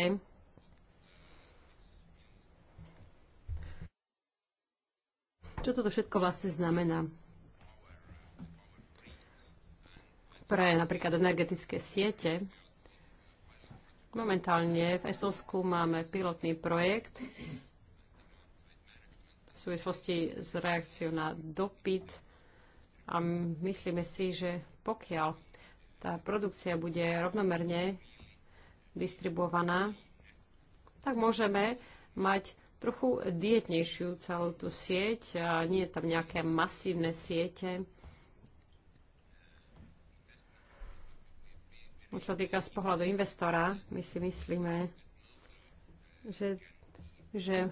čo toto všetko vlastne znamená pre napríklad energetické siete. Momentálne v Estonsku máme pilotný projekt, v súvislosti s reakciou na dopyt. A myslíme si, že pokiaľ tá produkcia bude rovnomerne distribuovaná, tak môžeme mať trochu dietnejšiu celú tú sieť a nie je tam nejaké masívne siete. Čo týka z pohľadu investora, my si myslíme, že, že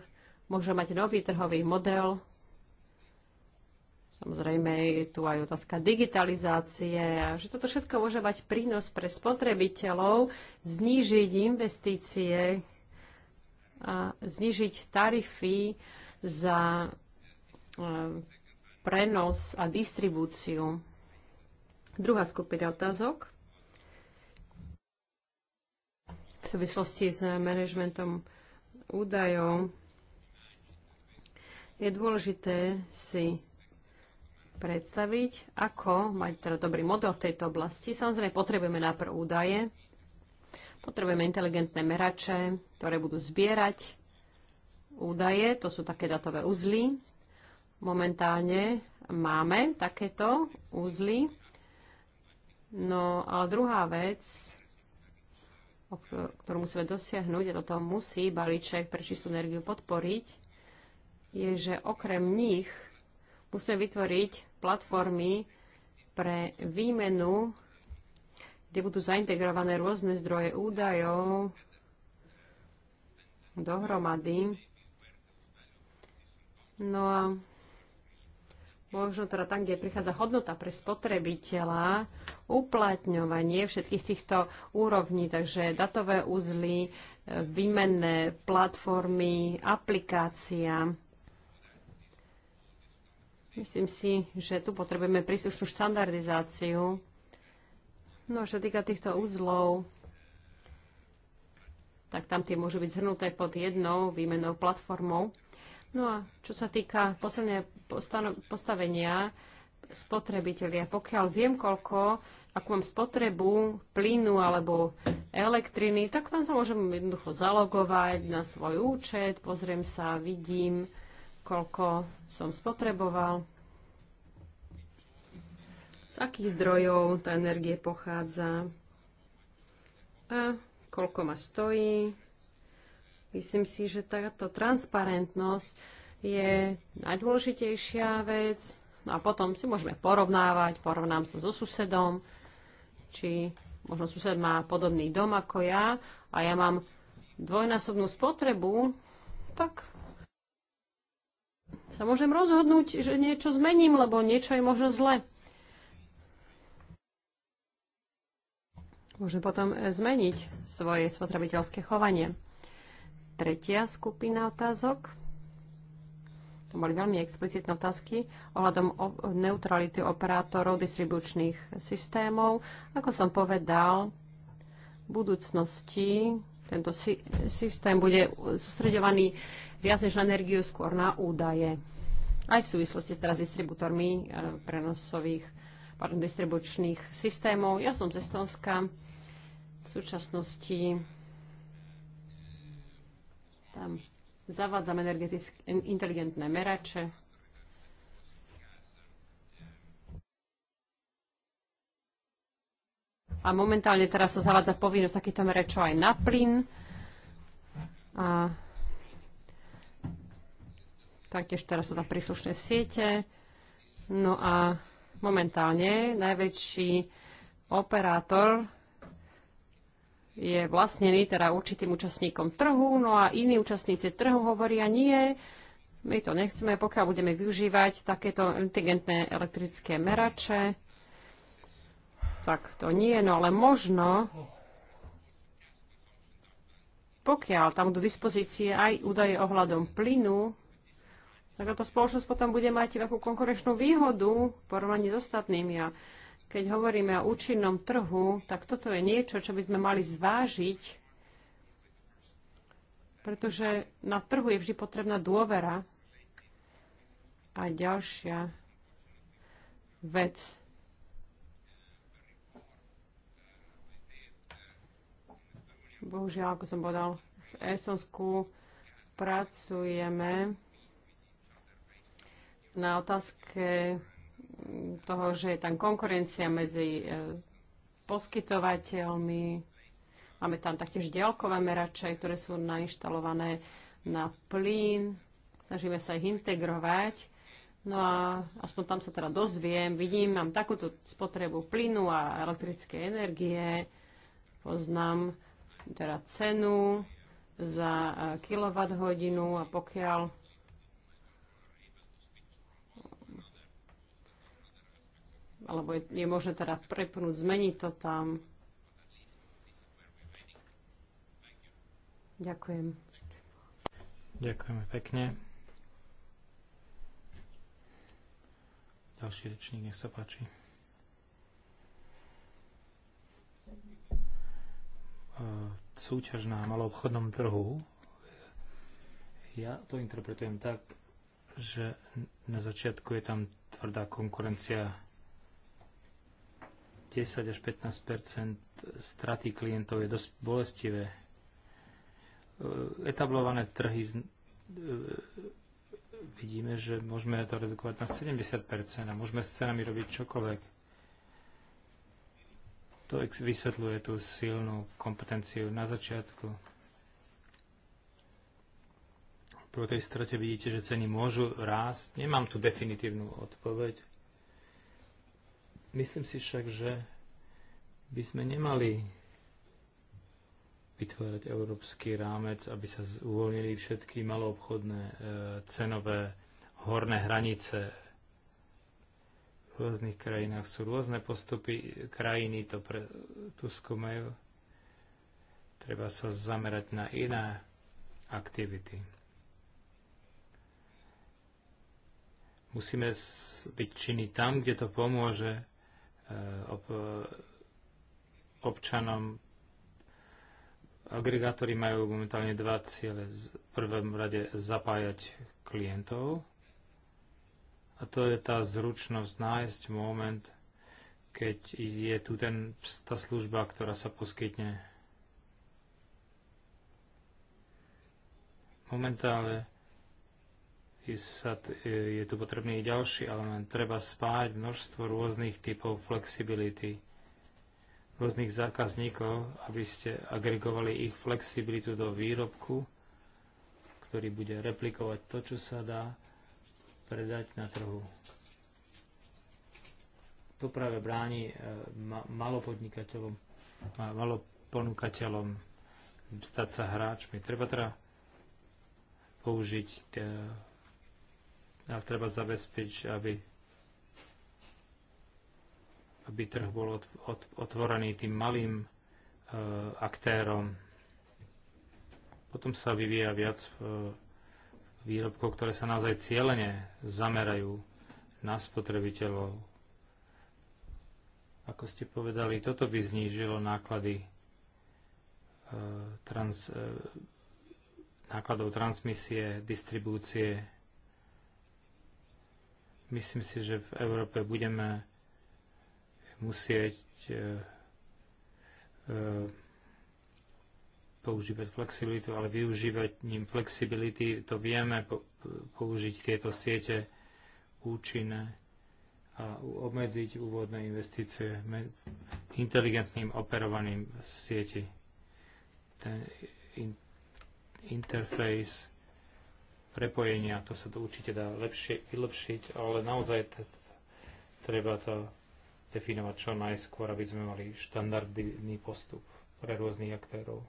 môže mať nový trhový model. Samozrejme je tu aj otázka digitalizácie, že toto všetko môže mať prínos pre spotrebiteľov, znížiť investície a znižiť tarify za eh, prenos a distribúciu. Druhá skupina otázok v súvislosti s manažmentom údajov je dôležité si predstaviť, ako mať teda dobrý model v tejto oblasti. Samozrejme, potrebujeme najprv údaje, potrebujeme inteligentné merače, ktoré budú zbierať údaje, to sú také datové uzly. Momentálne máme takéto uzly. No a druhá vec, ktorú musíme dosiahnuť, a do toho musí balíček pre čistú energiu podporiť, je, že okrem nich musíme vytvoriť platformy pre výmenu, kde budú zaintegrované rôzne zdroje údajov dohromady. No a možno teda tam, kde prichádza hodnota pre spotrebiteľa, uplatňovanie všetkých týchto úrovní, takže datové úzly, e, výmenné platformy, aplikácia, Myslím si, že tu potrebujeme príslušnú štandardizáciu. No a čo týka týchto úzlov, tak tam tie môžu byť zhrnuté pod jednou výmenou platformou. No a čo sa týka posledného postavenia spotrebitelia, pokiaľ viem, koľko, akú mám spotrebu plynu alebo elektriny, tak tam sa môžem jednoducho zalogovať na svoj účet, pozriem sa, vidím, koľko som spotreboval, z akých zdrojov tá energie pochádza a koľko ma stojí. Myslím si, že táto transparentnosť je najdôležitejšia vec. No a potom si môžeme porovnávať, porovnám sa so susedom, či možno sused má podobný dom ako ja a ja mám dvojnásobnú spotrebu, tak sa môžem rozhodnúť, že niečo zmením, lebo niečo je možno zle. Môžem potom e, zmeniť svoje spotrebiteľské chovanie. Tretia skupina otázok. To boli veľmi explicitné otázky ohľadom neutrality operátorov distribučných systémov. Ako som povedal, v budúcnosti tento systém bude sústreďovaný viac než na energiu, skôr na údaje. Aj v súvislosti teraz s distribútormi e, prenosových, pardon, distribučných systémov. Ja som z Estonska. V súčasnosti tam zavádzam inteligentné merače, A momentálne teraz sa zavádza povinnosť takýto merečov aj na plyn. A taktiež teraz sú tam príslušné siete. No a momentálne najväčší operátor je vlastnený teda určitým účastníkom trhu, no a iní účastníci trhu hovoria nie, my to nechceme, pokiaľ budeme využívať takéto inteligentné elektrické merače, tak to nie, no ale možno, pokiaľ tam do dispozície aj údaje ohľadom plynu, tak táto spoločnosť potom bude mať takú konkurenčnú výhodu v porovnaní s ostatnými. A keď hovoríme o účinnom trhu, tak toto je niečo, čo by sme mali zvážiť, pretože na trhu je vždy potrebná dôvera. A ďalšia vec, Bohužiaľ, ako som povedal, v Estonsku pracujeme na otázke toho, že je tam konkurencia medzi e, poskytovateľmi. Máme tam taktiež diaľkové merače, ktoré sú nainštalované na plyn. Snažíme sa ich integrovať. No a aspoň tam sa teda dozviem, vidím, mám takúto spotrebu plynu a elektrické energie. Poznám teda cenu za e, kWh a pokiaľ alebo je, je možné teda prepnúť, zmeniť to tam. Ďakujem. Ďakujeme pekne. Ďalší rečník, nech sa páči. E, súťaž na maloobchodnom trhu, ja to interpretujem tak, že na začiatku je tam tvrdá konkurencia 10 až 15 straty klientov je dosť bolestivé. E, etablované trhy e, vidíme, že môžeme to redukovať na 70 a môžeme s cenami robiť čokoľvek to vysvetľuje tú silnú kompetenciu na začiatku. Po tej strate vidíte, že ceny môžu rásť. Nemám tu definitívnu odpoveď. Myslím si však, že by sme nemali vytvárať európsky rámec, aby sa uvoľnili všetky maloobchodné e, cenové horné hranice v rôznych krajinách sú rôzne postupy, krajiny to pre, tu skúmajú. Treba sa zamerať na iné aktivity. Musíme byť činy tam, kde to pomôže e, občanom. Agregátory majú momentálne dva ciele. V prvom rade zapájať klientov a to je tá zručnosť nájsť moment, keď je tu ten, tá služba, ktorá sa poskytne. Momentálne je tu potrebný ďalší element. Treba spájať množstvo rôznych typov flexibility, rôznych zákazníkov, aby ste agregovali ich flexibilitu do výrobku, ktorý bude replikovať to, čo sa dá predať na trhu. To práve bráni e, malopodnikateľom a maloponúkateľom stať sa hráčmi. Treba teda použiť e, a treba zabezpečiť, aby aby trh bol otvorený tým malým e, aktérom. Potom sa vyvíja viac výrobkov, ktoré sa naozaj cieľene zamerajú na spotrebiteľov. Ako ste povedali, toto by znížilo náklady e, trans, e, nákladov transmisie, distribúcie. Myslím si, že v Európe budeme musieť e, používať flexibilitu, ale využívať ním flexibility, to vieme použiť tieto siete účinné a obmedziť úvodné investície inteligentným operovaním sieti. Ten in, interface prepojenia, to sa to určite dá lepšie vylepšiť, ale naozaj treba to definovať čo najskôr, aby sme mali štandardný postup pre rôznych aktérov.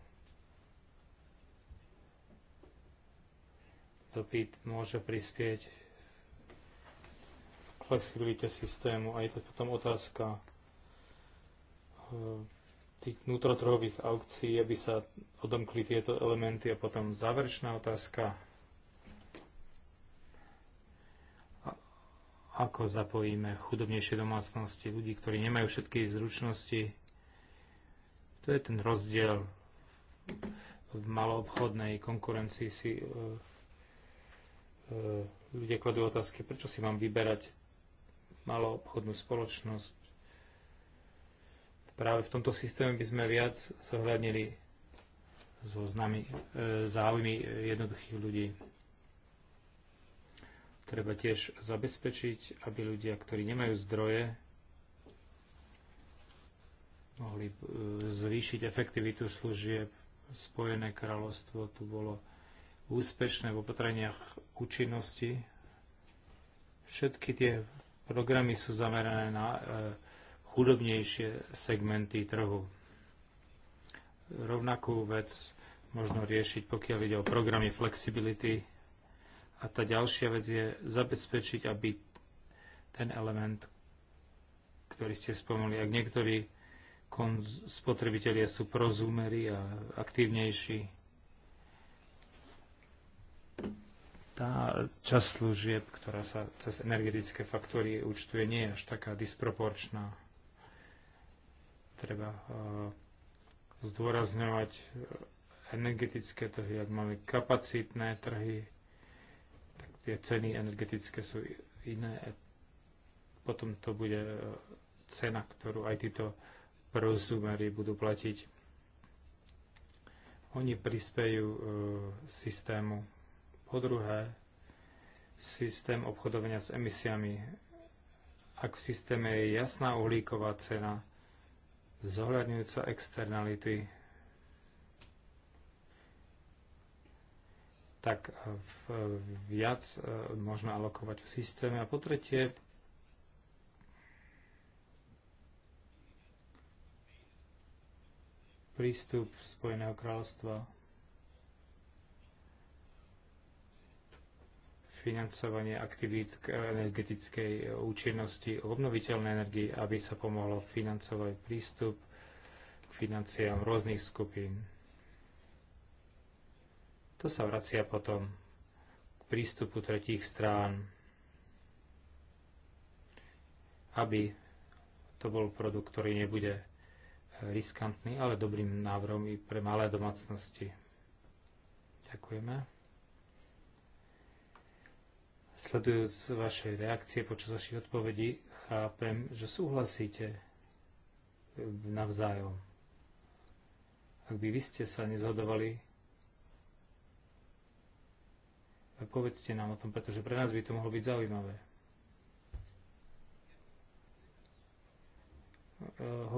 dopyt môže prispieť k flexibilite systému a je to potom otázka eh, tých vnútrotrhových aukcií, aby sa odomkli tieto elementy a potom záverečná otázka, ako zapojíme chudobnejšie domácnosti, ľudí, ktorí nemajú všetky zručnosti. To je ten rozdiel v maloobchodnej konkurencii si eh, E, ľudia kladú otázky, prečo si mám vyberať malou obchodnú spoločnosť. Práve v tomto systéme by sme viac zohľadnili e, záujmy jednoduchých ľudí. Treba tiež zabezpečiť, aby ľudia, ktorí nemajú zdroje, mohli e, zvýšiť efektivitu služieb. Spojené kráľovstvo tu bolo úspešné v opatreniach účinnosti. Všetky tie programy sú zamerané na e, chudobnejšie segmenty trhu. Rovnakú vec možno riešiť, pokiaľ ide o programy flexibility. A tá ďalšia vec je zabezpečiť, aby ten element, ktorý ste spomenuli, ak niektorí spotrebitelia sú prozumeri a aktívnejší, tá časť služieb, ktorá sa cez energetické faktory účtuje, nie je až taká disproporčná. Treba uh, zdôrazňovať e, energetické trhy, ak máme kapacitné trhy, tak tie ceny energetické sú iné. E, potom to bude cena, ktorú aj títo prosumery budú platiť. Oni prispejú e, systému po druhé, systém obchodovania s emisiami. Ak v systéme je jasná uhlíková cena, zohľadňujúca externality, tak viac e, možno alokovať v systéme. A po tretie, prístup Spojeného kráľovstva financovanie aktivít k energetickej účinnosti obnoviteľnej energii, aby sa pomohlo financovať prístup k financiám rôznych skupín. To sa vracia potom k prístupu tretích strán, aby to bol produkt, ktorý nebude riskantný, ale dobrým návrhom i pre malé domácnosti. Ďakujeme. Sledujúc vaše reakcie počas vašich odpovedí, chápem, že súhlasíte e, navzájom. Ak by vy ste sa nezhodovali, e, povedzte nám o tom, pretože pre nás by to mohlo byť zaujímavé. E,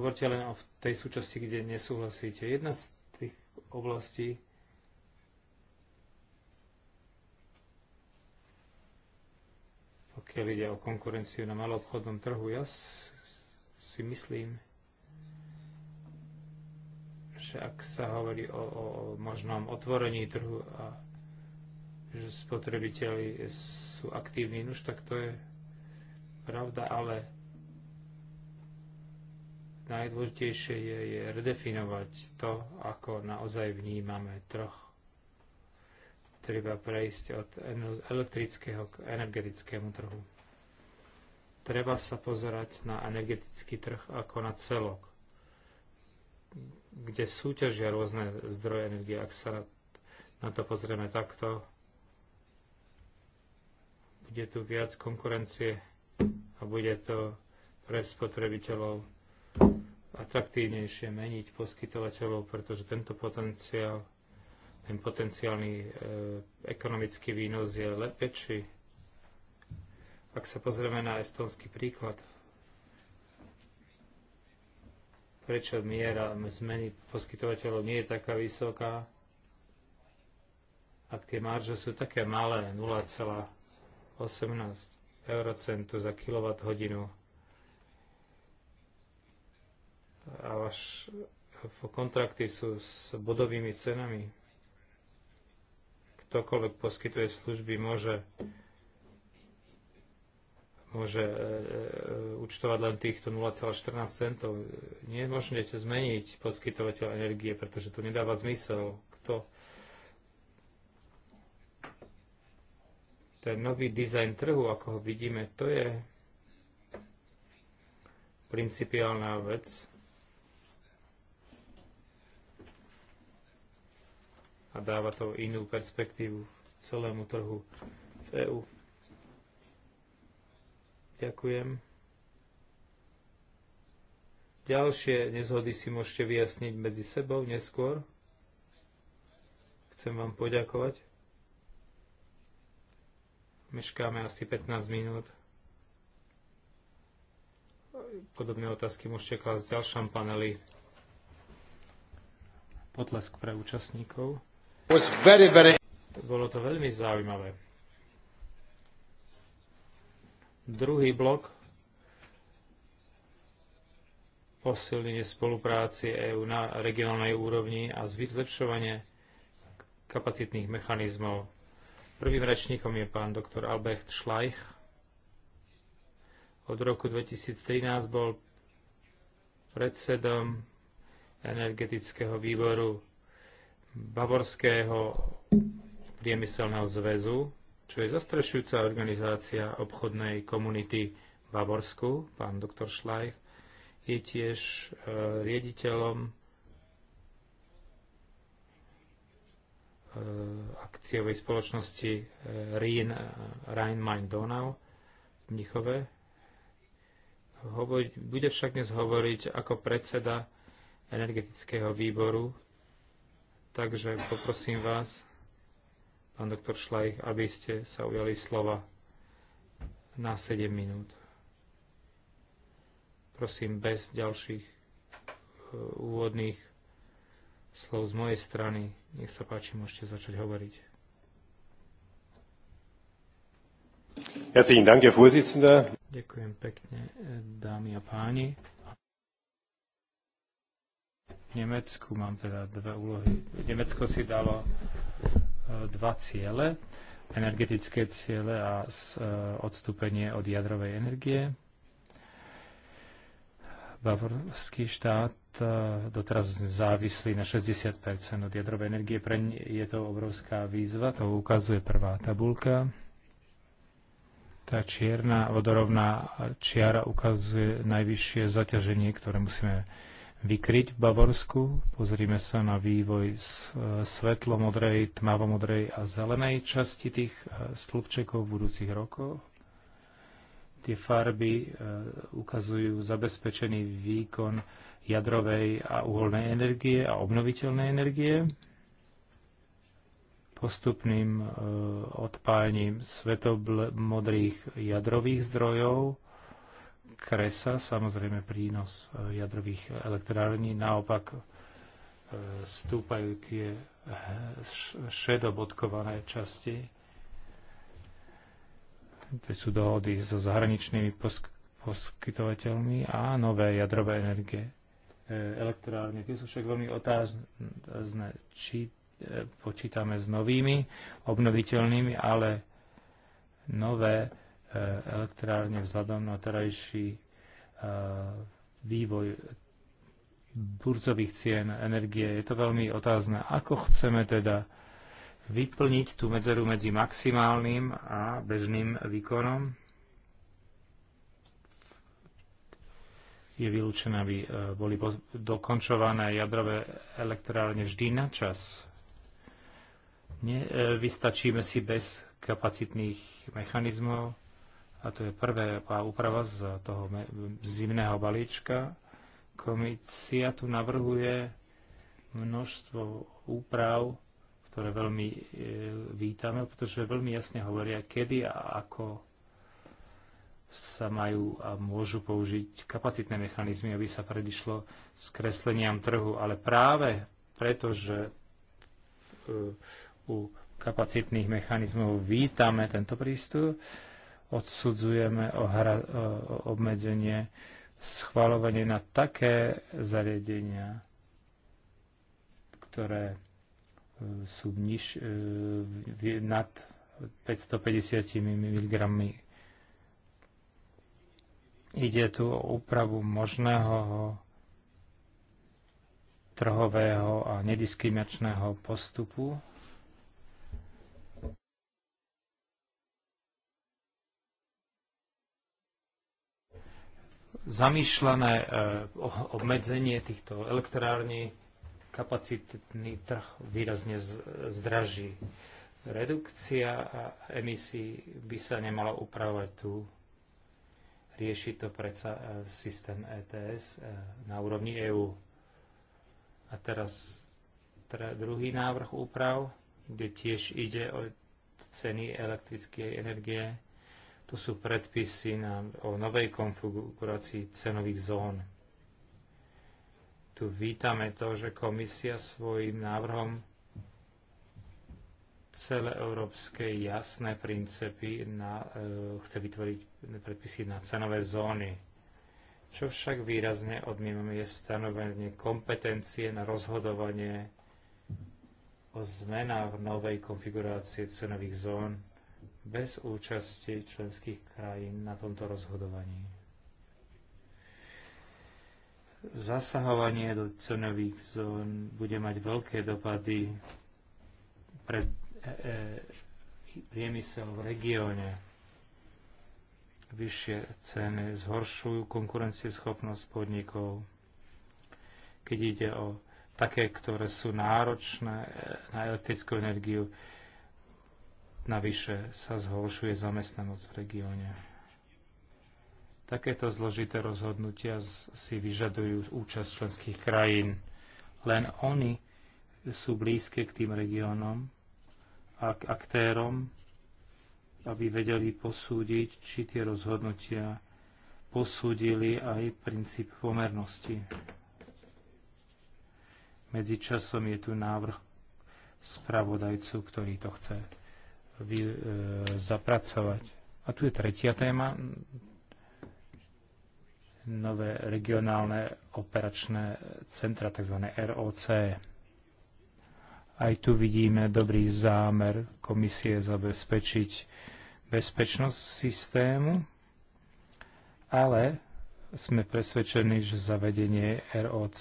hovorte len o tej súčasti, kde nesúhlasíte. Jedna z tých oblastí, pokiaľ ide o konkurenciu na maloobchodnom trhu. Ja si myslím, že ak sa hovorí o, o možnom otvorení trhu a že spotrebiteľi sú aktívni, už tak to je pravda, ale najdôležitejšie je, je redefinovať to, ako naozaj vnímame trh treba prejsť od elektrického k energetickému trhu. Treba sa pozerať na energetický trh ako na celok, kde súťažia rôzne zdroje energie. Ak sa na to pozrieme takto, bude tu viac konkurencie a bude to pre spotrebiteľov atraktívnejšie meniť poskytovateľov, pretože tento potenciál ten potenciálny e, ekonomický výnos je lepší. Ak sa pozrieme na estonský príklad, prečo miera zmeny poskytovateľov nie je taká vysoká, ak tie marže sú také malé, 0,18 eurocentu za kWh, a až kontrakty sú s bodovými cenami, ktokoľvek poskytuje služby, môže, môže e, e, účtovať len týchto 0,14 centov. Nie Nemôžete zmeniť poskytovateľ energie, pretože to nedáva zmysel. Kto ten nový dizajn trhu, ako ho vidíme, to je principiálna vec, a dáva to inú perspektívu celému trhu v EÚ. Ďakujem. Ďalšie nezhody si môžete vyjasniť medzi sebou neskôr. Chcem vám poďakovať. Meškáme asi 15 minút. Podobné otázky môžete klásť v ďalšom paneli. Potlesk pre účastníkov. Bolo to veľmi zaujímavé. Druhý blok posilnenie spolupráci EÚ na regionálnej úrovni a zlepšovanie kapacitných mechanizmov. Prvým rečníkom je pán doktor Albrecht Schleich. Od roku 2013 bol predsedom energetického výboru Bavorského priemyselného zväzu, čo je zastrešujúca organizácia obchodnej komunity v Bavorsku, pán doktor Šlajch, je tiež e, riediteľom e, akciovej spoločnosti e, Rhein, Rhein-Main-Donau v Mnichove. Bude však dnes hovoriť ako predseda energetického výboru Takže poprosím vás, pán doktor Šlajch, aby ste sa ujali slova na 7 minút. Prosím, bez ďalších e, úvodných slov z mojej strany. Nech sa páči, môžete začať hovoriť. Ďakujem pekne, e, dámy a páni. Nemecku mám teda dve úlohy. Nemecko si dalo e, dva ciele, energetické ciele a e, odstúpenie od jadrovej energie. Bavorský štát e, doteraz závislý na 60 od jadrovej energie. Pre je to obrovská výzva, to ukazuje prvá tabulka. Tá čierna vodorovná čiara ukazuje najvyššie zaťaženie, ktoré musíme vykryť v Bavorsku. Pozrime sa na vývoj z e, svetlomodrej, tmavomodrej a zelenej časti tých e, slupčekov v budúcich rokoch. Tie farby e, ukazujú zabezpečený výkon jadrovej a uholnej energie a obnoviteľnej energie postupným odpájaním svetomodrých jadrových zdrojov kresa samozrejme prínos e, jadrových elektrární, naopak e, stúpajú tie šedobodkované časti. To sú dohody so zahraničnými poskytovateľmi a nové jadrové energie e, elektrárne. Tie sú však veľmi otázne, či počítame s novými obnoviteľnými, ale nové Eh, elektrárne vzhľadom na terajší eh, vývoj burzových cien energie. Je to veľmi otázne, ako chceme teda vyplniť tú medzeru medzi maximálnym a bežným výkonom. Je vylúčené, aby eh, boli dokončované jadrové elektrárne vždy na čas. Nevystačíme si bez kapacitných mechanizmov a to je prvé úprava z toho zimného balíčka. Komisia tu navrhuje množstvo úprav, ktoré veľmi e, vítame, pretože veľmi jasne hovoria, kedy a ako sa majú a môžu použiť kapacitné mechanizmy, aby sa predišlo s kresleniam trhu. Ale práve preto, že e, u kapacitných mechanizmov vítame tento prístup, odsudzujeme ohra, obmedzenie schvalovanie na také zariadenia, ktoré e, sú niž, e, nad 550 mg. Ide tu o úpravu možného trhového a nediskriminačného postupu zamýšľané e, obmedzenie týchto elektrární kapacitný trh výrazne zdraží. Redukcia a emisí by sa nemala upravovať tu. Rieši to predsa e, systém ETS e, na úrovni EÚ. A teraz druhý návrh úprav, kde tiež ide o ceny elektrickej energie tu sú predpisy na, o novej konfigurácii cenových zón. Tu vítame to, že komisia svojim návrhom celé európske jasné princípy na, e, chce vytvoriť predpisy na cenové zóny. Čo však výrazne odmývame je stanovenie kompetencie na rozhodovanie o zmenách novej konfigurácie cenových zón bez účasti členských krajín na tomto rozhodovaní. Zasahovanie do cenových zón bude mať veľké dopady pre e, e, priemysel v regióne. Vyššie ceny zhoršujú konkurencieschopnosť podnikov. Keď ide o také, ktoré sú náročné e, na elektrickú energiu, Navyše sa zhoršuje zamestnanosť v regióne. Takéto zložité rozhodnutia si vyžadujú účasť členských krajín. Len oni sú blízke k tým regiónom a k aktérom, aby vedeli posúdiť, či tie rozhodnutia posúdili aj princíp pomernosti. Medzičasom je tu návrh spravodajcu, ktorý to chce vy, e, zapracovať. A tu je tretia téma, nové regionálne operačné centra, tzv. ROC. Aj tu vidíme dobrý zámer komisie zabezpečiť bezpečnosť systému, ale sme presvedčení, že zavedenie ROC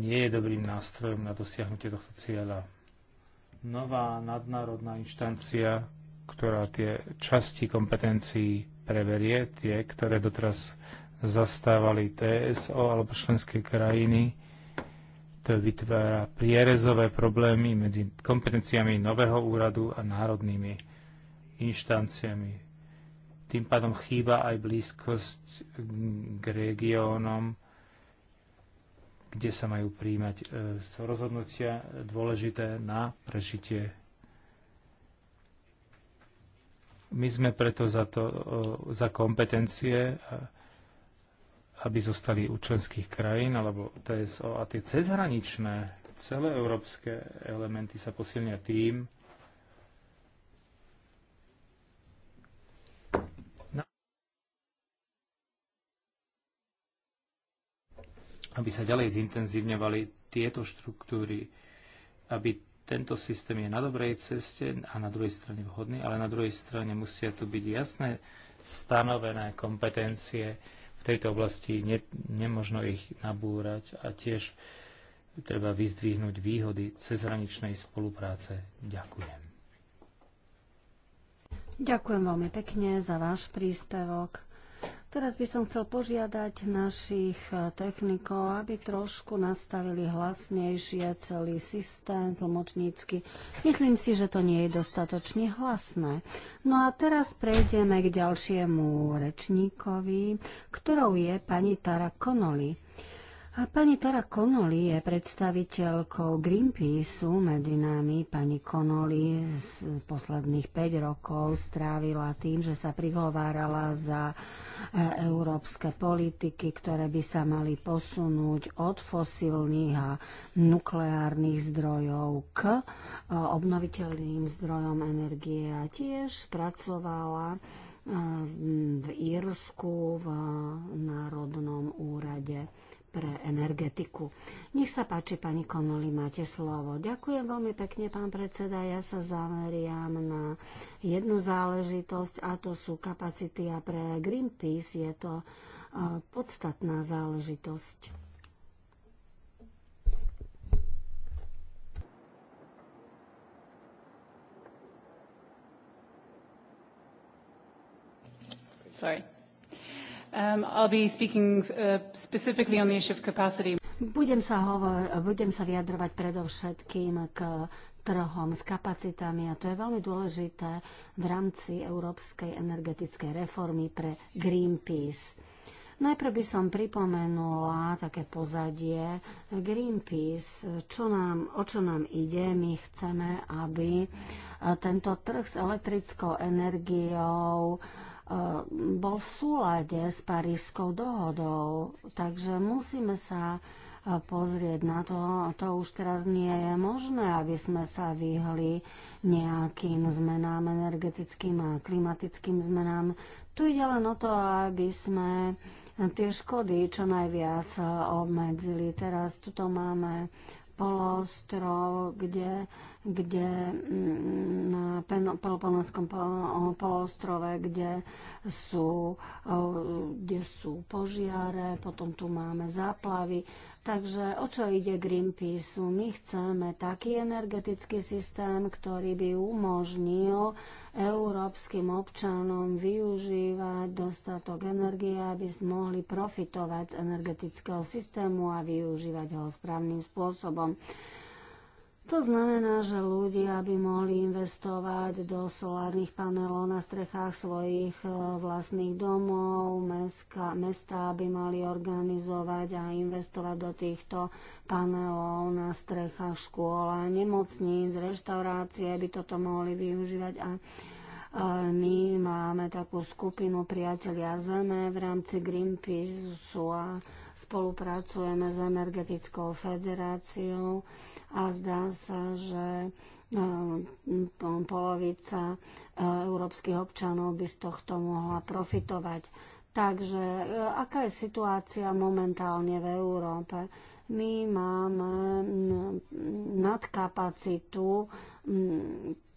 nie je dobrým nástrojom na dosiahnutie tohto cieľa nová nadnárodná inštancia, ktorá tie časti kompetencií preverie, tie, ktoré doteraz zastávali TSO alebo členské krajiny, to vytvára prierezové problémy medzi kompetenciami nového úradu a národnými inštanciami. Tým pádom chýba aj blízkosť k regiónom, kde sa majú príjmať e, rozhodnutia dôležité na prežitie. My sme preto za, to, za kompetencie, aby zostali u členských krajín alebo TSO a tie cezhraničné celé európske elementy sa posilnia tým, aby sa ďalej zintenzívňovali tieto štruktúry, aby tento systém je na dobrej ceste a na druhej strane vhodný, ale na druhej strane musia tu byť jasné stanovené kompetencie v tejto oblasti, ne, nemožno ich nabúrať a tiež treba vyzdvihnúť výhody cezhraničnej spolupráce. Ďakujem. Ďakujem veľmi pekne za váš príspevok. Teraz by som chcel požiadať našich eh, technikov, aby trošku nastavili hlasnejšie celý systém tlmočnícky. Myslím si, že to nie je dostatočne hlasné. No a teraz prejdeme k ďalšiemu rečníkovi, ktorou je pani Tara Connolly. Pani Tara Connolly je predstaviteľkou Greenpeaceu medzi nami. Pani Connolly z posledných 5 rokov strávila tým, že sa prihovárala za e, európske politiky, ktoré by sa mali posunúť od fosílnych a nukleárnych zdrojov k e, obnoviteľným zdrojom energie. A tiež pracovala e, v Írsku v Národnom úrade pre energetiku. Nech sa páči, pani Konoli, máte slovo. Ďakujem veľmi pekne, pán predseda. Ja sa zameriam na jednu záležitosť a to sú kapacity a pre Greenpeace je to e, podstatná záležitosť. Sorry. Um, uh, budem sa, hovor, budem sa vyjadrovať predovšetkým k trhom s kapacitami a to je veľmi dôležité v rámci európskej energetickej reformy pre Greenpeace. Najprv by som pripomenula také pozadie Greenpeace, čo nám, o čo nám ide. My chceme, aby tento trh s elektrickou energiou Eh, bol v súlade s Parížskou dohodou. Takže musíme sa eh, pozrieť na to. To už teraz nie je možné, aby sme sa vyhli nejakým zmenám energetickým a klimatickým zmenám. Tu ide len o to, aby sme tie škody čo najviac eh, obmedzili. Teraz tuto máme polostrov, kde kde mm, na Peloponeskom polostrove, kde sú, eh, kde sú požiare, potom tu máme záplavy. Takže o čo ide Greenpeace? My chceme taký energetický systém, ktorý by umožnil európskym občanom využívať dostatok energie, aby mohli profitovať z energetického systému a využívať ho správnym spôsobom. To znamená, že ľudia by mohli investovať do solárnych panelov na strechách svojich e, vlastných domov, mestka, mesta by mali organizovať a investovať do týchto panelov na strechách škôl a nemocníc, reštaurácie by toto mohli využívať a e, my máme takú skupinu Priatelia Zeme v rámci Greenpeace a spolupracujeme s Energetickou federáciou a zdá sa, že e, polovica e, európskych občanov by z tohto mohla profitovať. Takže e, aká je situácia momentálne v Európe? My máme nadkapacitu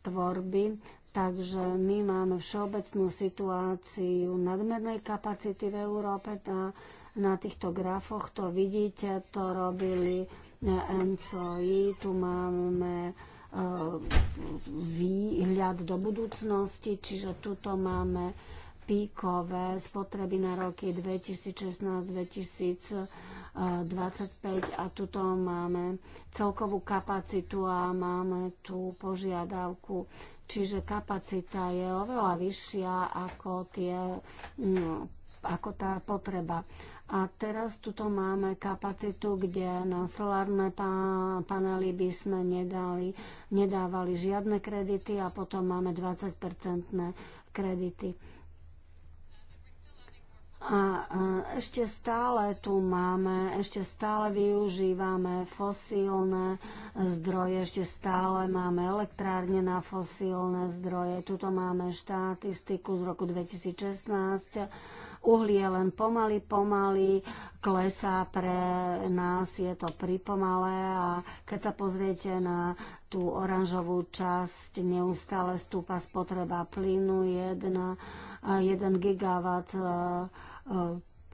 tvorby, takže my máme všeobecnú situáciu nadmernej kapacity v Európe a na týchto grafoch to vidíte, to robili NCOI, e, tu máme e, výhľad do budúcnosti, čiže tuto máme píkové spotreby na roky 2016-2025 a tuto máme celkovú kapacitu a máme tú požiadavku. Čiže kapacita je oveľa vyššia ako, tie, no, ako tá potreba. A teraz tuto máme kapacitu, kde na solárne panely by sme nedali, nedávali žiadne kredity a potom máme 20-percentné kredity. A ešte stále tu máme, ešte stále využívame fosílne zdroje, ešte stále máme elektrárne na fosílne zdroje. Tuto máme štatistiku z roku 2016 Uhlie len pomaly, pomaly klesá pre nás, je to pripomalé a keď sa pozriete na tú oranžovú časť, neustále stúpa spotreba plynu 1, 1 gigawatt eh,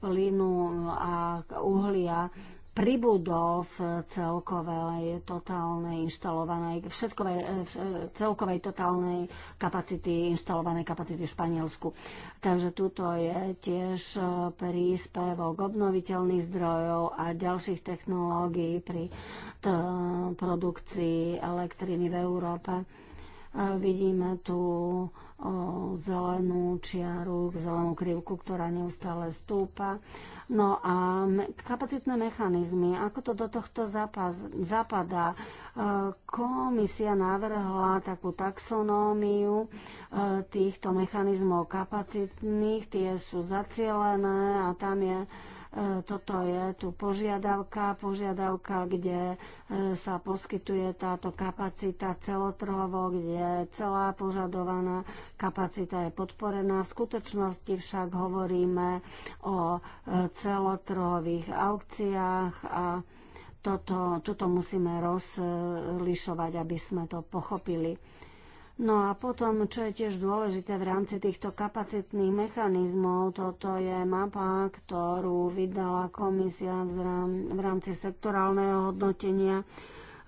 plynu a uhlia pribudol v celkovej totálnej inštalovanej, všetkovej, e, e, celkovej totálnej kapacity, inštalovanej kapacity v Španielsku. Takže tuto je tiež e, príspevok obnoviteľných zdrojov a ďalších technológií pri produkcii elektriny v Európe. Vidíme tu zelenú čiaru, zelenú krivku, ktorá neustále stúpa. No a kapacitné mechanizmy, ako to do tohto zapadá? E, komisia navrhla takú taxonómiu e, týchto mechanizmov kapacitných, tie sú zacielené a tam je toto je tu požiadavka, požiadavka, kde e, sa poskytuje táto kapacita celotrhovo, kde celá požadovaná kapacita je podporená. V skutočnosti však hovoríme o e, celotrhových aukciách a toto, toto musíme rozlišovať, aby sme to pochopili. No a potom, čo je tiež dôležité v rámci týchto kapacitných mechanizmov, toto je mapa, ktorú vydala komisia v rámci sektorálneho hodnotenia.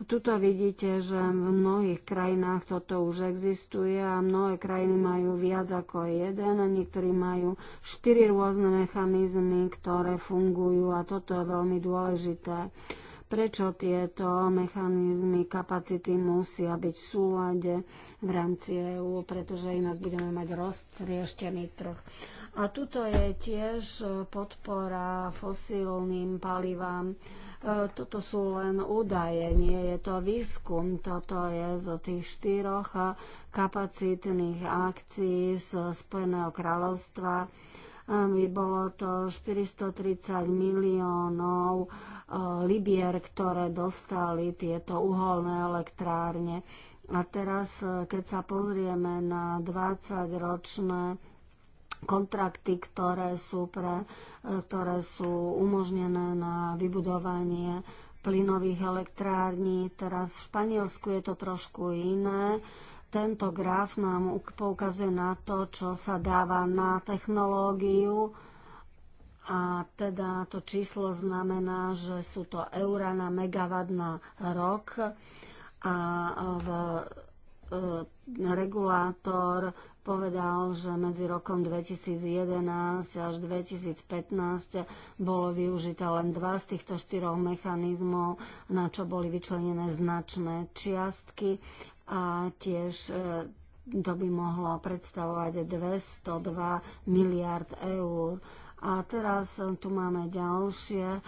Tuto vidíte, že v mnohých krajinách toto už existuje a mnohé krajiny majú viac ako jeden a niektorí majú štyri rôzne mechanizmy, ktoré fungujú a toto je veľmi dôležité prečo tieto mechanizmy kapacity musia byť v súlade v rámci EÚ, pretože inak budeme mať roztrieštený trh. A tuto je tiež podpora fosílnym palivám. E, toto sú len údaje, nie je to výskum. Toto je z tých štyroch kapacitných akcií z Spojeného kráľovstva Ehm, bolo to 430 miliónov eh, libier, ktoré dostali tieto uholné elektrárne. A teraz, eh, keď sa pozrieme na 20-ročné kontrakty, ktoré sú, pre, eh, ktoré sú umožnené na vybudovanie plynových elektrární. Teraz v Španielsku je to trošku iné. Tento graf nám poukazuje na to, čo sa dáva na technológiu a teda to číslo znamená, že sú to eura na megawatt na rok a e, v, e, regulátor povedal, že medzi rokom 2011 až 2015 bolo využité len dva z týchto štyroch mechanizmov, na čo boli vyčlenené značné čiastky a tiež e, to by mohlo predstavovať 202 miliard eur. A teraz e, tu máme ďalšie e,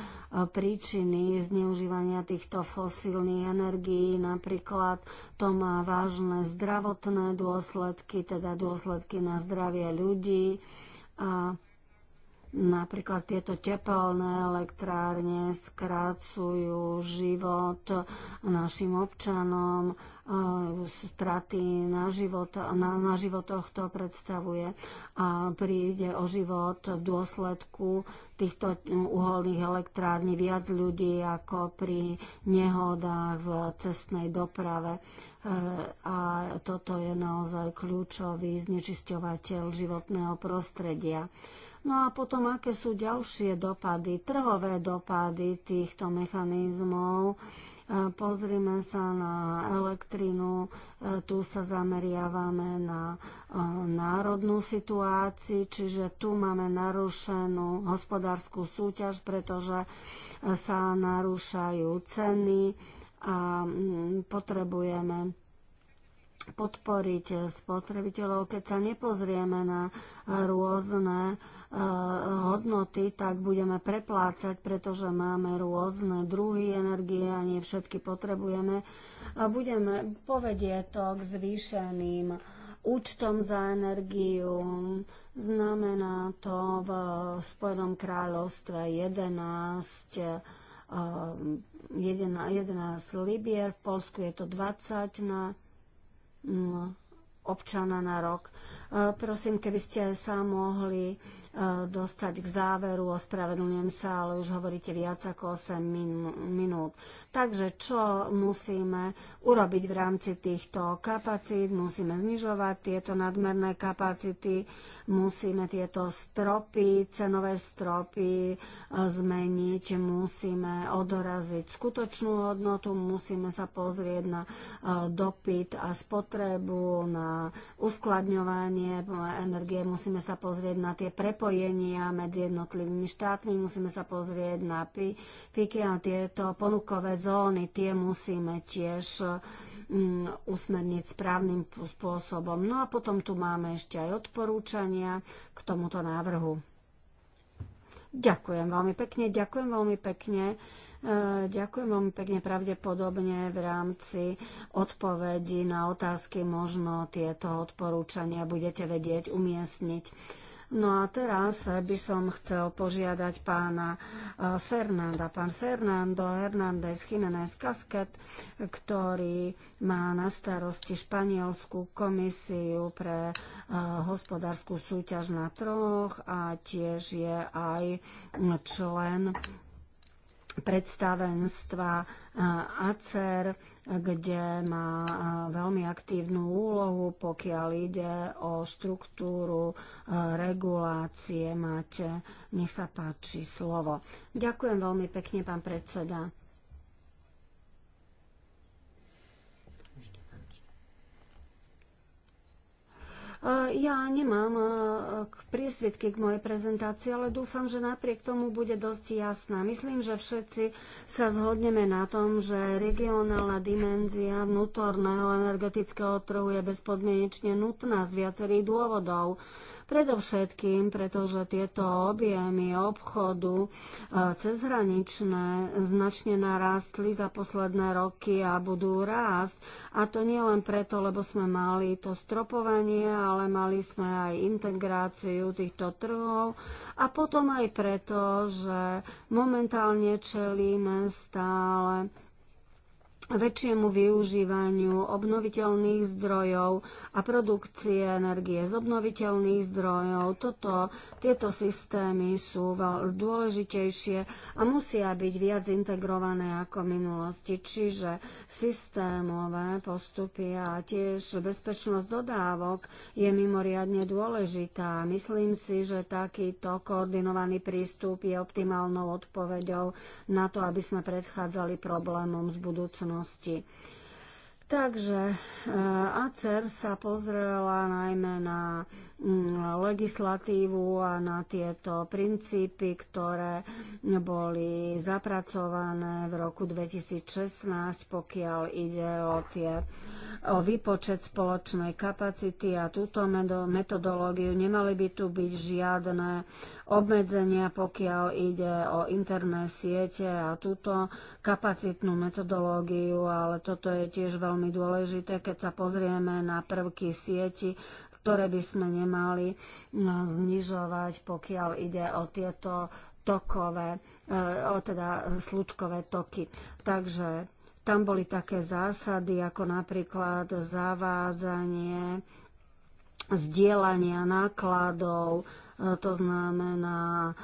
príčiny zneužívania týchto fosílnych energií. Napríklad to má vážne zdravotné dôsledky, teda dôsledky na zdravie ľudí. A napríklad tieto tepelné elektrárne skrácujú život našim občanom, E, straty na, život, na, na životoch to predstavuje a príde o život v dôsledku týchto uholných elektrární viac ľudí ako pri nehodách v cestnej doprave e, a toto je naozaj kľúčový znečisťovateľ životného prostredia. No a potom, aké sú ďalšie dopady, trhové dopady týchto mechanizmov, Pozrime sa na elektrínu, e, tu sa zameriavame na e, národnú situáciu, čiže tu máme narušenú hospodárskú súťaž, pretože e, sa narúšajú ceny a potrebujeme podporiť spotrebiteľov, keď sa nepozrieme na rôzne Eh, hodnoty, tak budeme preplácať, pretože máme rôzne druhy energie a nie všetky potrebujeme. A budeme, povedie to k zvýšeným účtom za energiu. Znamená to v Spojenom kráľovstve 11 11, 11 libier, v Polsku je to 20 na mm, občana na rok. Eh, prosím, keby ste sa mohli Eh, dostať k záveru, ospravedlňujem sa, ale už hovoríte viac ako 8 minút. Takže čo musíme urobiť v rámci týchto kapacít? Musíme znižovať tieto nadmerné kapacity, musíme tieto stropy, cenové stropy eh, zmeniť, musíme odoraziť skutočnú hodnotu, musíme sa pozrieť na eh, dopyt a spotrebu, na uskladňovanie energie, musíme sa pozrieť na tie prepojenia prepojenia medzi jednotlivými štátmi, musíme sa pozrieť na PIKy a tieto ponukové zóny, tie musíme tiež mm, usmerniť správnym spôsobom. No a potom tu máme ešte aj odporúčania k tomuto návrhu. Ďakujem veľmi pekne, ďakujem veľmi pekne. E, ďakujem veľmi pekne. Pravdepodobne v rámci odpovedí na otázky možno tieto odporúčania budete vedieť umiestniť. No a teraz by som chcel požiadať pána eh, Fernanda, pán Fernando Hernández Jiménez Casquet, ktorý má na starosti Španielskú komisiu pre eh, hospodárskú súťaž na troch a tiež je aj člen predstavenstva eh, ACER kde má veľmi aktívnu úlohu, pokiaľ ide o štruktúru regulácie. Máte, nech sa páči, slovo. Ďakujem veľmi pekne, pán predseda. E, ja nemám e, k k mojej prezentácii, ale dúfam, že napriek tomu bude dosť jasná. Myslím, že všetci sa zhodneme na tom, že regionálna dimenzia vnútorného energetického trhu je bezpodmienečne nutná z viacerých dôvodov. Predovšetkým, pretože tieto objemy obchodu e, cezhraničné značne narástli za posledné roky a budú rásť. A to nie len preto, lebo sme mali to stropovanie, ale mali sme aj integráciu týchto trhov a potom aj preto, že momentálne čelíme stále väčšiemu využívaniu obnoviteľných zdrojov a produkcie energie z obnoviteľných zdrojov. Toto, tieto systémy sú dôležitejšie a musia byť viac integrované ako v minulosti. Čiže systémové postupy a tiež bezpečnosť dodávok je mimoriadne dôležitá. Myslím si, že takýto koordinovaný prístup je optimálnou odpoveďou na to, aby sme predchádzali problémom z budúcnosti činnosti. Takže eh, ACER sa pozrela najmä na Mm, legislatívu a na tieto princípy, ktoré boli zapracované v roku 2016, pokiaľ ide o, tie, o výpočet spoločnej kapacity a túto metodológiu. Nemali by tu byť žiadne obmedzenia, pokiaľ ide o interné siete a túto kapacitnú metodológiu, ale toto je tiež veľmi dôležité, keď sa pozrieme na prvky sieti ktoré by sme nemali no, znižovať, pokiaľ ide o tieto tokové, eh, o teda slučkové toky. Takže tam boli také zásady, ako napríklad zavádzanie, zdieľania nákladov, eh, to znamená e,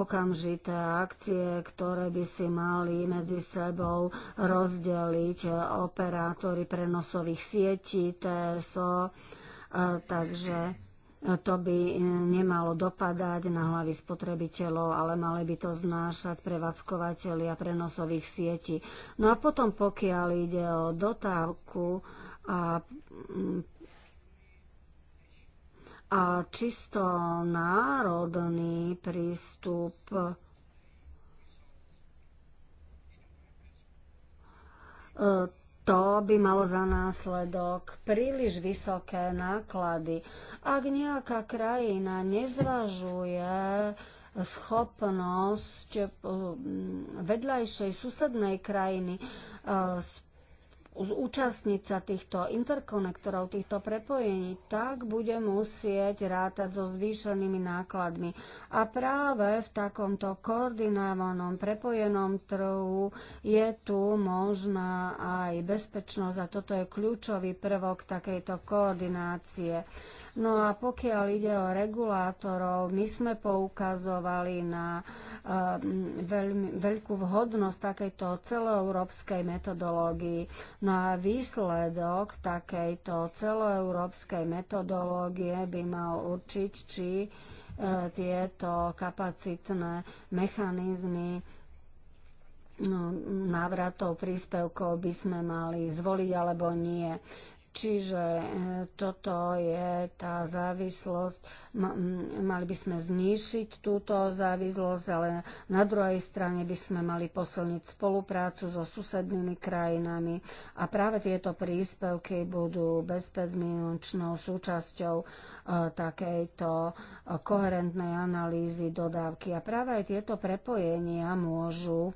okamžité akcie, ktoré by si mali medzi sebou rozdeliť operátori prenosových sietí TSO, takže e, to by e, nemalo dopadať na hlavy spotrebiteľov, ale mali by to znášať prevádzkovateľi a prenosových sietí. No a potom, pokiaľ ide o dotávku a a čisto národný prístup e, to by malo za následok príliš vysoké náklady. Ak nejaká krajina nezvažuje schopnosť eh, vedľajšej susednej krajiny eh, zúčastniť sa týchto interkonektorov, týchto prepojení, tak bude musieť rátať so zvýšenými nákladmi. A práve v takomto koordinovanom, prepojenom trhu je tu možná aj bezpečnosť a toto je kľúčový prvok takejto koordinácie. No a pokiaľ ide o regulátorov, my sme poukazovali na ehm, veľmi, veľkú vhodnosť takejto celoeurópskej metodológii. No a výsledok takejto celoeurópskej metodológie by mal určiť, či e, tieto kapacitné mechanizmy no, návratov príspevkov by sme mali zvoliť alebo nie. Čiže eh, toto je tá závislosť. Mali by sme znišiť túto závislosť, ale na druhej strane by sme mali posilniť spoluprácu so susednými krajinami a práve tieto príspevky budú bezpodmienečnou súčasťou eh, takejto eh, koherentnej analýzy dodávky. A práve aj tieto prepojenia môžu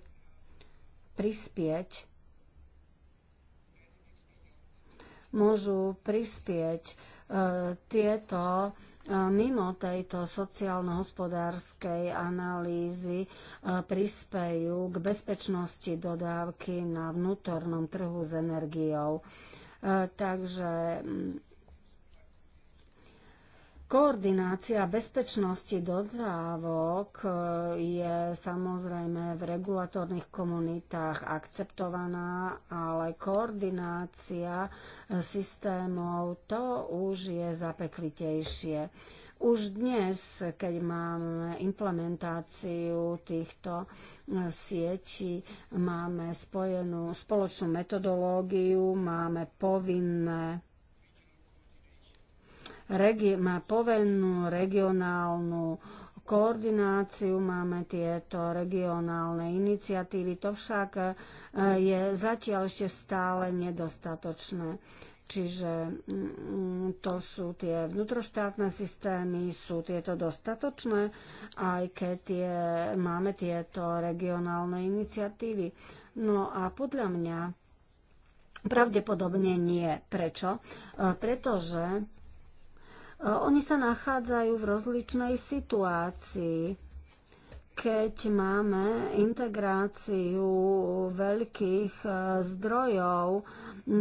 prispieť môžu prispieť e, tieto e, mimo tejto sociálno-hospodárskej analýzy e, prispejú k bezpečnosti dodávky na vnútornom trhu s energiou. Takže Koordinácia bezpečnosti dodávok e, je samozrejme v regulatórnych komunitách akceptovaná, ale koordinácia systémov to už je zapeklitejšie. Už dnes, keď máme implementáciu týchto e, sietí, máme spojenú spoločnú metodológiu, máme povinné regi- má povennú regionálnu koordináciu, máme tieto regionálne iniciatívy, to však e, je zatiaľ ešte stále nedostatočné. Čiže mm, to sú tie vnútroštátne systémy, sú tieto dostatočné, aj keď tie, máme tieto regionálne iniciatívy. No a podľa mňa pravdepodobne nie. Prečo? E, pretože E, oni sa nachádzajú v rozličnej situácii keď máme integráciu veľkých e, zdrojov, e,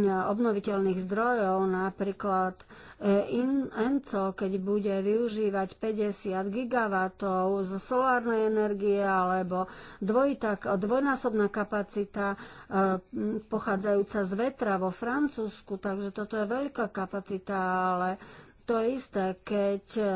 obnoviteľných zdrojov, napríklad ENCO, keď bude využívať 50 gigawatov zo solárnej energie alebo dvojitá, dvojnásobná kapacita pochádzajúca z vetra vo Francúzsku, takže toto je veľká kapacita, ale to isté, keď e, e,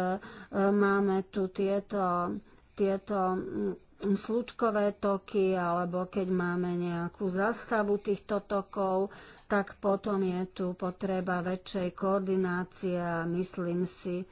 máme tu tieto, tieto mm, slučkové toky alebo keď máme nejakú zastavu týchto tokov, tak potom je tu potreba väčšej koordinácie a myslím si,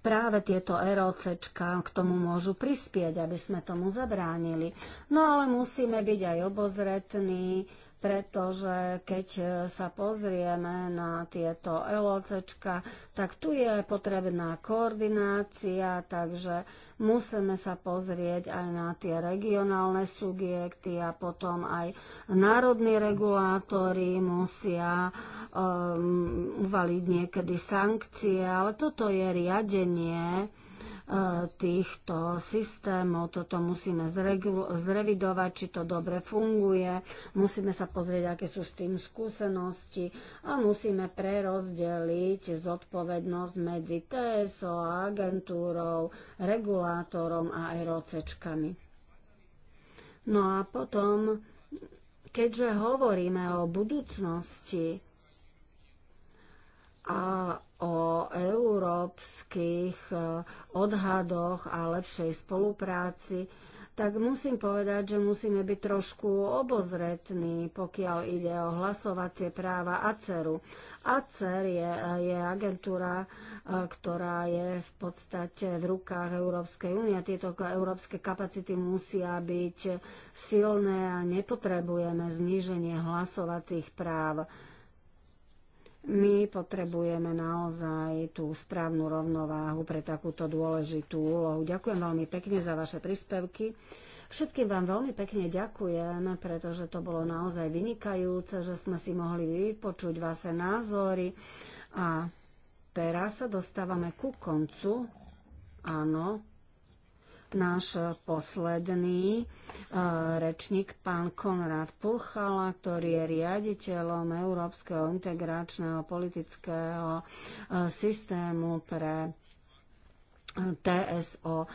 práve tieto ROCčka k tomu môžu prispieť, aby sme tomu zabránili. No ale musíme byť aj obozretní, pretože keď e, sa pozrieme na tieto LOCčka, tak tu je potrebná koordinácia, takže musíme sa pozrieť aj na tie regionálne subjekty a potom aj národní regulátori musia um, uvaliť niekedy sankcie, ale toto je riadenie týchto systémov. Toto musíme zrevidovať, či to dobre funguje. Musíme sa pozrieť, aké sú s tým skúsenosti a musíme prerozdeliť zodpovednosť medzi TSO, agentúrou, regulátorom a rocečkami. No a potom, keďže hovoríme o budúcnosti a o európskych e, odhadoch a lepšej spolupráci, tak musím povedať, že musíme byť trošku obozretní, pokiaľ ide o hlasovacie práva ACERu. ACER je, je agentúra, e, ktorá je v podstate v rukách Európskej únie. Tieto európske kapacity musia byť silné a nepotrebujeme zníženie hlasovacích práv my potrebujeme naozaj tú správnu rovnováhu pre takúto dôležitú úlohu. Ďakujem veľmi pekne za vaše príspevky. Všetkým vám veľmi pekne ďakujem, pretože to bolo naozaj vynikajúce, že sme si mohli vypočuť vaše názory. A teraz sa dostávame ku koncu. Áno, náš eh, posledný eh, rečník, pán Konrad Pulchala, ktorý je riaditeľom Európskeho integračného politického eh, systému pre TSO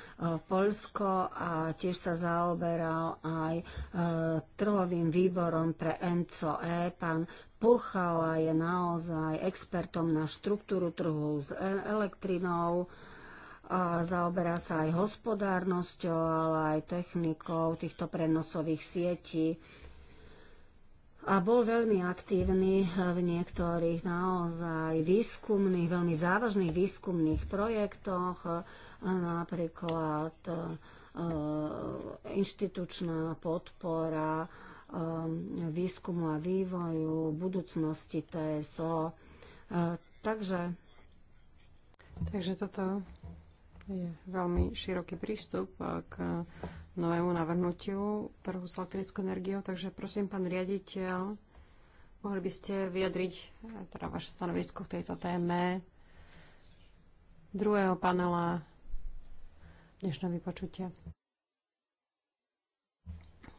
Polsko a tiež sa zaoberal aj trhovým výborom pre NCOE. Pán Pulchala je naozaj expertom na štruktúru trhu s elektrinou a zaoberá sa aj hospodárnosťou, ale aj technikou týchto prenosových sietí. A bol veľmi aktívny v niektorých naozaj výskumných, veľmi závažných výskumných projektoch, napríklad e, inštitučná podpora e, výskumu a vývoju budúcnosti TSO. E, takže Takže toto je veľmi široký prístup eh, k novému navrhnutiu trhu s elektrickou energiou, takže prosím, pán riaditeľ, mohli by ste vyjadriť eh, teda vaše stanovisko k tejto téme druhého panela dnešného vypočutia.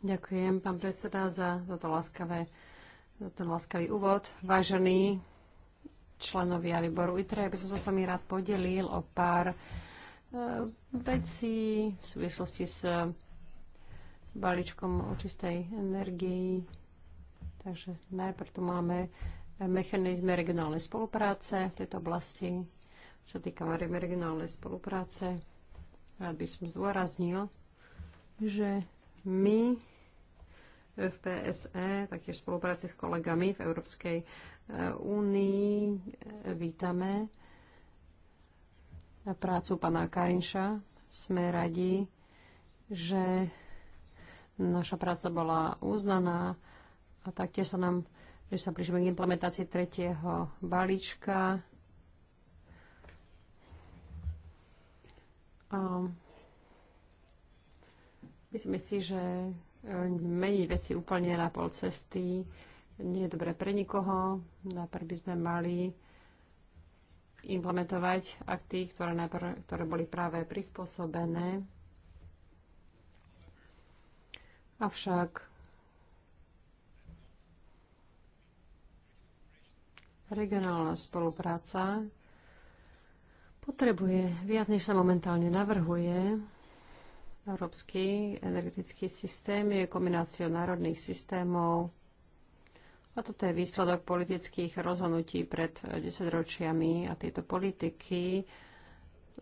Ďakujem, pán predseda, za toto láskavé, za ten láskavý úvod. Vážení členovia výboru ITRE, ja by som sa s vami rád podelil o pár Eh, veci v súvislosti s balíčkom o čistej energii. Takže najprv tu máme mechanizmy regionálnej spolupráce v tejto oblasti. Čo týka regionálnej spolupráce, rád by som zdôraznil, že my v PSE, taktiež v spolupráci s kolegami v Európskej eh, únii, eh, vítame na prácu pána Karinša. Sme radi, že naša práca bola uznaná a taktiež sa nám, že sa prišli k implementácii tretieho balíčka. A myslím si, že e, meniť veci úplne na pol cesty nie je dobré pre nikoho. Napríklad by sme mali implementovať akty, ktoré, najprv, ktoré boli práve prispôsobené. Avšak regionálna spolupráca potrebuje viac, než sa momentálne navrhuje. Európsky energetický systém je kombináciou národných systémov, a toto je výsledok politických rozhodnutí pred eh, desaťročiami a tieto politiky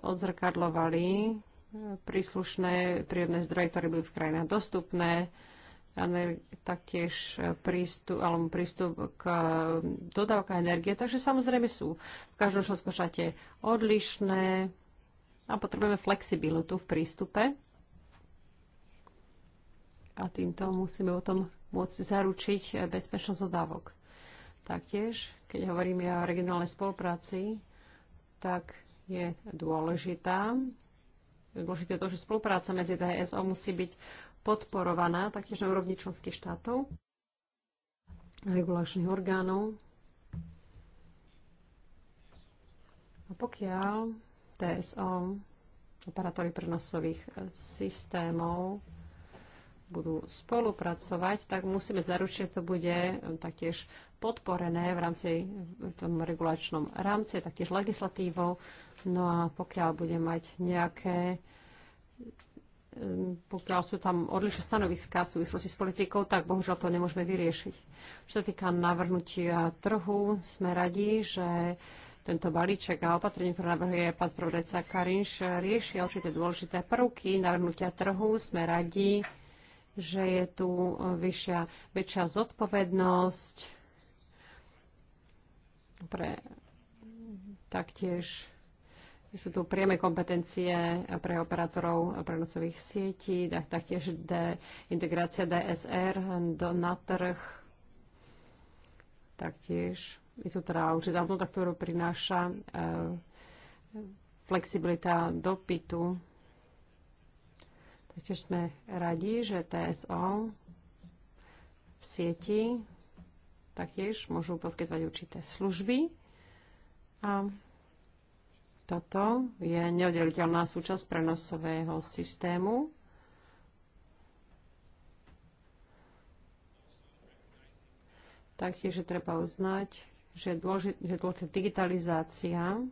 odzrkadlovali eh, príslušné prírodné zdroje, ktoré boli v krajinách dostupné, a taktiež eh, prístup, alebo prístup k dodávka energie. Takže samozrejme sú v každom členskom štáte odlišné a potrebujeme flexibilitu v prístupe. A týmto musíme o tom môcť zaručiť bezpečnosť dodávok. Taktiež, keď hovoríme o regionálnej spolupráci, tak je dôležitá. Je dôležité to, že spolupráca medzi DSO musí byť podporovaná taktiež na úrovni členských štátov, regulačných orgánov. A pokiaľ TSO, operátory prenosových systémov, budú spolupracovať, tak musíme zaručiť, že to bude eh, taktiež podporené v rámci v tom regulačnom rámci, taktiež legislatívou. No a pokiaľ bude mať nejaké eh, pokiaľ sú tam odlišné stanoviská v súvislosti s politikou, tak bohužiaľ to nemôžeme vyriešiť. Čo sa týka navrhnutia trhu, sme radi, že tento balíček a opatrenie, ktoré navrhuje pán spravodajca Karinš, riešia určité dôležité prvky navrhnutia trhu. Sme radi, že je tu e, vyššia, väčšia zodpovednosť pre taktiež sú tu priame kompetencie pre operátorov prenosových sietí, taktiež de, integrácia DSR do, na trh. Taktiež je tu teda určitá hodnota, ktorú prináša e, flexibilita dopytu Taktiež sme radi, že TSO v sieti taktiež môžu poskytovať určité služby a toto je neoddeliteľná súčasť prenosového systému. Taktiež je treba uznať, že je dôležitá digitalizácia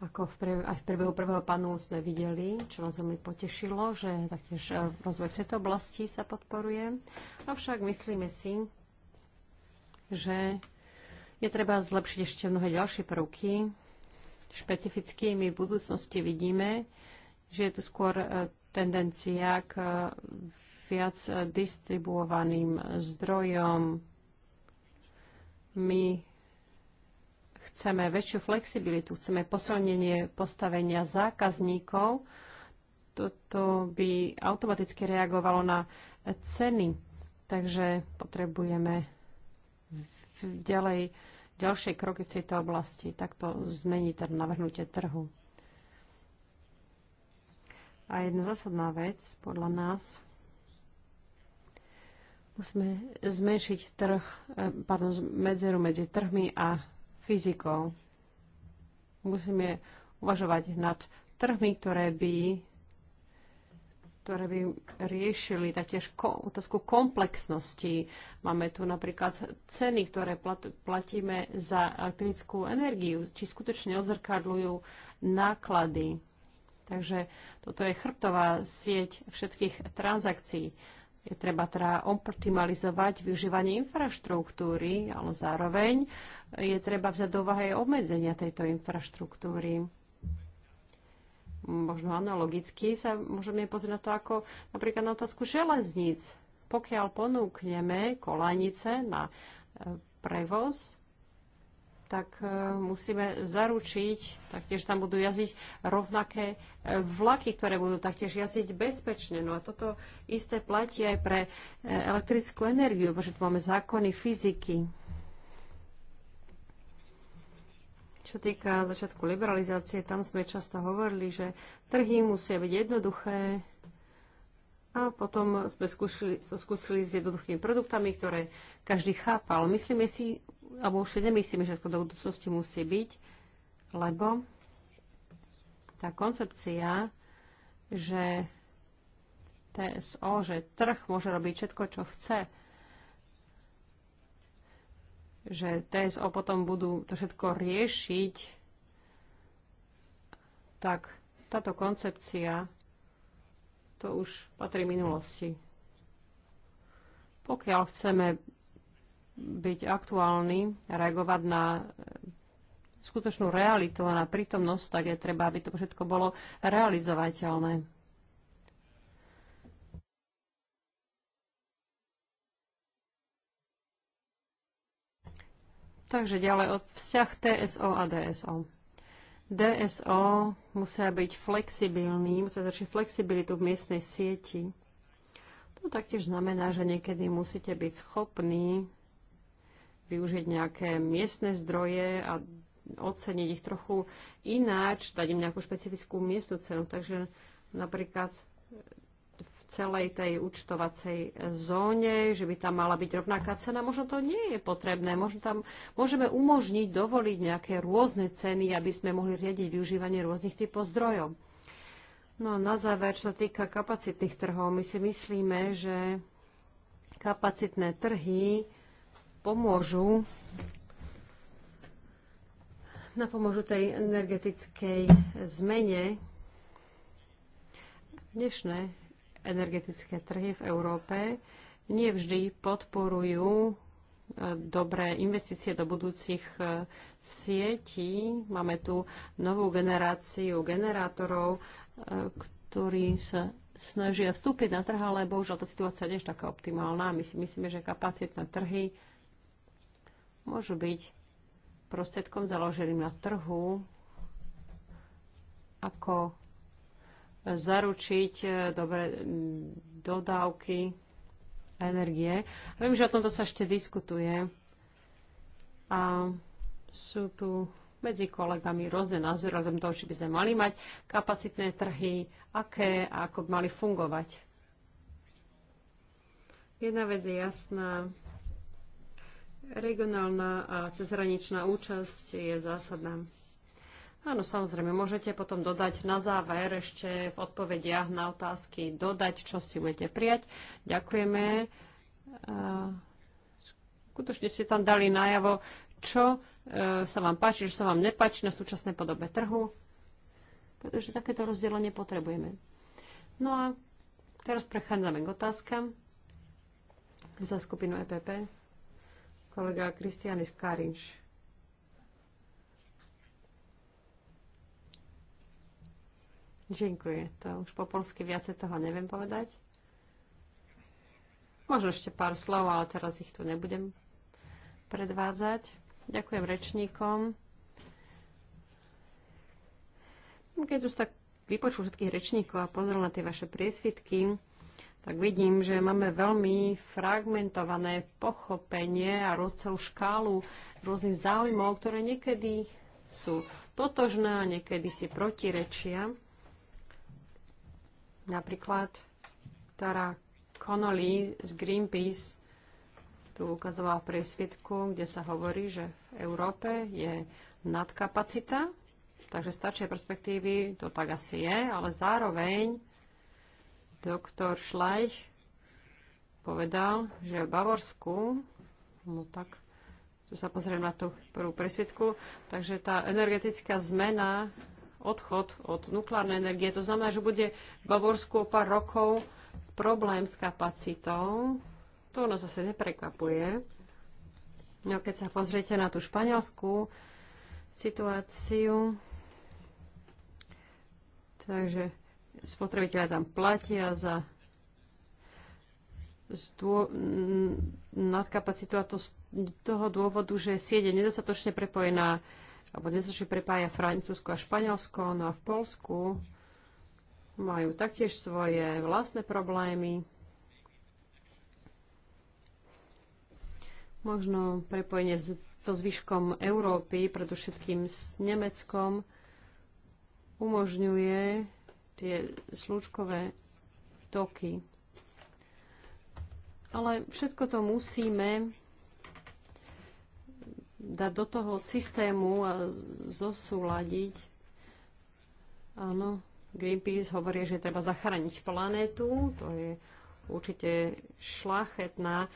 ako v pre, aj v priebehu prvého panu sme videli, čo nás veľmi potešilo, že taktiež e, rozvoj v tejto oblasti sa podporuje. Avšak myslíme si, že je treba zlepšiť ešte mnohé ďalšie prvky. Špecificky my v budúcnosti vidíme, že je tu skôr e, tendencia k e, viac distribuovaným zdrojom. My chceme väčšiu flexibilitu, chceme posilnenie postavenia zákazníkov, toto by automaticky reagovalo na ceny. Takže potrebujeme ďalej ďalšie kroky v tejto oblasti. Takto zmení teda navrhnutie trhu. A jedna zásadná vec podľa nás musíme zmenšiť trh, eh, pardon, medzeru medzi trhmi a fyzikou. Musíme uvažovať nad trhmi, ktoré by, ktoré by riešili taktiež ko, otázku komplexnosti. Máme tu napríklad ceny, ktoré plat, platíme za elektrickú energiu, či skutočne odzrkadľujú náklady. Takže toto je chrbtová sieť všetkých transakcií je treba teda optimalizovať využívanie infraštruktúry, ale zároveň je treba vziať do aj obmedzenia tejto infraštruktúry. Možno analogicky sa môžeme pozrieť na to ako napríklad na otázku železníc. Pokiaľ ponúkneme kolanice na e, prevoz, tak e, musíme zaručiť, taktiež tam budú jazdiť rovnaké e, vlaky, ktoré budú taktiež jazdiť bezpečne. No a toto isté platí aj pre e, elektrickú energiu, pretože tu máme zákony fyziky. Čo týka začiatku liberalizácie, tam sme často hovorili, že trhy musia byť jednoduché, a potom sme skúsili, sme skúsili s jednoduchými produktami, ktoré každý chápal. Myslíme si alebo už si nemyslíme, že to do budúcnosti musí byť, lebo tá koncepcia, že TSO, že trh môže robiť všetko, čo chce, že TSO potom budú to všetko riešiť, tak táto koncepcia to už patrí minulosti. Pokiaľ chceme byť aktuálny, reagovať na e, skutočnú realitu a na prítomnosť, tak je treba, aby to všetko bolo realizovateľné. Takže ďalej od vzťah TSO a DSO. DSO musia byť flexibilní, musia začiť flexibilitu v miestnej sieti. To taktiež znamená, že niekedy musíte byť schopní využiť nejaké miestne zdroje a oceniť ich trochu ináč, dať im nejakú špecifickú miestnu cenu. Takže napríklad v celej tej účtovacej zóne, že by tam mala byť rovnaká cena, možno to nie je potrebné. Možno tam môžeme umožniť, dovoliť nejaké rôzne ceny, aby sme mohli riadiť využívanie rôznych typov zdrojov. No a na záver, čo týka kapacitných trhov, my si myslíme, že kapacitné trhy pomôžu na pomôžu tej energetickej zmene. Dnešné energetické trhy v Európe nevždy podporujú e, dobré investície do budúcich e, sietí. Máme tu novú generáciu generátorov, e, ktorí sa snažia vstúpiť na trh, ale bohužiaľ tá situácia nie je taká optimálna. My si myslíme, že kapacitné trhy môžu byť prostriedkom založeným na trhu, ako zaručiť e, dobre dodávky energie. viem, že o tomto sa ešte diskutuje. A sú tu medzi kolegami rôzne názory o toho, či by sme mali mať kapacitné trhy, aké a ako by mali fungovať. Jedna vec je jasná, Regionálna a cezhraničná účasť je zásadná. Áno, samozrejme, môžete potom dodať na záver ešte v odpovediach na otázky dodať, čo si budete prijať. Ďakujeme. Skutočne ste tam dali najavo, čo e, sa vám páči, čo sa vám nepáči na súčasnej podobe trhu, pretože takéto rozdelenie potrebujeme. No a teraz prechádzame k otázkam za skupinu EPP kolega Kristianis Karinš. Dziękuję. To už po polsky viacej toho neviem povedať. Možno ešte pár slov, ale teraz ich tu nebudem predvádzať. Ďakujem rečníkom. Keď už tak vypočul všetkých rečníkov a pozrel na tie vaše priesvitky, tak vidím, že máme veľmi fragmentované pochopenie a celú škálu rôznych záujmov, ktoré niekedy sú totožné a niekedy si protirečia. Napríklad Tara Connolly z Greenpeace tu ukazoval presvietku, kde sa hovorí, že v Európe je nadkapacita, takže z perspektívy to tak asi je, ale zároveň Doktor Schleich povedal, že v Bavorsku, no tak, tu sa pozriem na tú prvú presvietku, takže tá energetická zmena, odchod od nukleárnej energie, to znamená, že bude v Bavorsku o pár rokov problém s kapacitou. To ono zase neprekvapuje. No keď sa pozriete na tú španielskú situáciu, takže spotrebiteľa tam platia za stô- nadkapacitu a to z toho dôvodu, že sieť je nedostatočne prepojená alebo nedostatočne prepája Francúzsko a Španielsko, no a v Polsku majú taktiež svoje vlastné problémy. Možno prepojenie s, so zvyškom Európy, predovšetkým s Nemeckom, umožňuje tie slučkové toky. Ale všetko to musíme dať do toho systému a zosúľadiť. Áno, Greenpeace hovorí, že treba zachrániť planétu, to je určite šlachetná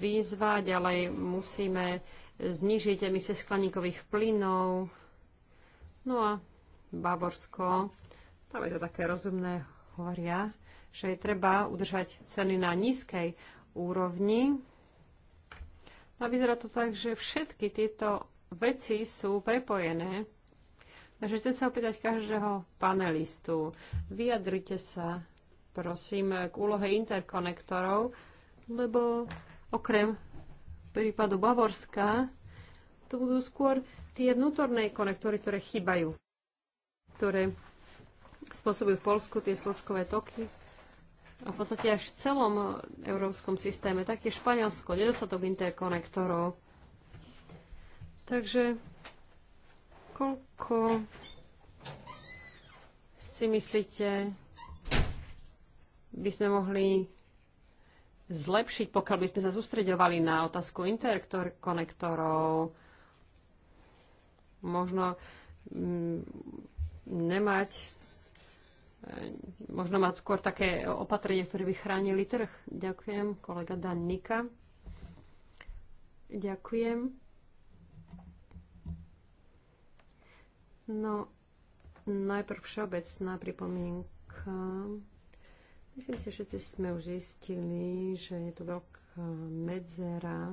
výzva, ďalej musíme znižiť emisie skleníkových plynov. No a Bavorsko tam je to také rozumné, hovoria, že je treba udržať ceny na nízkej úrovni. A vyzerá to tak, že všetky tieto veci sú prepojené. Takže chcem sa opýtať každého panelistu. Vyjadrite sa, prosím, k úlohe interkonektorov, lebo okrem prípadu Bavorska, to budú skôr tie vnútorné konektory, ktoré chýbajú, ktoré spôsobujú v Polsku tie slučkové toky. A v podstate až v celom európskom systéme, tak je Španielsko, nedostatok interkonektorov. Takže koľko si myslíte, by sme mohli zlepšiť, pokiaľ by sme sa sústreďovali na otázku interkonektorov, možno mm, nemať E, možno mať skôr také opatrenia, ktoré by chránili trh. Ďakujem, kolega Dan Nika. Ďakujem. No, najprv všeobecná pripomienka. Myslím si, že všetci sme už zistili, že je tu veľká medzera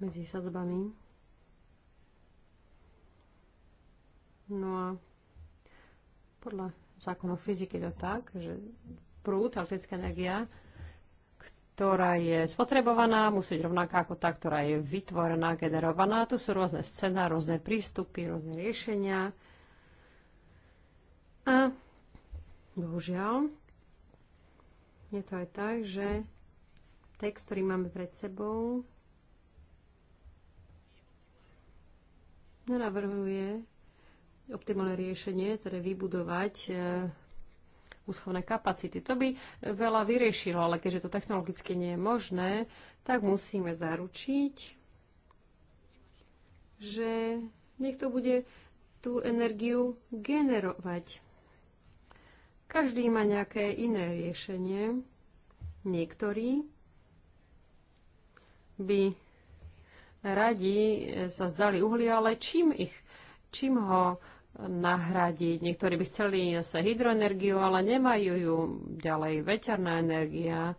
medzi sadzbami. No a podľa zákonov fyziky to tak, že prúd, elektrická energia, ktorá je spotrebovaná, musí byť rovnaká ako tá, ktorá je vytvorená, generovaná. Tu sú rôzne scéna, rôzne prístupy, rôzne riešenia. A bohužiaľ, je to aj tak, že text, ktorý máme pred sebou, nenavrhuje optimálne riešenie, ktoré vybudovať e, úschovné kapacity. To by veľa vyriešilo, ale keďže to technologicky nie je možné, tak musíme zaručiť, že niekto bude tú energiu generovať. Každý má nejaké iné riešenie. Niektorí by radi sa zdali uhlia, ale čím ich, čím ho nahradiť. Niektorí by chceli sa hydroenergiu, ale nemajú ju ďalej. Veterná energia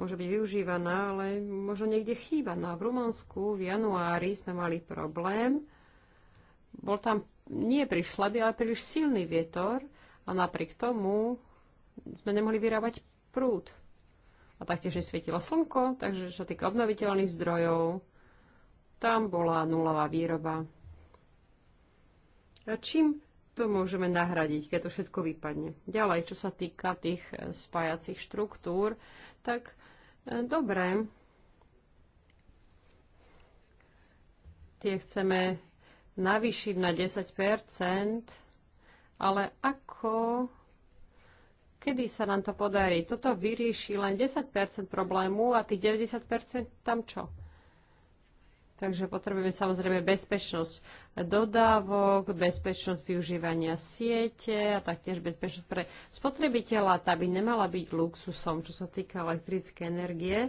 môže byť využívaná, ale možno niekde chýba. No a v Rumunsku v januári sme mali problém. Bol tam nie príliš slabý, ale príliš silný vietor a napriek tomu sme nemohli vyrábať prúd. A taktiež nesvietilo slnko, takže čo týka obnoviteľných zdrojov, tam bola nulová výroba. Čím to môžeme nahradiť, keď to všetko vypadne? Ďalej, čo sa týka tých e, spájacích štruktúr, tak e, dobre, tie chceme navýšiť na 10%, ale ako, kedy sa nám to podarí? Toto vyrieši len 10% problému a tých 90% tam čo? Takže potrebujeme samozrejme bezpečnosť dodávok, bezpečnosť využívania siete a taktiež bezpečnosť pre spotrebiteľa. Tá by nemala byť luxusom, čo sa týka elektrické energie.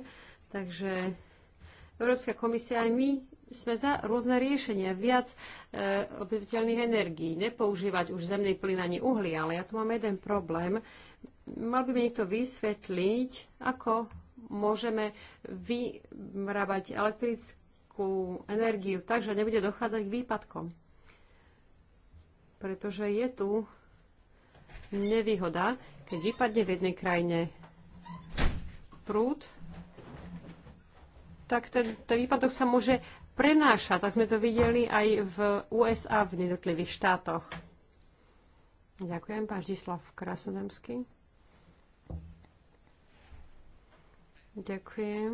Takže Európska komisia aj my sme za rôzne riešenia, viac e, obnoviteľných energií, nepoužívať už zemný plyn ani uhlie, ale ja tu mám jeden problém. Mal by mi niekto vysvetliť, ako môžeme vyrábať elektrické elektrickú energiu, takže nebude dochádzať k výpadkom. Pretože je tu nevýhoda, keď vypadne v jednej krajine prúd, tak ten, ten výpadok sa môže prenášať. Tak sme to videli aj v USA v jednotlivých štátoch. Ďakujem, pán Ždislav Krasodemský. Ďakujem.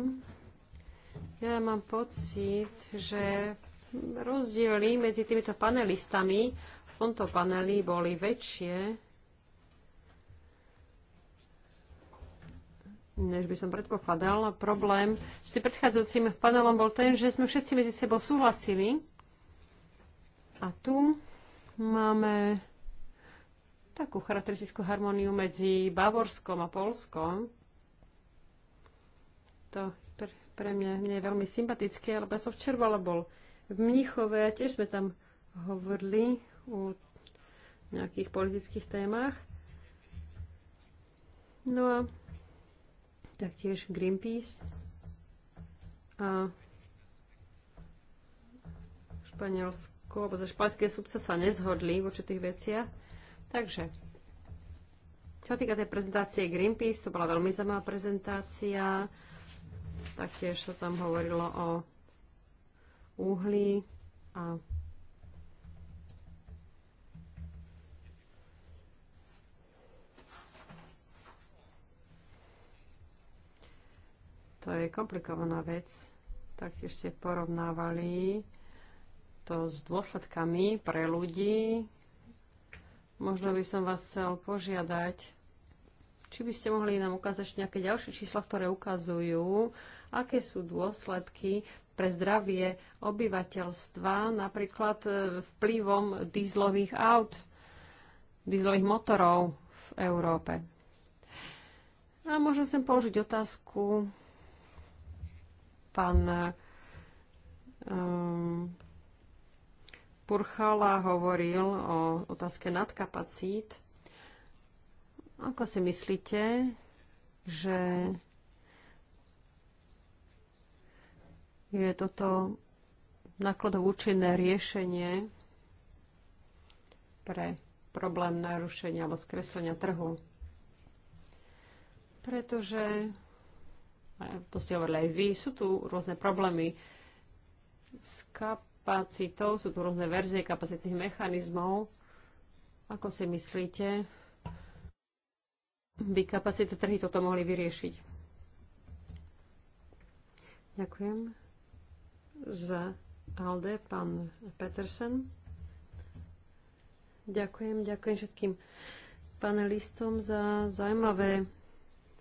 Ja mám pocit, že rozdiely medzi týmito panelistami v tomto paneli boli väčšie, než by som predpokladal. Problém s tým predchádzajúcim panelom bol ten, že sme všetci medzi sebou súhlasili. A tu máme takú charakteristickú harmoniu medzi Bavorskom a Polskom. To pre mňa, mne je veľmi sympatické, lebo ja som včera bol v Mnichove a tiež sme tam hovorili o nejakých politických témach. No a taktiež Greenpeace a Španielsko, alebo španské súdce sa nezhodli v určitých veciach. Takže, čo týka tej prezentácie Greenpeace, to bola veľmi zaujímavá prezentácia. Taktiež sa tam hovorilo o uhlí a to je komplikovaná vec. Taktiež ste porovnávali to s dôsledkami pre ľudí. Možno by som vás chcel požiadať, či by ste mohli nám ukázať nejaké ďalšie čísla, ktoré ukazujú, aké sú dôsledky pre zdravie obyvateľstva, napríklad e, vplyvom dízlových aut, dízlových motorov v Európe. A môžem sem položiť otázku pán um, ehm, Purchala hovoril o otázke nadkapacít. Ako si myslíte, že je toto nákladov účinné riešenie pre problém narušenia alebo skreslenia trhu? Pretože, to ste hovorili aj vy, sú tu rôzne problémy s kapacitou, sú tu rôzne verzie kapacitných mechanizmov. Ako si myslíte, by kapacity trhy toto mohli vyriešiť. Ďakujem za Alde, pán Petersen. Ďakujem, ďakujem všetkým panelistom za zaujímavé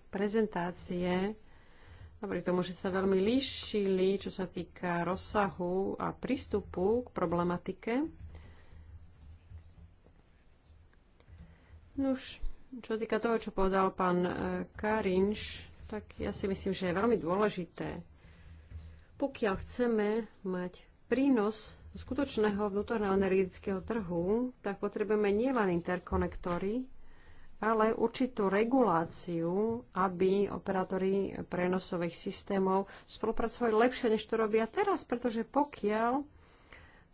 prezentácie. Napriek tomu, že sa veľmi líšili, čo sa týka rozsahu a prístupu k problematike. Nuž, čo týka toho, čo povedal pán e, Karinš, tak ja si myslím, že je veľmi dôležité, pokiaľ chceme mať prínos skutočného vnútorného energetického trhu, tak potrebujeme nielen interkonektory, ale určitú reguláciu, aby operátori prenosových systémov spolupracovali lepšie, než to robia teraz, pretože pokiaľ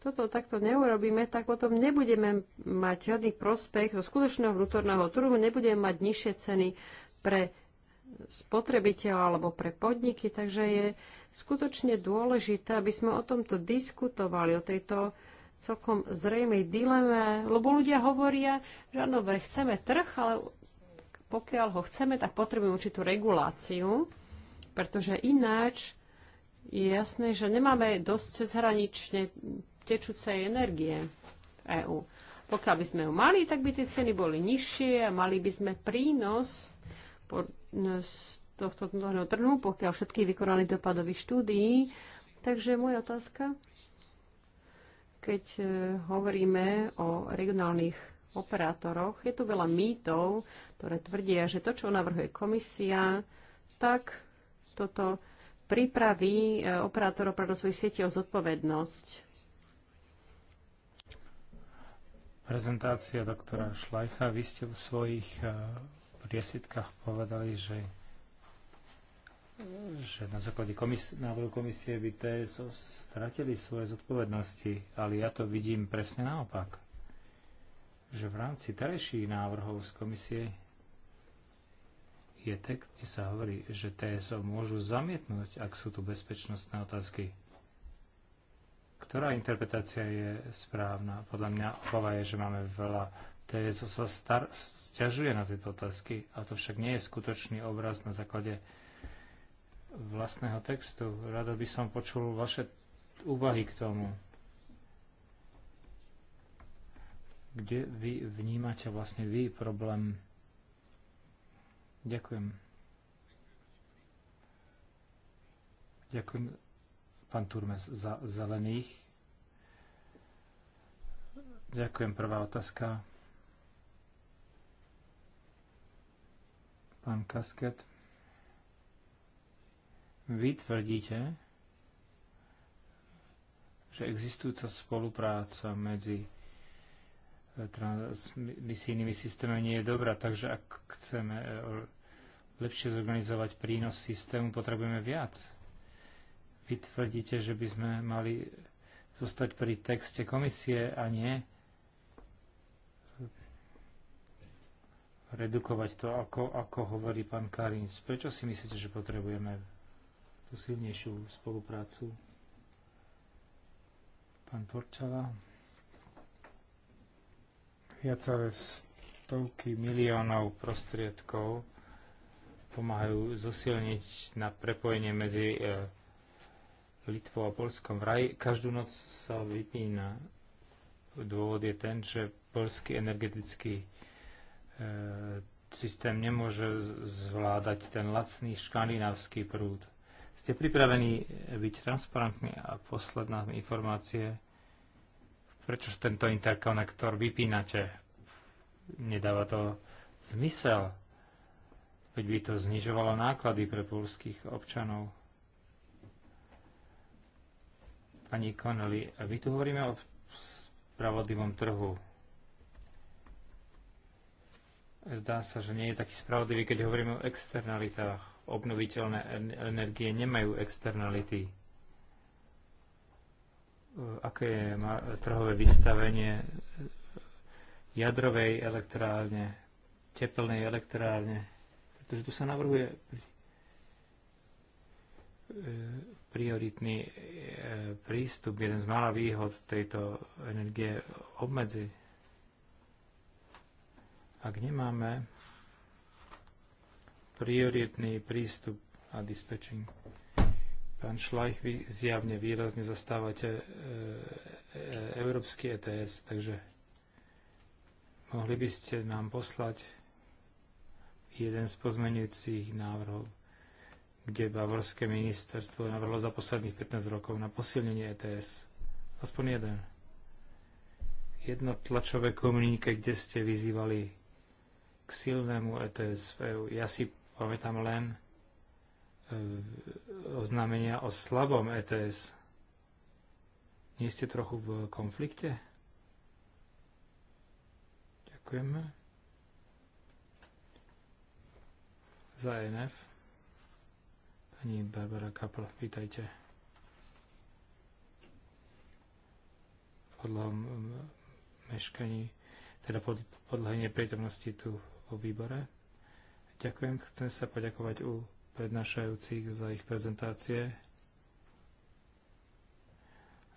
toto takto neurobíme, tak potom nebudeme mať žiadny prospech zo skutočného vnútorného trhu, nebudeme mať nižšie ceny pre spotrebiteľa alebo pre podniky, takže je skutočne dôležité, aby sme o tomto diskutovali, o tejto celkom zrejmej dileme, lebo ľudia hovoria, že áno, chceme trh, ale pokiaľ ho chceme, tak potrebujeme určitú reguláciu, pretože ináč je jasné, že nemáme dosť cezhranične tečúcej energie v EÚ. Pokiaľ by sme ju mali, tak by tie ceny boli nižšie a mali by sme prínos po, z tohto trhu, pokiaľ všetky vykonali dopadových štúdií. Takže moja otázka, keď e, hovoríme o regionálnych operátoroch, je tu veľa mýtov, ktoré tvrdia, že to, čo navrhuje komisia, tak toto pripraví e, operátorov pre rozvoj siete o zodpovednosť. prezentácia doktora Šlajcha. Vy ste v svojich eh, priesvitkách povedali, že, že na základe komis- návrhu komisie by TSO stratili svoje zodpovednosti, ale ja to vidím presne naopak. Že v rámci terajších návrhov z komisie je tek, kde sa hovorí, že TSO môžu zamietnúť, ak sú tu bezpečnostné otázky ktorá interpretácia je správna? Podľa mňa obava je, že máme veľa téz, sa star- stiažuje na tieto otázky a to však nie je skutočný obraz na základe vlastného textu. Rada by som počul vaše úvahy k tomu. Kde vy vnímate vlastne vy problém? Ďakujem. Ďakujem Pán Turmes za zelených. Ďakujem, prvá otázka. Pán Kasket. Vy tvrdíte, že existujúca spolupráca medzi eh, transmisijnými systémami nie je dobrá, takže ak chceme eh, lepšie zorganizovať prínos systému, potrebujeme viac. Vy tvrdíte, že by sme mali zostať pri texte komisie a nie redukovať to, ako, ako hovorí pán Karins. Prečo si myslíte, že potrebujeme tú silnejšiu spoluprácu? Pán Torčala. Viaceré stovky miliónov prostriedkov pomáhajú zosilniť na prepojenie medzi e, Litvou a Polskom vraj každú noc sa vypína. Dôvod je ten, že polský energetický e, systém nemôže zvládať ten lacný škandinávsky prúd. Ste pripravení byť transparentní a posledná informácie, prečo tento interkonektor vypínate? Nedáva to zmysel, veď by to znižovalo náklady pre polských občanov. Pani Connelly, my tu hovoríme o spravodlivom trhu. Zdá sa, že nie je taký spravodlivý, keď hovoríme o externalitách. Obnoviteľné energie nemajú externality. Aké je trhové vystavenie jadrovej elektrárne, tepelnej elektrárne? Pretože tu sa navrhuje prioritný e, prístup, jeden z mála výhod tejto energie obmedzi. Ak nemáme prioritný prístup a dispečing. Pán Šlajch, vy zjavne výrazne zastávate e, e, európsky ETS, takže mohli by ste nám poslať jeden z pozmenujúcich návrhov kde Bavorské ministerstvo navrhlo za posledných 15 rokov na posilnenie ETS. Aspoň jeden. Jedno tlačové komunike, kde ste vyzývali k silnému ETS v EU. Ja si pamätám len e, oznámenia o slabom ETS. Nie ste trochu v konflikte? Ďakujeme. Za e NF. Pani Barbara Kapl, vítajte. Podľa meškaní, teda pod, podľa neprítomnosti tu vo výbore. Ďakujem, chcem sa poďakovať u prednášajúcich za ich prezentácie.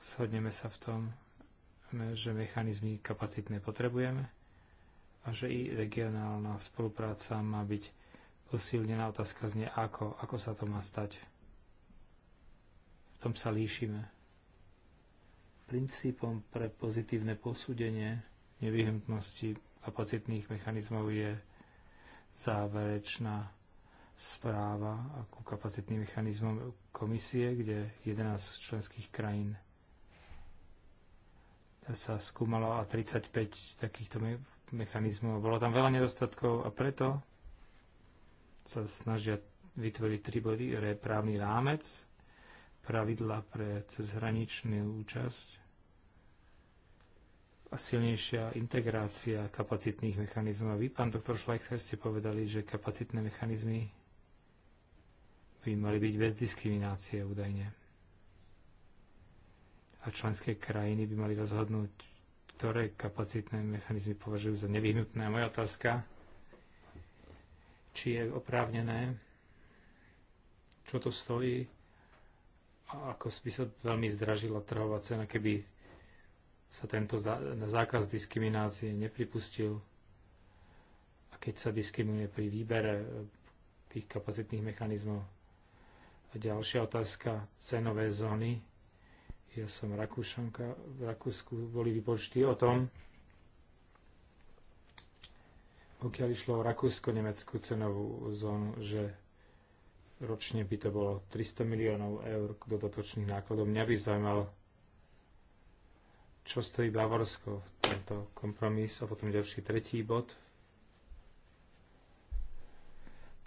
Shodneme sa v tom, že mechanizmy kapacitné potrebujeme a že i regionálna spolupráca má byť Usilnená otázka znie, ako, ako sa to má stať. V tom sa líšime. Princípom pre pozitívne posúdenie nevyhnutnosti kapacitných mechanizmov je záverečná správa ku kapacitným mechanizmom komisie, kde 11 členských krajín sa skúmalo a 35 takýchto mechanizmov. Bolo tam veľa nedostatkov a preto sa snažia vytvoriť tri body, re, právny rámec, pravidla pre cezhraničnú účasť a silnejšia integrácia kapacitných mechanizmov. A vy, pán doktor Schleicher, ste povedali, že kapacitné mechanizmy by mali byť bez diskriminácie údajne. A členské krajiny by mali rozhodnúť, ktoré kapacitné mechanizmy považujú za nevyhnutné. A moja otázka, či je oprávnené, čo to stojí a ako by sa veľmi zdražila trhová cena, keby sa tento zákaz diskriminácie nepripustil a keď sa diskriminuje pri výbere e, tých kapacitných mechanizmov. A ďalšia otázka, cenové zóny. Ja som Rakúšanka, v Rakúsku boli vypočty o tom, pokiaľ išlo o Rakúsko-Nemeckú cenovú zónu, že ročne by to bolo 300 miliónov eur dodatočných nákladov. Mňa by zaujímalo, čo stojí Bavorsko tento kompromis a potom ďalší tretí bod.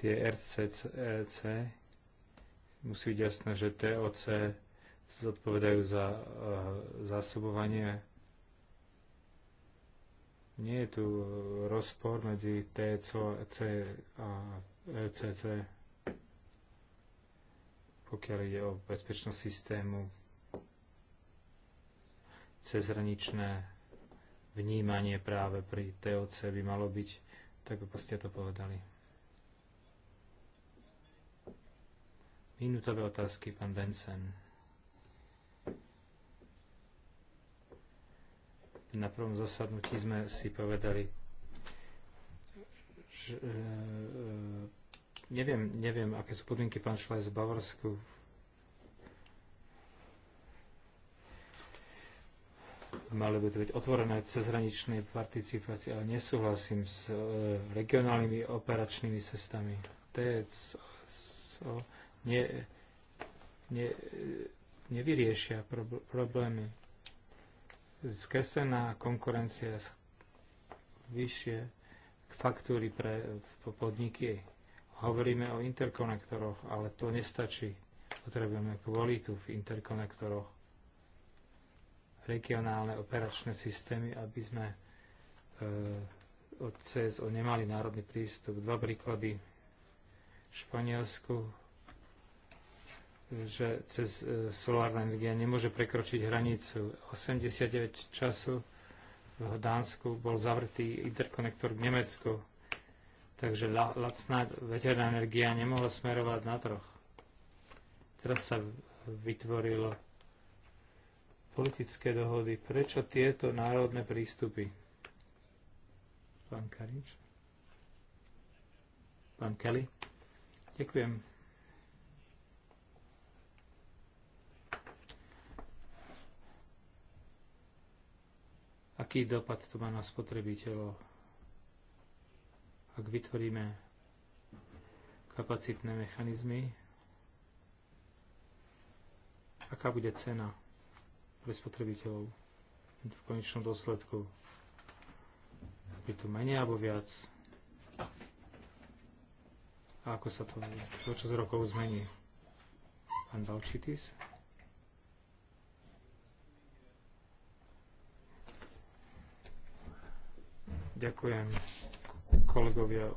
Tie RCC musí byť jasné, že TOC zodpovedajú za eh, zásobovanie nie je tu e, rozpor medzi TCC a LCC, e pokiaľ ide o bezpečnosť systému, cezhraničné vnímanie práve pri TOC by malo byť, tak ako ste to povedali. Minútové otázky, pán Benson. Na prvom zasadnutí sme si povedali, že e, e, neviem, neviem, aké sú podmienky pán Šlajs v Bavarsku. Mali by to byť otvorené cezhraničnej participácie, ale nesúhlasím s e, regionálnymi operačnými cestami. TECO nie, nie, nevyriešia problémy skresená konkurencia vyššie faktúry pre podniky. Hovoríme o interkonektoroch, ale to nestačí. Potrebujeme kvalitu v interkonektoroch, regionálne operačné systémy, aby sme e, od CSO nemali národný prístup. Dva príklady. V Španielsku že cez e, solárna energia nemôže prekročiť hranicu. 89 času v Dánsku bol zavrtý interkonektor k Nemecku, takže lacná veterná energia nemohla smerovať na troch. Teraz sa vytvorilo politické dohody. Prečo tieto národné prístupy? Pán Karič? Pán Kelly? Ďakujem aký dopad to má na spotrebiteľov. Ak vytvoríme kapacitné mechanizmy, aká bude cena pre spotrebiteľov v konečnom dôsledku. Je tu menej alebo viac? A ako sa to počas rokov zmení? Pán Balčitis? Ďakujem kolegovia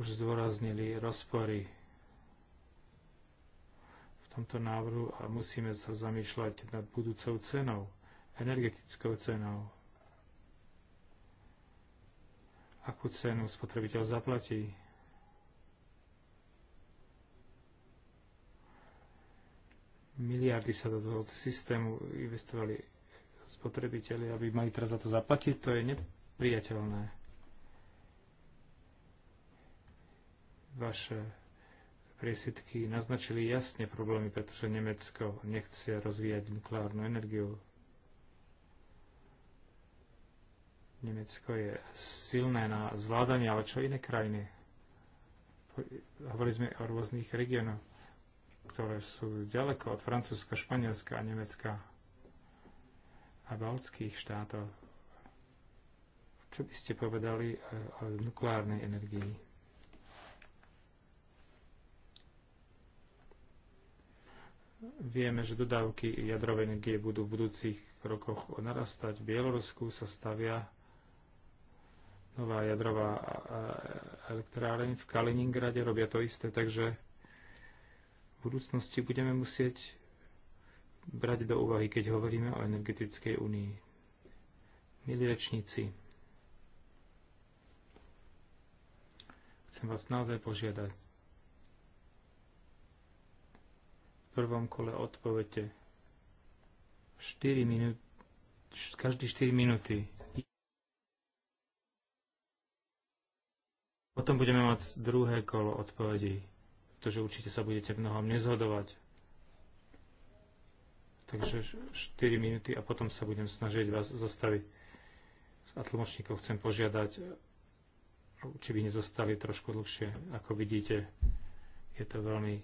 už zdôraznili rozpory v tomto návrhu a musíme sa zamýšľať nad budúcou cenou, energetickou cenou. Akú cenu spotrebiteľ zaplatí? Miliardy sa do toho systému investovali spotrebiteľi, aby mali teraz za to zaplatiť, to je nepriateľné. Vaše priesvitky naznačili jasne problémy, pretože Nemecko nechce rozvíjať nukleárnu energiu. Nemecko je silné na zvládanie, ale čo iné krajiny? Hovorili sme o rôznych regiónoch, ktoré sú ďaleko od Francúzska, Španielska a Nemecka a baltských štátov. Čo by ste povedali e, o nukleárnej energii? Vieme, že dodávky jadrovej energie budú v budúcich rokoch narastať. V Bielorusku sa stavia nová jadrová e, elektráreň. V Kaliningrade robia to isté, takže v budúcnosti budeme musieť brať do úvahy, keď hovoríme o energetickej únii. Milí rečníci, chcem vás naozaj požiadať. V prvom kole odpovete 4 minút, každý 4 minúty. Potom budeme mať druhé kolo odpovedí, pretože určite sa budete v mnohom nezhodovať. Takže 4 minúty a potom sa budem snažiť vás zastaviť. A tlmočníkov chcem požiadať, či by nezostali trošku dlhšie. Ako vidíte, je to veľmi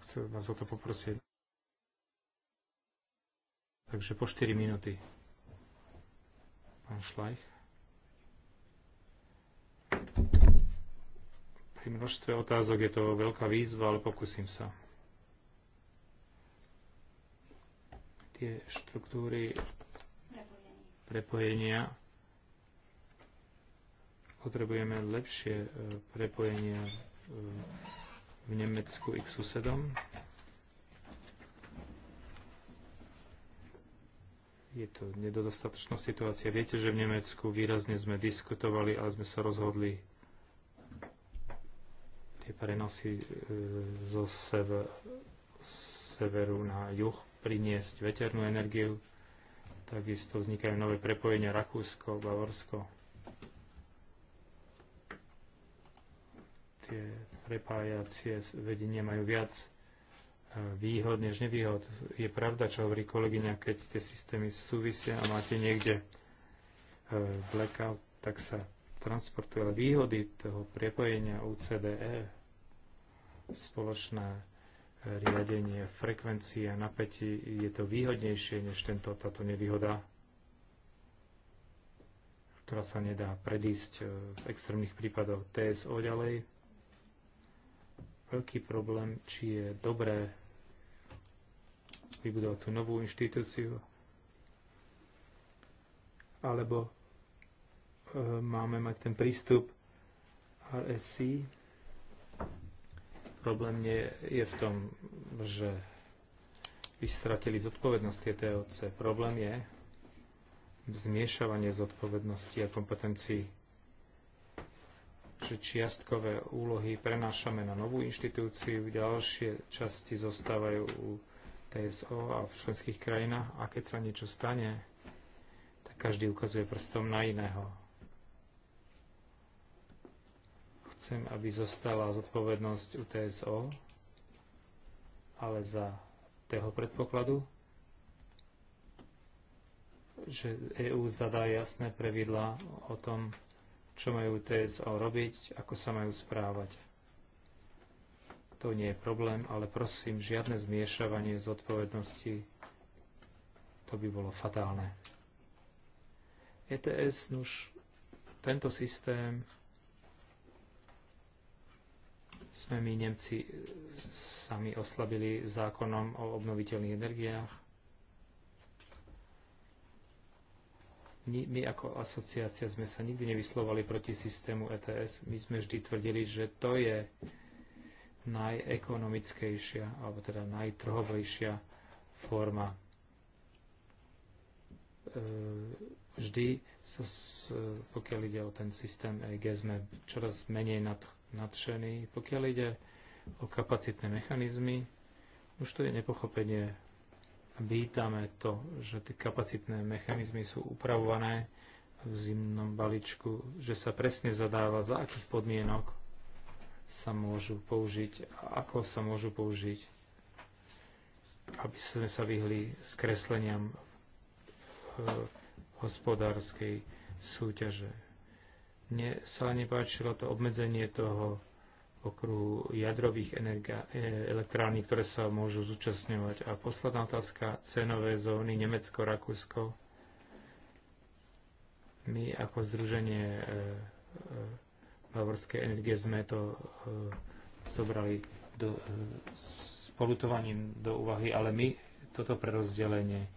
chcem vás o to poprosiť. Takže po 4 minúty. Pán Šlajch. pri množstve otázok je to veľká výzva, ale pokúsim sa. Tie štruktúry prepojenia potrebujeme lepšie e, prepojenia e, v Nemecku x 7 Je to nedodostatočná situácia. Viete, že v Nemecku výrazne sme diskutovali, ale sme sa rozhodli tie prenosy e, zo sever, severu na juh priniesť veternú energiu. Takisto vznikajú nové prepojenia Rakúsko, Bavorsko. Tie prepájacie vedenia majú viac e, výhod než nevýhod. Je pravda, čo hovorí kolegyňa, keď tie systémy súvisia a máte niekde e, blackout, tak sa transportuje. výhody toho prepojenia UCDE spoločné e, riadenie frekvencie a napätí je to výhodnejšie než tento, táto nevýhoda, ktorá sa nedá predísť e, v extrémnych prípadoch TSO ďalej. Veľký problém, či je dobré vybudovať tú novú inštitúciu, alebo e, máme mať ten prístup RSC, Problém nie je v tom, že by stratili zodpovednosť tie TOC. Problém je zmiešavanie zodpovednosti a kompetencií že čiastkové úlohy prenášame na novú inštitúciu, ďalšie časti zostávajú u TSO a v členských krajinách a keď sa niečo stane, tak každý ukazuje prstom na iného. Chcem, aby zostala zodpovednosť u TSO, ale za toho predpokladu, že EÚ zadá jasné pravidlá o tom, čo majú TSO robiť, ako sa majú správať. To nie je problém, ale prosím, žiadne zmiešavanie zodpovednosti. To by bolo fatálne. ETS, nuž, tento systém sme my Nemci sami oslabili zákonom o obnoviteľných energiách. My ako asociácia sme sa nikdy nevyslovali proti systému ETS. My sme vždy tvrdili, že to je najekonomickejšia, alebo teda najtrhovejšia forma. E, vždy, pokiaľ ide o ten systém EG, sme čoraz menej na to, nadšení. Pokiaľ ide o kapacitné mechanizmy, už tu je nepochopenie. Vítame to, že tie kapacitné mechanizmy sú upravované v zimnom balíčku, že sa presne zadáva, za akých podmienok sa môžu použiť a ako sa môžu použiť, aby sme sa vyhli skresleniam eh, hospodárskej súťaže ne, sa nepáčilo to obmedzenie toho okruhu jadrových energia, e, elektrární, ktoré sa môžu zúčastňovať. A posledná otázka, cenové zóny Nemecko, Rakúsko. My ako Združenie e, e, Bavorskej energie sme to zobrali do, s polutovaním do úvahy, ale my toto prerozdelenie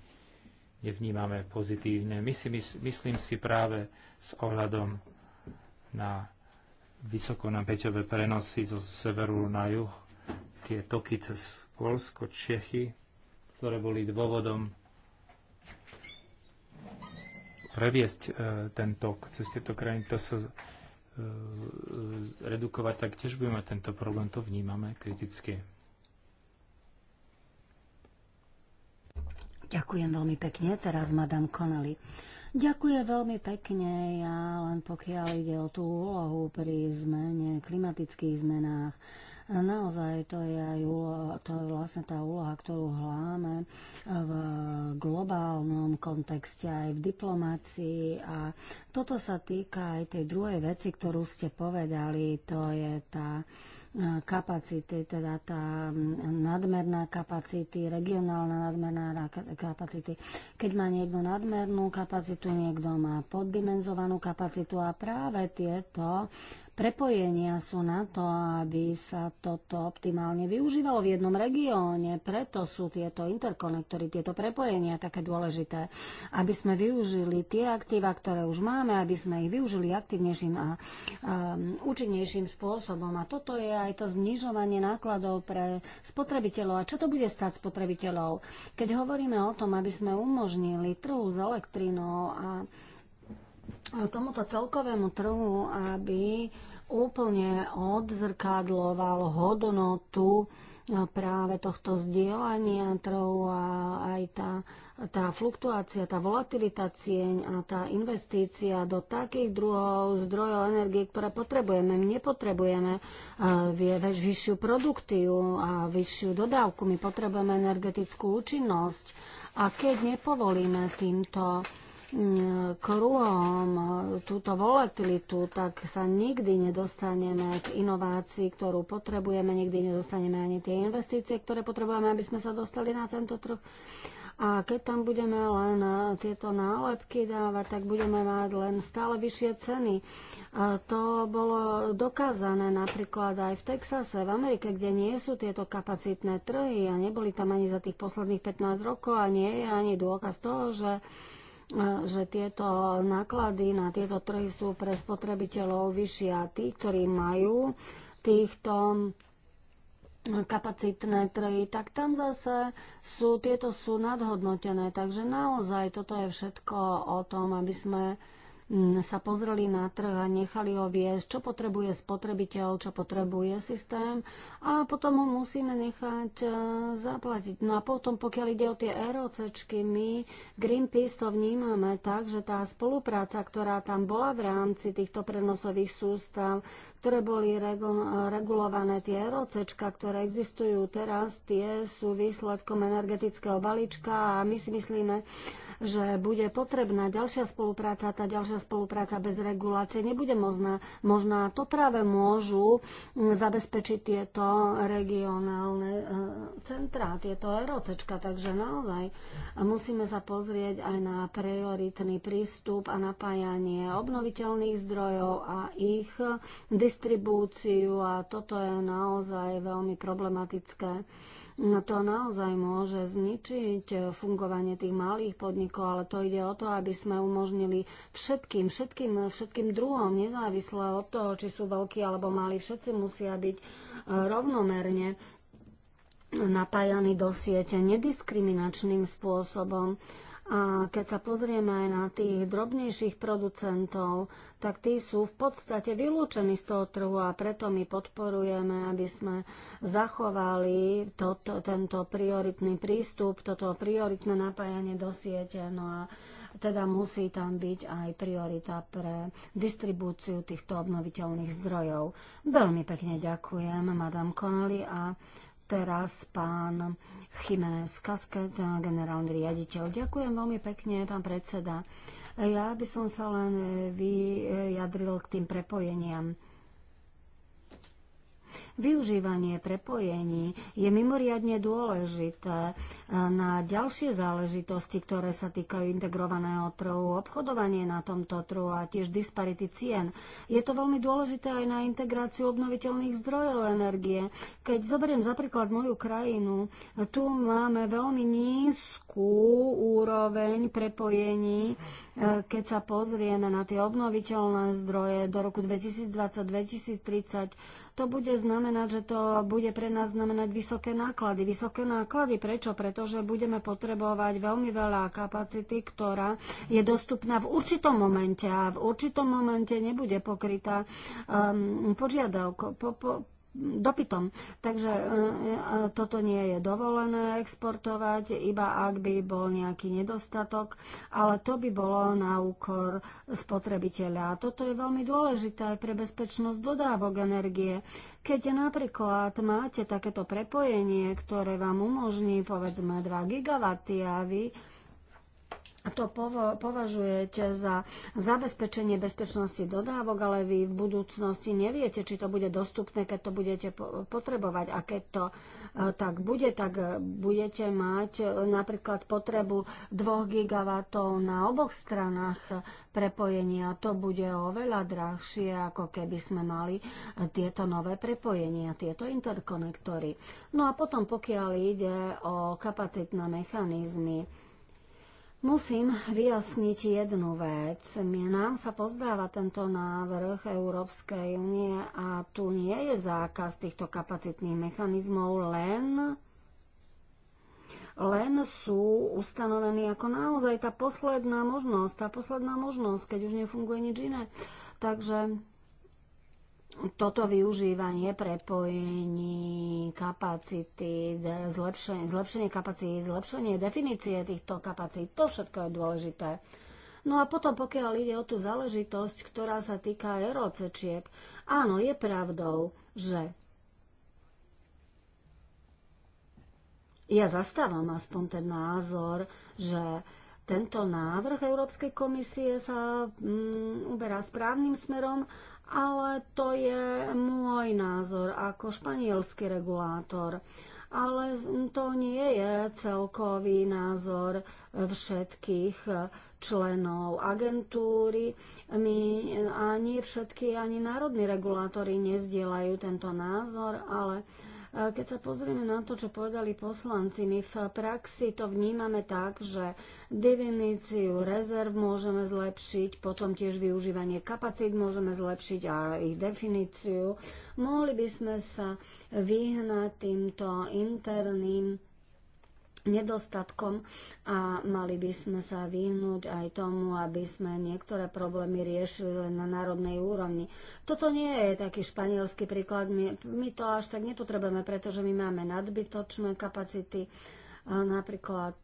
nevnímame pozitívne. My si mys, myslím si práve s ohľadom na vysokonapäťové prenosy zo severu na juh, tie toky cez Polsko, Čechy, ktoré boli dôvodom previesť e, ten tok cez tieto krajiny, to sa e, zredukovať, tak tiež budeme tento problém, to vnímame kriticky. Ďakujem veľmi pekne. Teraz Madame Connelly. Ďakujem veľmi pekne. Ja len pokiaľ ide o tú úlohu pri zmene, klimatických zmenách, Naozaj to je aj úloha, to je vlastne tá úloha, ktorú hláme v globálnom kontexte aj v diplomácii a toto sa týka aj tej druhej veci, ktorú ste povedali, to je tá kapacity, teda tá nadmerná kapacity, regionálna nadmerná kapacity. Keď má niekto nadmernú kapacitu, niekto má poddimenzovanú kapacitu a práve tieto prepojenia sú na to, aby sa toto optimálne využívalo v jednom regióne. Preto sú tieto interkonektory, tieto prepojenia také dôležité, aby sme využili tie aktíva, ktoré už máme, aby sme ich využili aktívnejším a, a um, účinnejším spôsobom. A toto je aj to znižovanie nákladov pre spotrebiteľov. A čo to bude stať spotrebiteľov? Keď hovoríme o tom, aby sme umožnili trhu s elektrínou a tomuto celkovému trhu, aby úplne odzrkadloval hodnotu eh, práve tohto zdieľania trhu a aj tá, tá fluktuácia, tá volatilita cieň a tá investícia do takých druhov zdrojov energie, ktoré potrebujeme. My nepotrebujeme eh, vyššiu produktiu a vyššiu dodávku. My potrebujeme energetickú účinnosť. A keď nepovolíme týmto Kruhom túto volatilitu, tak sa nikdy nedostaneme k inovácii, ktorú potrebujeme, nikdy nedostaneme ani tie investície, ktoré potrebujeme, aby sme sa dostali na tento trh. A keď tam budeme len tieto nálepky dávať, tak budeme mať len stále vyššie ceny. A to bolo dokázané napríklad aj v Texase, v Amerike, kde nie sú tieto kapacitné trhy a neboli tam ani za tých posledných 15 rokov a nie je ani dôkaz toho, že že tieto náklady na tieto trhy sú pre spotrebiteľov vyššie a tí, ktorí majú týchto kapacitné trhy, tak tam zase sú, tieto sú nadhodnotené. Takže naozaj toto je všetko o tom, aby sme Mm, sa pozreli na trh a nechali ho viesť, čo potrebuje spotrebiteľ, čo potrebuje systém a potom ho musíme nechať e, zaplatiť. No a potom, pokiaľ ide o tie ROCčky, my Greenpeace to vnímame tak, že tá spolupráca, ktorá tam bola v rámci týchto prenosových sústav, ktoré boli regulované, tie ROCčka, ktoré existujú teraz, tie sú výsledkom energetického balíčka a my si myslíme, že bude potrebná ďalšia spolupráca, tá ďalšia spolupráca bez regulácie nebude možná. Možná to práve môžu mm, zabezpečiť tieto regionálne e, centrá, tieto ROCčka, takže naozaj musíme sa pozrieť aj na prioritný prístup a napájanie obnoviteľných zdrojov a ich distribúciu distribúciu a toto je naozaj veľmi problematické. No to naozaj môže zničiť fungovanie tých malých podnikov, ale to ide o to, aby sme umožnili všetkým, všetkým, všetkým druhom, nezávisle od toho, či sú veľkí alebo malí, všetci musia byť e, rovnomerne napájaní do siete nediskriminačným spôsobom. A keď sa pozrieme aj na tých drobnejších producentov, tak tí sú v podstate vylúčení z toho trhu a preto my podporujeme, aby sme zachovali toto, tento prioritný prístup, toto prioritné napájanie do siete. No a teda musí tam byť aj priorita pre distribúciu týchto obnoviteľných zdrojov. Veľmi pekne ďakujem, Madame Connelly, a teraz pán Chimenez Kasket, generálny riaditeľ. Ďakujem veľmi pekne, pán predseda. Ja by som sa len vyjadril k tým prepojeniam. Využívanie prepojení je mimoriadne dôležité eh, na ďalšie záležitosti, ktoré sa týkajú integrovaného trhu, obchodovanie na tomto trhu a tiež disparity cien. Je to veľmi dôležité aj na integráciu obnoviteľných zdrojov energie. Keď zoberiem za príklad moju krajinu, tu máme veľmi nízku úroveň prepojení, eh, keď sa pozrieme na tie obnoviteľné zdroje do roku 2020-2030, to bude znamená, znamenať, že to bude pre nás znamenať vysoké náklady. Vysoké náklady prečo? Pretože budeme potrebovať veľmi veľa kapacity, ktorá je dostupná v určitom momente a v určitom momente nebude pokrytá um, požiadavkou. Po, po, dopytom. Takže e, e, toto nie je dovolené exportovať, iba ak by bol nejaký nedostatok, ale to by bolo na úkor spotrebiteľa. A toto je veľmi dôležité aj pre bezpečnosť dodávok energie. Keď napríklad máte takéto prepojenie, ktoré vám umožní povedzme 2 gigawaty a vy to považujete za zabezpečenie bezpečnosti dodávok, ale vy v budúcnosti neviete, či to bude dostupné, keď to budete potrebovať. A keď to e, tak bude, tak e, budete mať e, napríklad potrebu 2 gigawatov na oboch stranách prepojenia. To bude oveľa drahšie, ako keby sme mali tieto nové prepojenia, tieto interkonektory. No a potom, pokiaľ ide o kapacitné mechanizmy, Musím vyjasniť jednu vec. Nám sa pozdáva tento návrh Európskej únie a tu nie je zákaz týchto kapacitných mechanizmov, len, len sú ustanovení ako naozaj tá posledná možnosť, tá posledná možnosť, keď už nefunguje nič iné. Takže toto využívanie prepojení kapacity, zlepšenie, zlepšenie kapacity, zlepšenie definície týchto kapacít, to všetko je dôležité. No a potom, pokiaľ ide o tú záležitosť, ktorá sa týka ROCčiek, áno, je pravdou, že ja zastávam aspoň ten názor, že tento návrh Európskej komisie sa mm, uberá správnym smerom ale to je môj názor ako španielský regulátor. Ale to nie je celkový názor všetkých členov agentúry. My ani všetky, ani národní regulátori nezdielajú tento názor, ale uh, keď sa pozrieme na to, čo povedali poslanci, my v praxi to vnímame tak, že definíciu rezerv môžeme zlepšiť, potom tiež využívanie kapacít môžeme zlepšiť a ich definíciu. Mohli by sme sa vyhnať týmto interným nedostatkom a mali by sme sa vyhnúť aj tomu, aby sme niektoré problémy riešili len na národnej úrovni. Toto nie je taký španielský príklad, my, my to až tak nepotrebujeme, pretože my máme nadbytočné kapacity, napríklad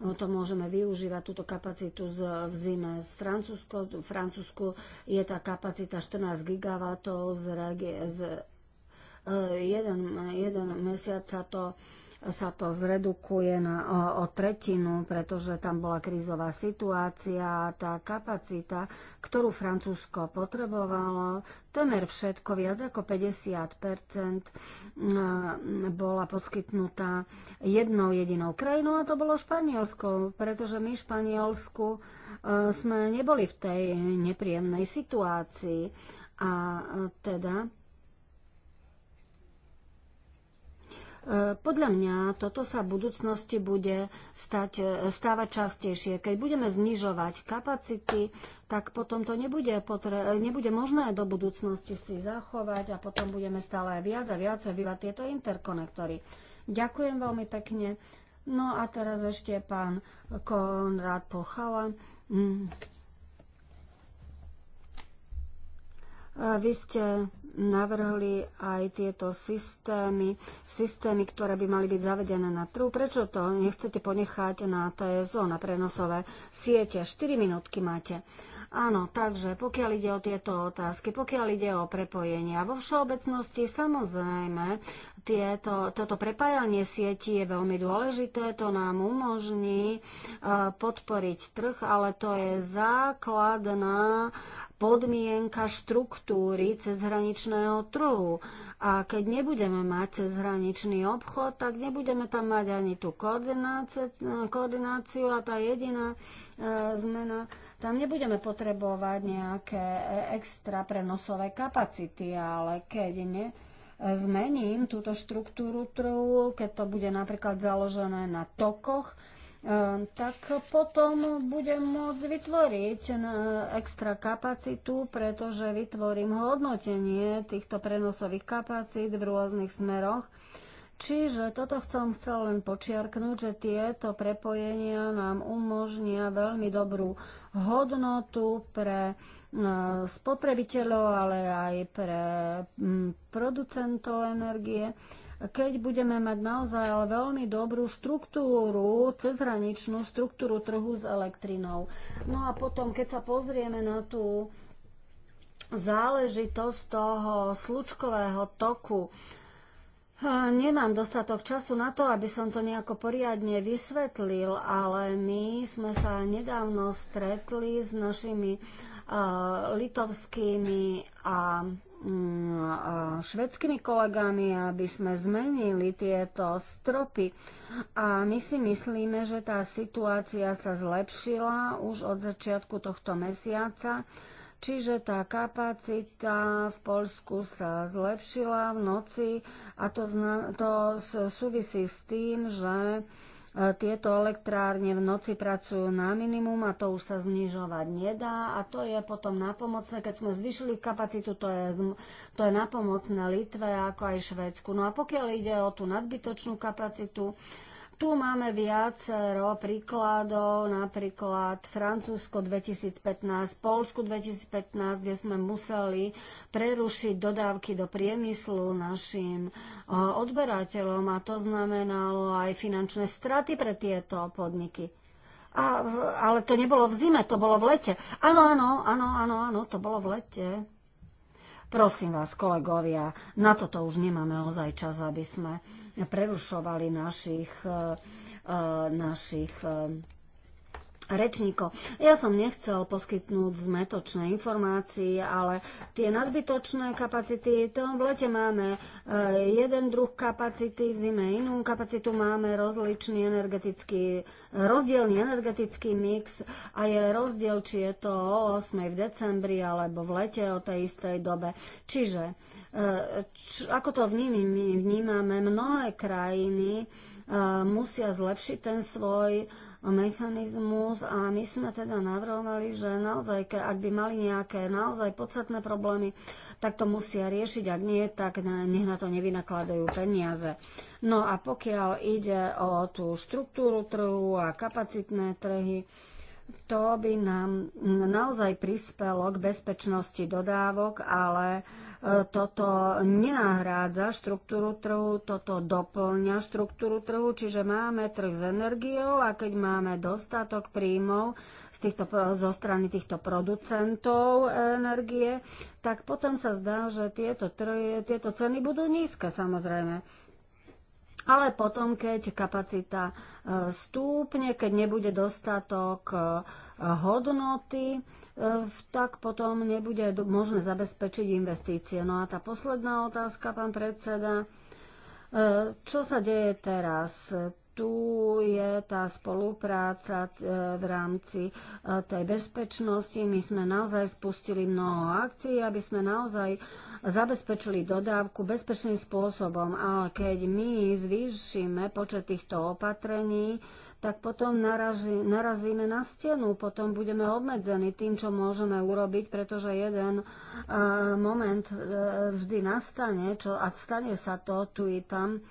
No to môžeme využívať túto kapacitu z, v zime z Francúzsko. V Francúzsku je tá kapacita 14 gigawatov z, z E, jeden, jeden mesiac sa to sa to zredukuje na, o, o tretinu, pretože tam bola krízová situácia a tá kapacita, ktorú Francúzsko potrebovalo, temer všetko, viac ako 50 e, bola poskytnutá jednou jedinou krajinou a to bolo Španielsko, pretože my v Španielsku e, sme neboli v tej nepríjemnej situácii. A teda E, podľa mňa toto sa v budúcnosti bude stať, e, stávať častejšie. Keď budeme znižovať kapacity, tak potom to nebude, potre- e, nebude možné do budúcnosti si zachovať a potom budeme stále viac a viac vyvať tieto interkonektory. Ďakujem veľmi pekne. No a teraz ešte pán Konrad Pochala. Mm. Vy ste navrhli aj tieto systémy, systémy, ktoré by mali byť zavedené na trhu. Prečo to nechcete ponechať na TSO, na prenosové siete? 4 minútky máte. Áno, takže pokiaľ ide o tieto otázky, pokiaľ ide o prepojenia, vo všeobecnosti samozrejme tieto, toto prepájanie sieti je veľmi dôležité, to nám umožní uh, podporiť trh, ale to je základná uh, podmienka štruktúry cezhraničného trhu. A keď nebudeme mať cezhraničný obchod, tak nebudeme tam mať ani tú koordináciu a tá jediná e, zmena, tam nebudeme potrebovať nejaké extra prenosové kapacity, ale keď ne, zmením túto štruktúru trhu, keď to bude napríklad založené na tokoch, Ehm, tak potom budem môcť vytvoriť eh, extra kapacitu, pretože vytvorím hodnotenie týchto prenosových kapacít v rôznych smeroch. Čiže toto chcem chcel len počiarknúť, že tieto prepojenia nám umožnia veľmi dobrú hodnotu pre eh, spotrebiteľov, ale aj pre mm, producentov energie keď budeme mať naozaj ale veľmi dobrú štruktúru, cezhraničnú štruktúru trhu s elektrinou. No a potom, keď sa pozrieme na tú záležitosť toho slučkového toku, eh, Nemám dostatok času na to, aby som to nejako poriadne vysvetlil, ale my sme sa nedávno stretli s našimi uh, litovskými a Mm, švedskými kolegami, aby sme zmenili tieto stropy. A my si myslíme, že tá situácia sa zlepšila už od začiatku tohto mesiaca, čiže tá kapacita v Polsku sa zlepšila v noci a to, zna, to súvisí s tým, že E, tieto elektrárne v noci pracujú na minimum a to už sa znižovať nedá a to je potom napomocné, keď sme zvyšili kapacitu, to je, to je napomocné Litve ako aj Švédsku. No a pokiaľ ide o tú nadbytočnú kapacitu, tu máme viacero príkladov, napríklad Francúzsko 2015, Polsku 2015, kde sme museli prerušiť dodávky do priemyslu našim eh, odberateľom a to znamenalo aj finančné straty pre tieto podniky. A, ale to nebolo v zime, to bolo v lete. Áno, áno, áno, áno, áno, to bolo v lete. Prosím vás, kolegovia, na toto už nemáme ozaj čas, aby sme uh, prerušovali našich, eh, eh, našich eh, rečníko. Ja som nechcel poskytnúť zmetočné informácie, ale tie nadbytočné kapacity, to v lete máme e, jeden druh kapacity, v zime inú kapacitu máme rozličný energetický, rozdielný energetický mix a je rozdiel, či je to o 8 v decembri alebo v lete o tej istej dobe. Čiže e, č, ako to vnímame, vnímame mnohé krajiny, e, musia zlepšiť ten svoj mechanizmus a my sme teda navrhovali, že naozaj, ak by mali nejaké naozaj podstatné problémy, tak to musia riešiť, ak nie, tak nech na to nevynakladajú peniaze. No a pokiaľ ide o tú štruktúru trhu a kapacitné trhy, to by nám naozaj prispelo k bezpečnosti dodávok, ale toto nenahrádza štruktúru trhu, toto doplňa štruktúru trhu, čiže máme trh s energiou a keď máme dostatok príjmov z týchto, zo strany týchto producentov energie, tak potom sa zdá, že tieto, trhy, tieto ceny budú nízke samozrejme. Ale potom, keď kapacita e, stúpne, keď nebude dostatok e, hodnoty, e, tak potom nebude možné zabezpečiť investície. No a tá posledná otázka, pán predseda, e, čo sa deje teraz? tu je tá spolupráca e, v rámci tej bezpečnosti. My sme naozaj spustili mnoho akcií, aby sme naozaj zabezpečili dodávku bezpečným spôsobom. Ale keď my zvýšime počet týchto opatrení, tak potom narazí, narazíme na stenu, potom budeme obmedzení tým, čo môžeme urobiť, pretože jeden uh, moment uh, vždy nastane, čo, a stane sa to tu i tam,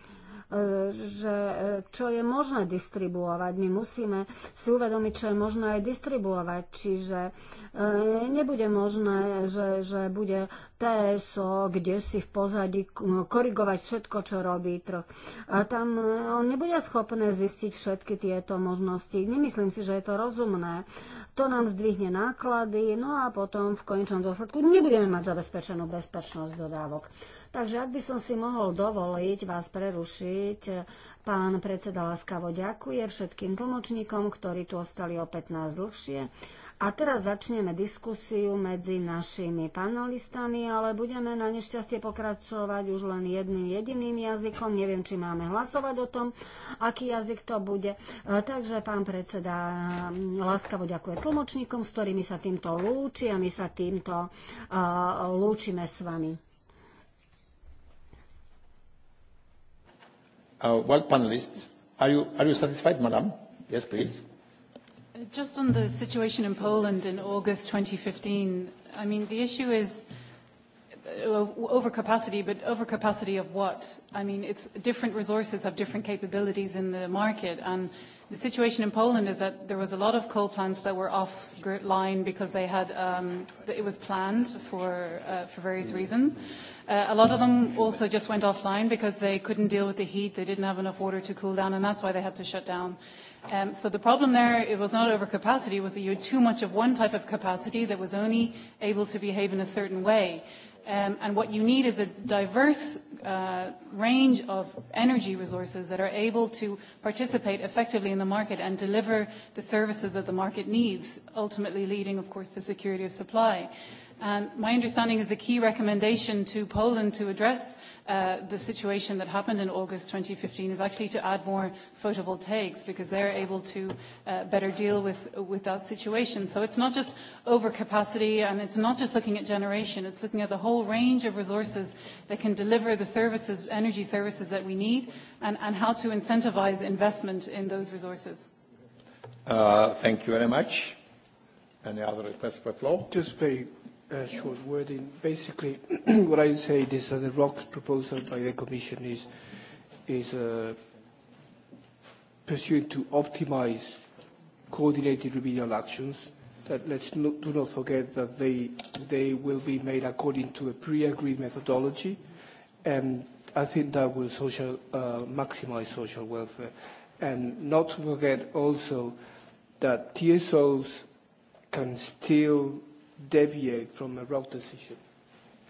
že e, čo je možné distribuovať. My musíme si uvedomiť, čo je možné aj distribuovať. Čiže e, nebude možné, že, že bude TSO, kde si v pozadí korigovať všetko, čo robí trh. A tam e, on nebude schopné zistiť všetky tieto možnosti. Nemyslím si, že je to rozumné. To nám zdvihne náklady, no a potom v konečnom dôsledku nebudeme mať zabezpečenú bezpečnosť dodávok. Takže ak by som si mohol dovoliť vás prerušiť, pán predseda láskavo ďakuje všetkým tlmočníkom, ktorí tu ostali o 15 dlhšie. A teraz začneme diskusiu medzi našimi panelistami, ale budeme na nešťastie pokračovať už len jedným jediným jazykom. Neviem, či máme hlasovať o tom, aký jazyk to bude. E, takže pán predseda e, láskavo ďakuje tlmočníkom, s ktorými sa týmto lúči a my sa týmto uh, lúčime s vami. our uh, world panelists. Are you, are you satisfied, madam? Yes, please. Just on the situation in Poland in August 2015, I mean, the issue is uh, overcapacity, but overcapacity of what? I mean, it's different resources have different capabilities in the market, and the situation in Poland is that there was a lot of coal plants that were off line because they had um, it was planned for uh, for various reasons. Uh, a lot of them also just went offline because they couldn't deal with the heat. They didn't have enough water to cool down, and that's why they had to shut down. Um, so the problem there, it was not overcapacity, it was that you had too much of one type of capacity that was only able to behave in a certain way. Um, and what you need is a diverse uh, range of energy resources that are able to participate effectively in the market and deliver the services that the market needs, ultimately leading, of course, to security of supply. And um, my understanding is the key recommendation to Poland to address uh, the situation that happened in August 2015 is actually to add more photovoltaics because they're able to uh, better deal with, with that situation. So it's not just overcapacity and it's not just looking at generation, it's looking at the whole range of resources that can deliver the services, energy services that we need and, and how to incentivize investment in those resources. Uh, thank you very much. Any other requests for floor? Just very Uh, short wording. Basically, what I say is that the ROC's proposal by the Commission is, is uh, pursuing to optimize coordinated remedial actions that let's not, do not forget that they, they will be made according to a pre-agreed methodology and I think that will social, uh, maximize social welfare. And not to forget also that TSOs can still deviate from a route decision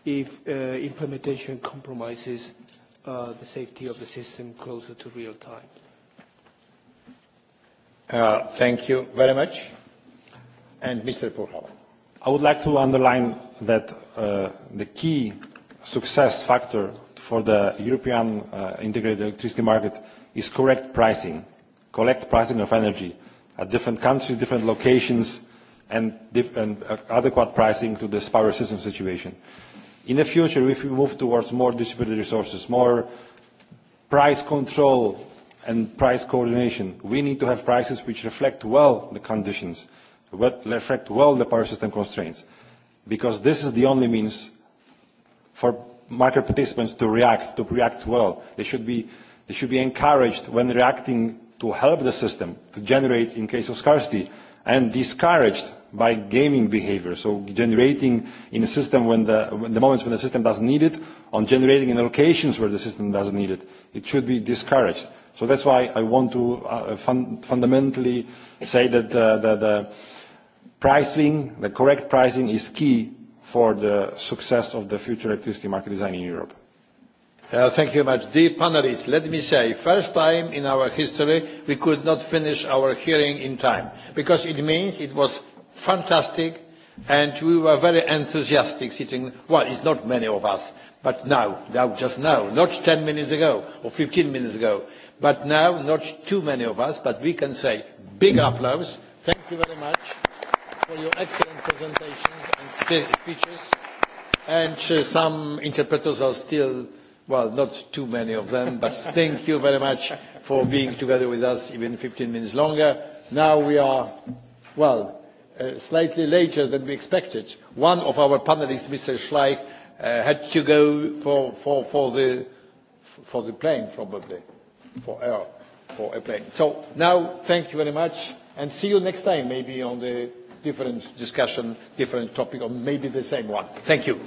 if uh, implementation compromises uh, the safety of the system closer to real time. Uh, thank you very much. And Mr. Purhava. I would like to underline that uh, the key success factor for the European uh, integrated electricity market is correct pricing, correct pricing of energy at different countries, different locations, and, and adequate pricing to this power system situation. In the future, if we move towards more distributed resources, more price control and price coordination, we need to have prices which reflect well the conditions, but reflect well the power system constraints, because this is the only means for market participants to react, to react well. They should be, they should be encouraged when reacting to help the system to generate in case of scarcity and discouraged by gaming behavior. So generating in a system when the, when the moments when the system doesn't need it, on generating in locations where the system doesn't need it. It should be discouraged. So that's why I want to uh, fun fundamentally say that uh, the, the pricing, the correct pricing is key for the success of the future electricity market design in Europe. Uh, thank you very much. Dear panelists, let me say, first time in our history, we could not finish our hearing in time, because it means it was fantastic, and we were very enthusiastic sitting. Well, it's not many of us, but now, now, just now, not 10 minutes ago or 15 minutes ago, but now, not too many of us, but we can say big applause. Thank you very much for your excellent presentations and speeches. And uh, some interpreters are still, well, not too many of them, but thank you very much for being together with us even 15 minutes longer. Now we are, well, Uh, slightly later than we expected. One of our panelists, Mr. Schleich, uh, had to go for, for, for, the, for the plane, probably, for, air, for a plane. So now, thank you very much, and see you next time, maybe on the different discussion, different topic, or maybe the same one. Thank you.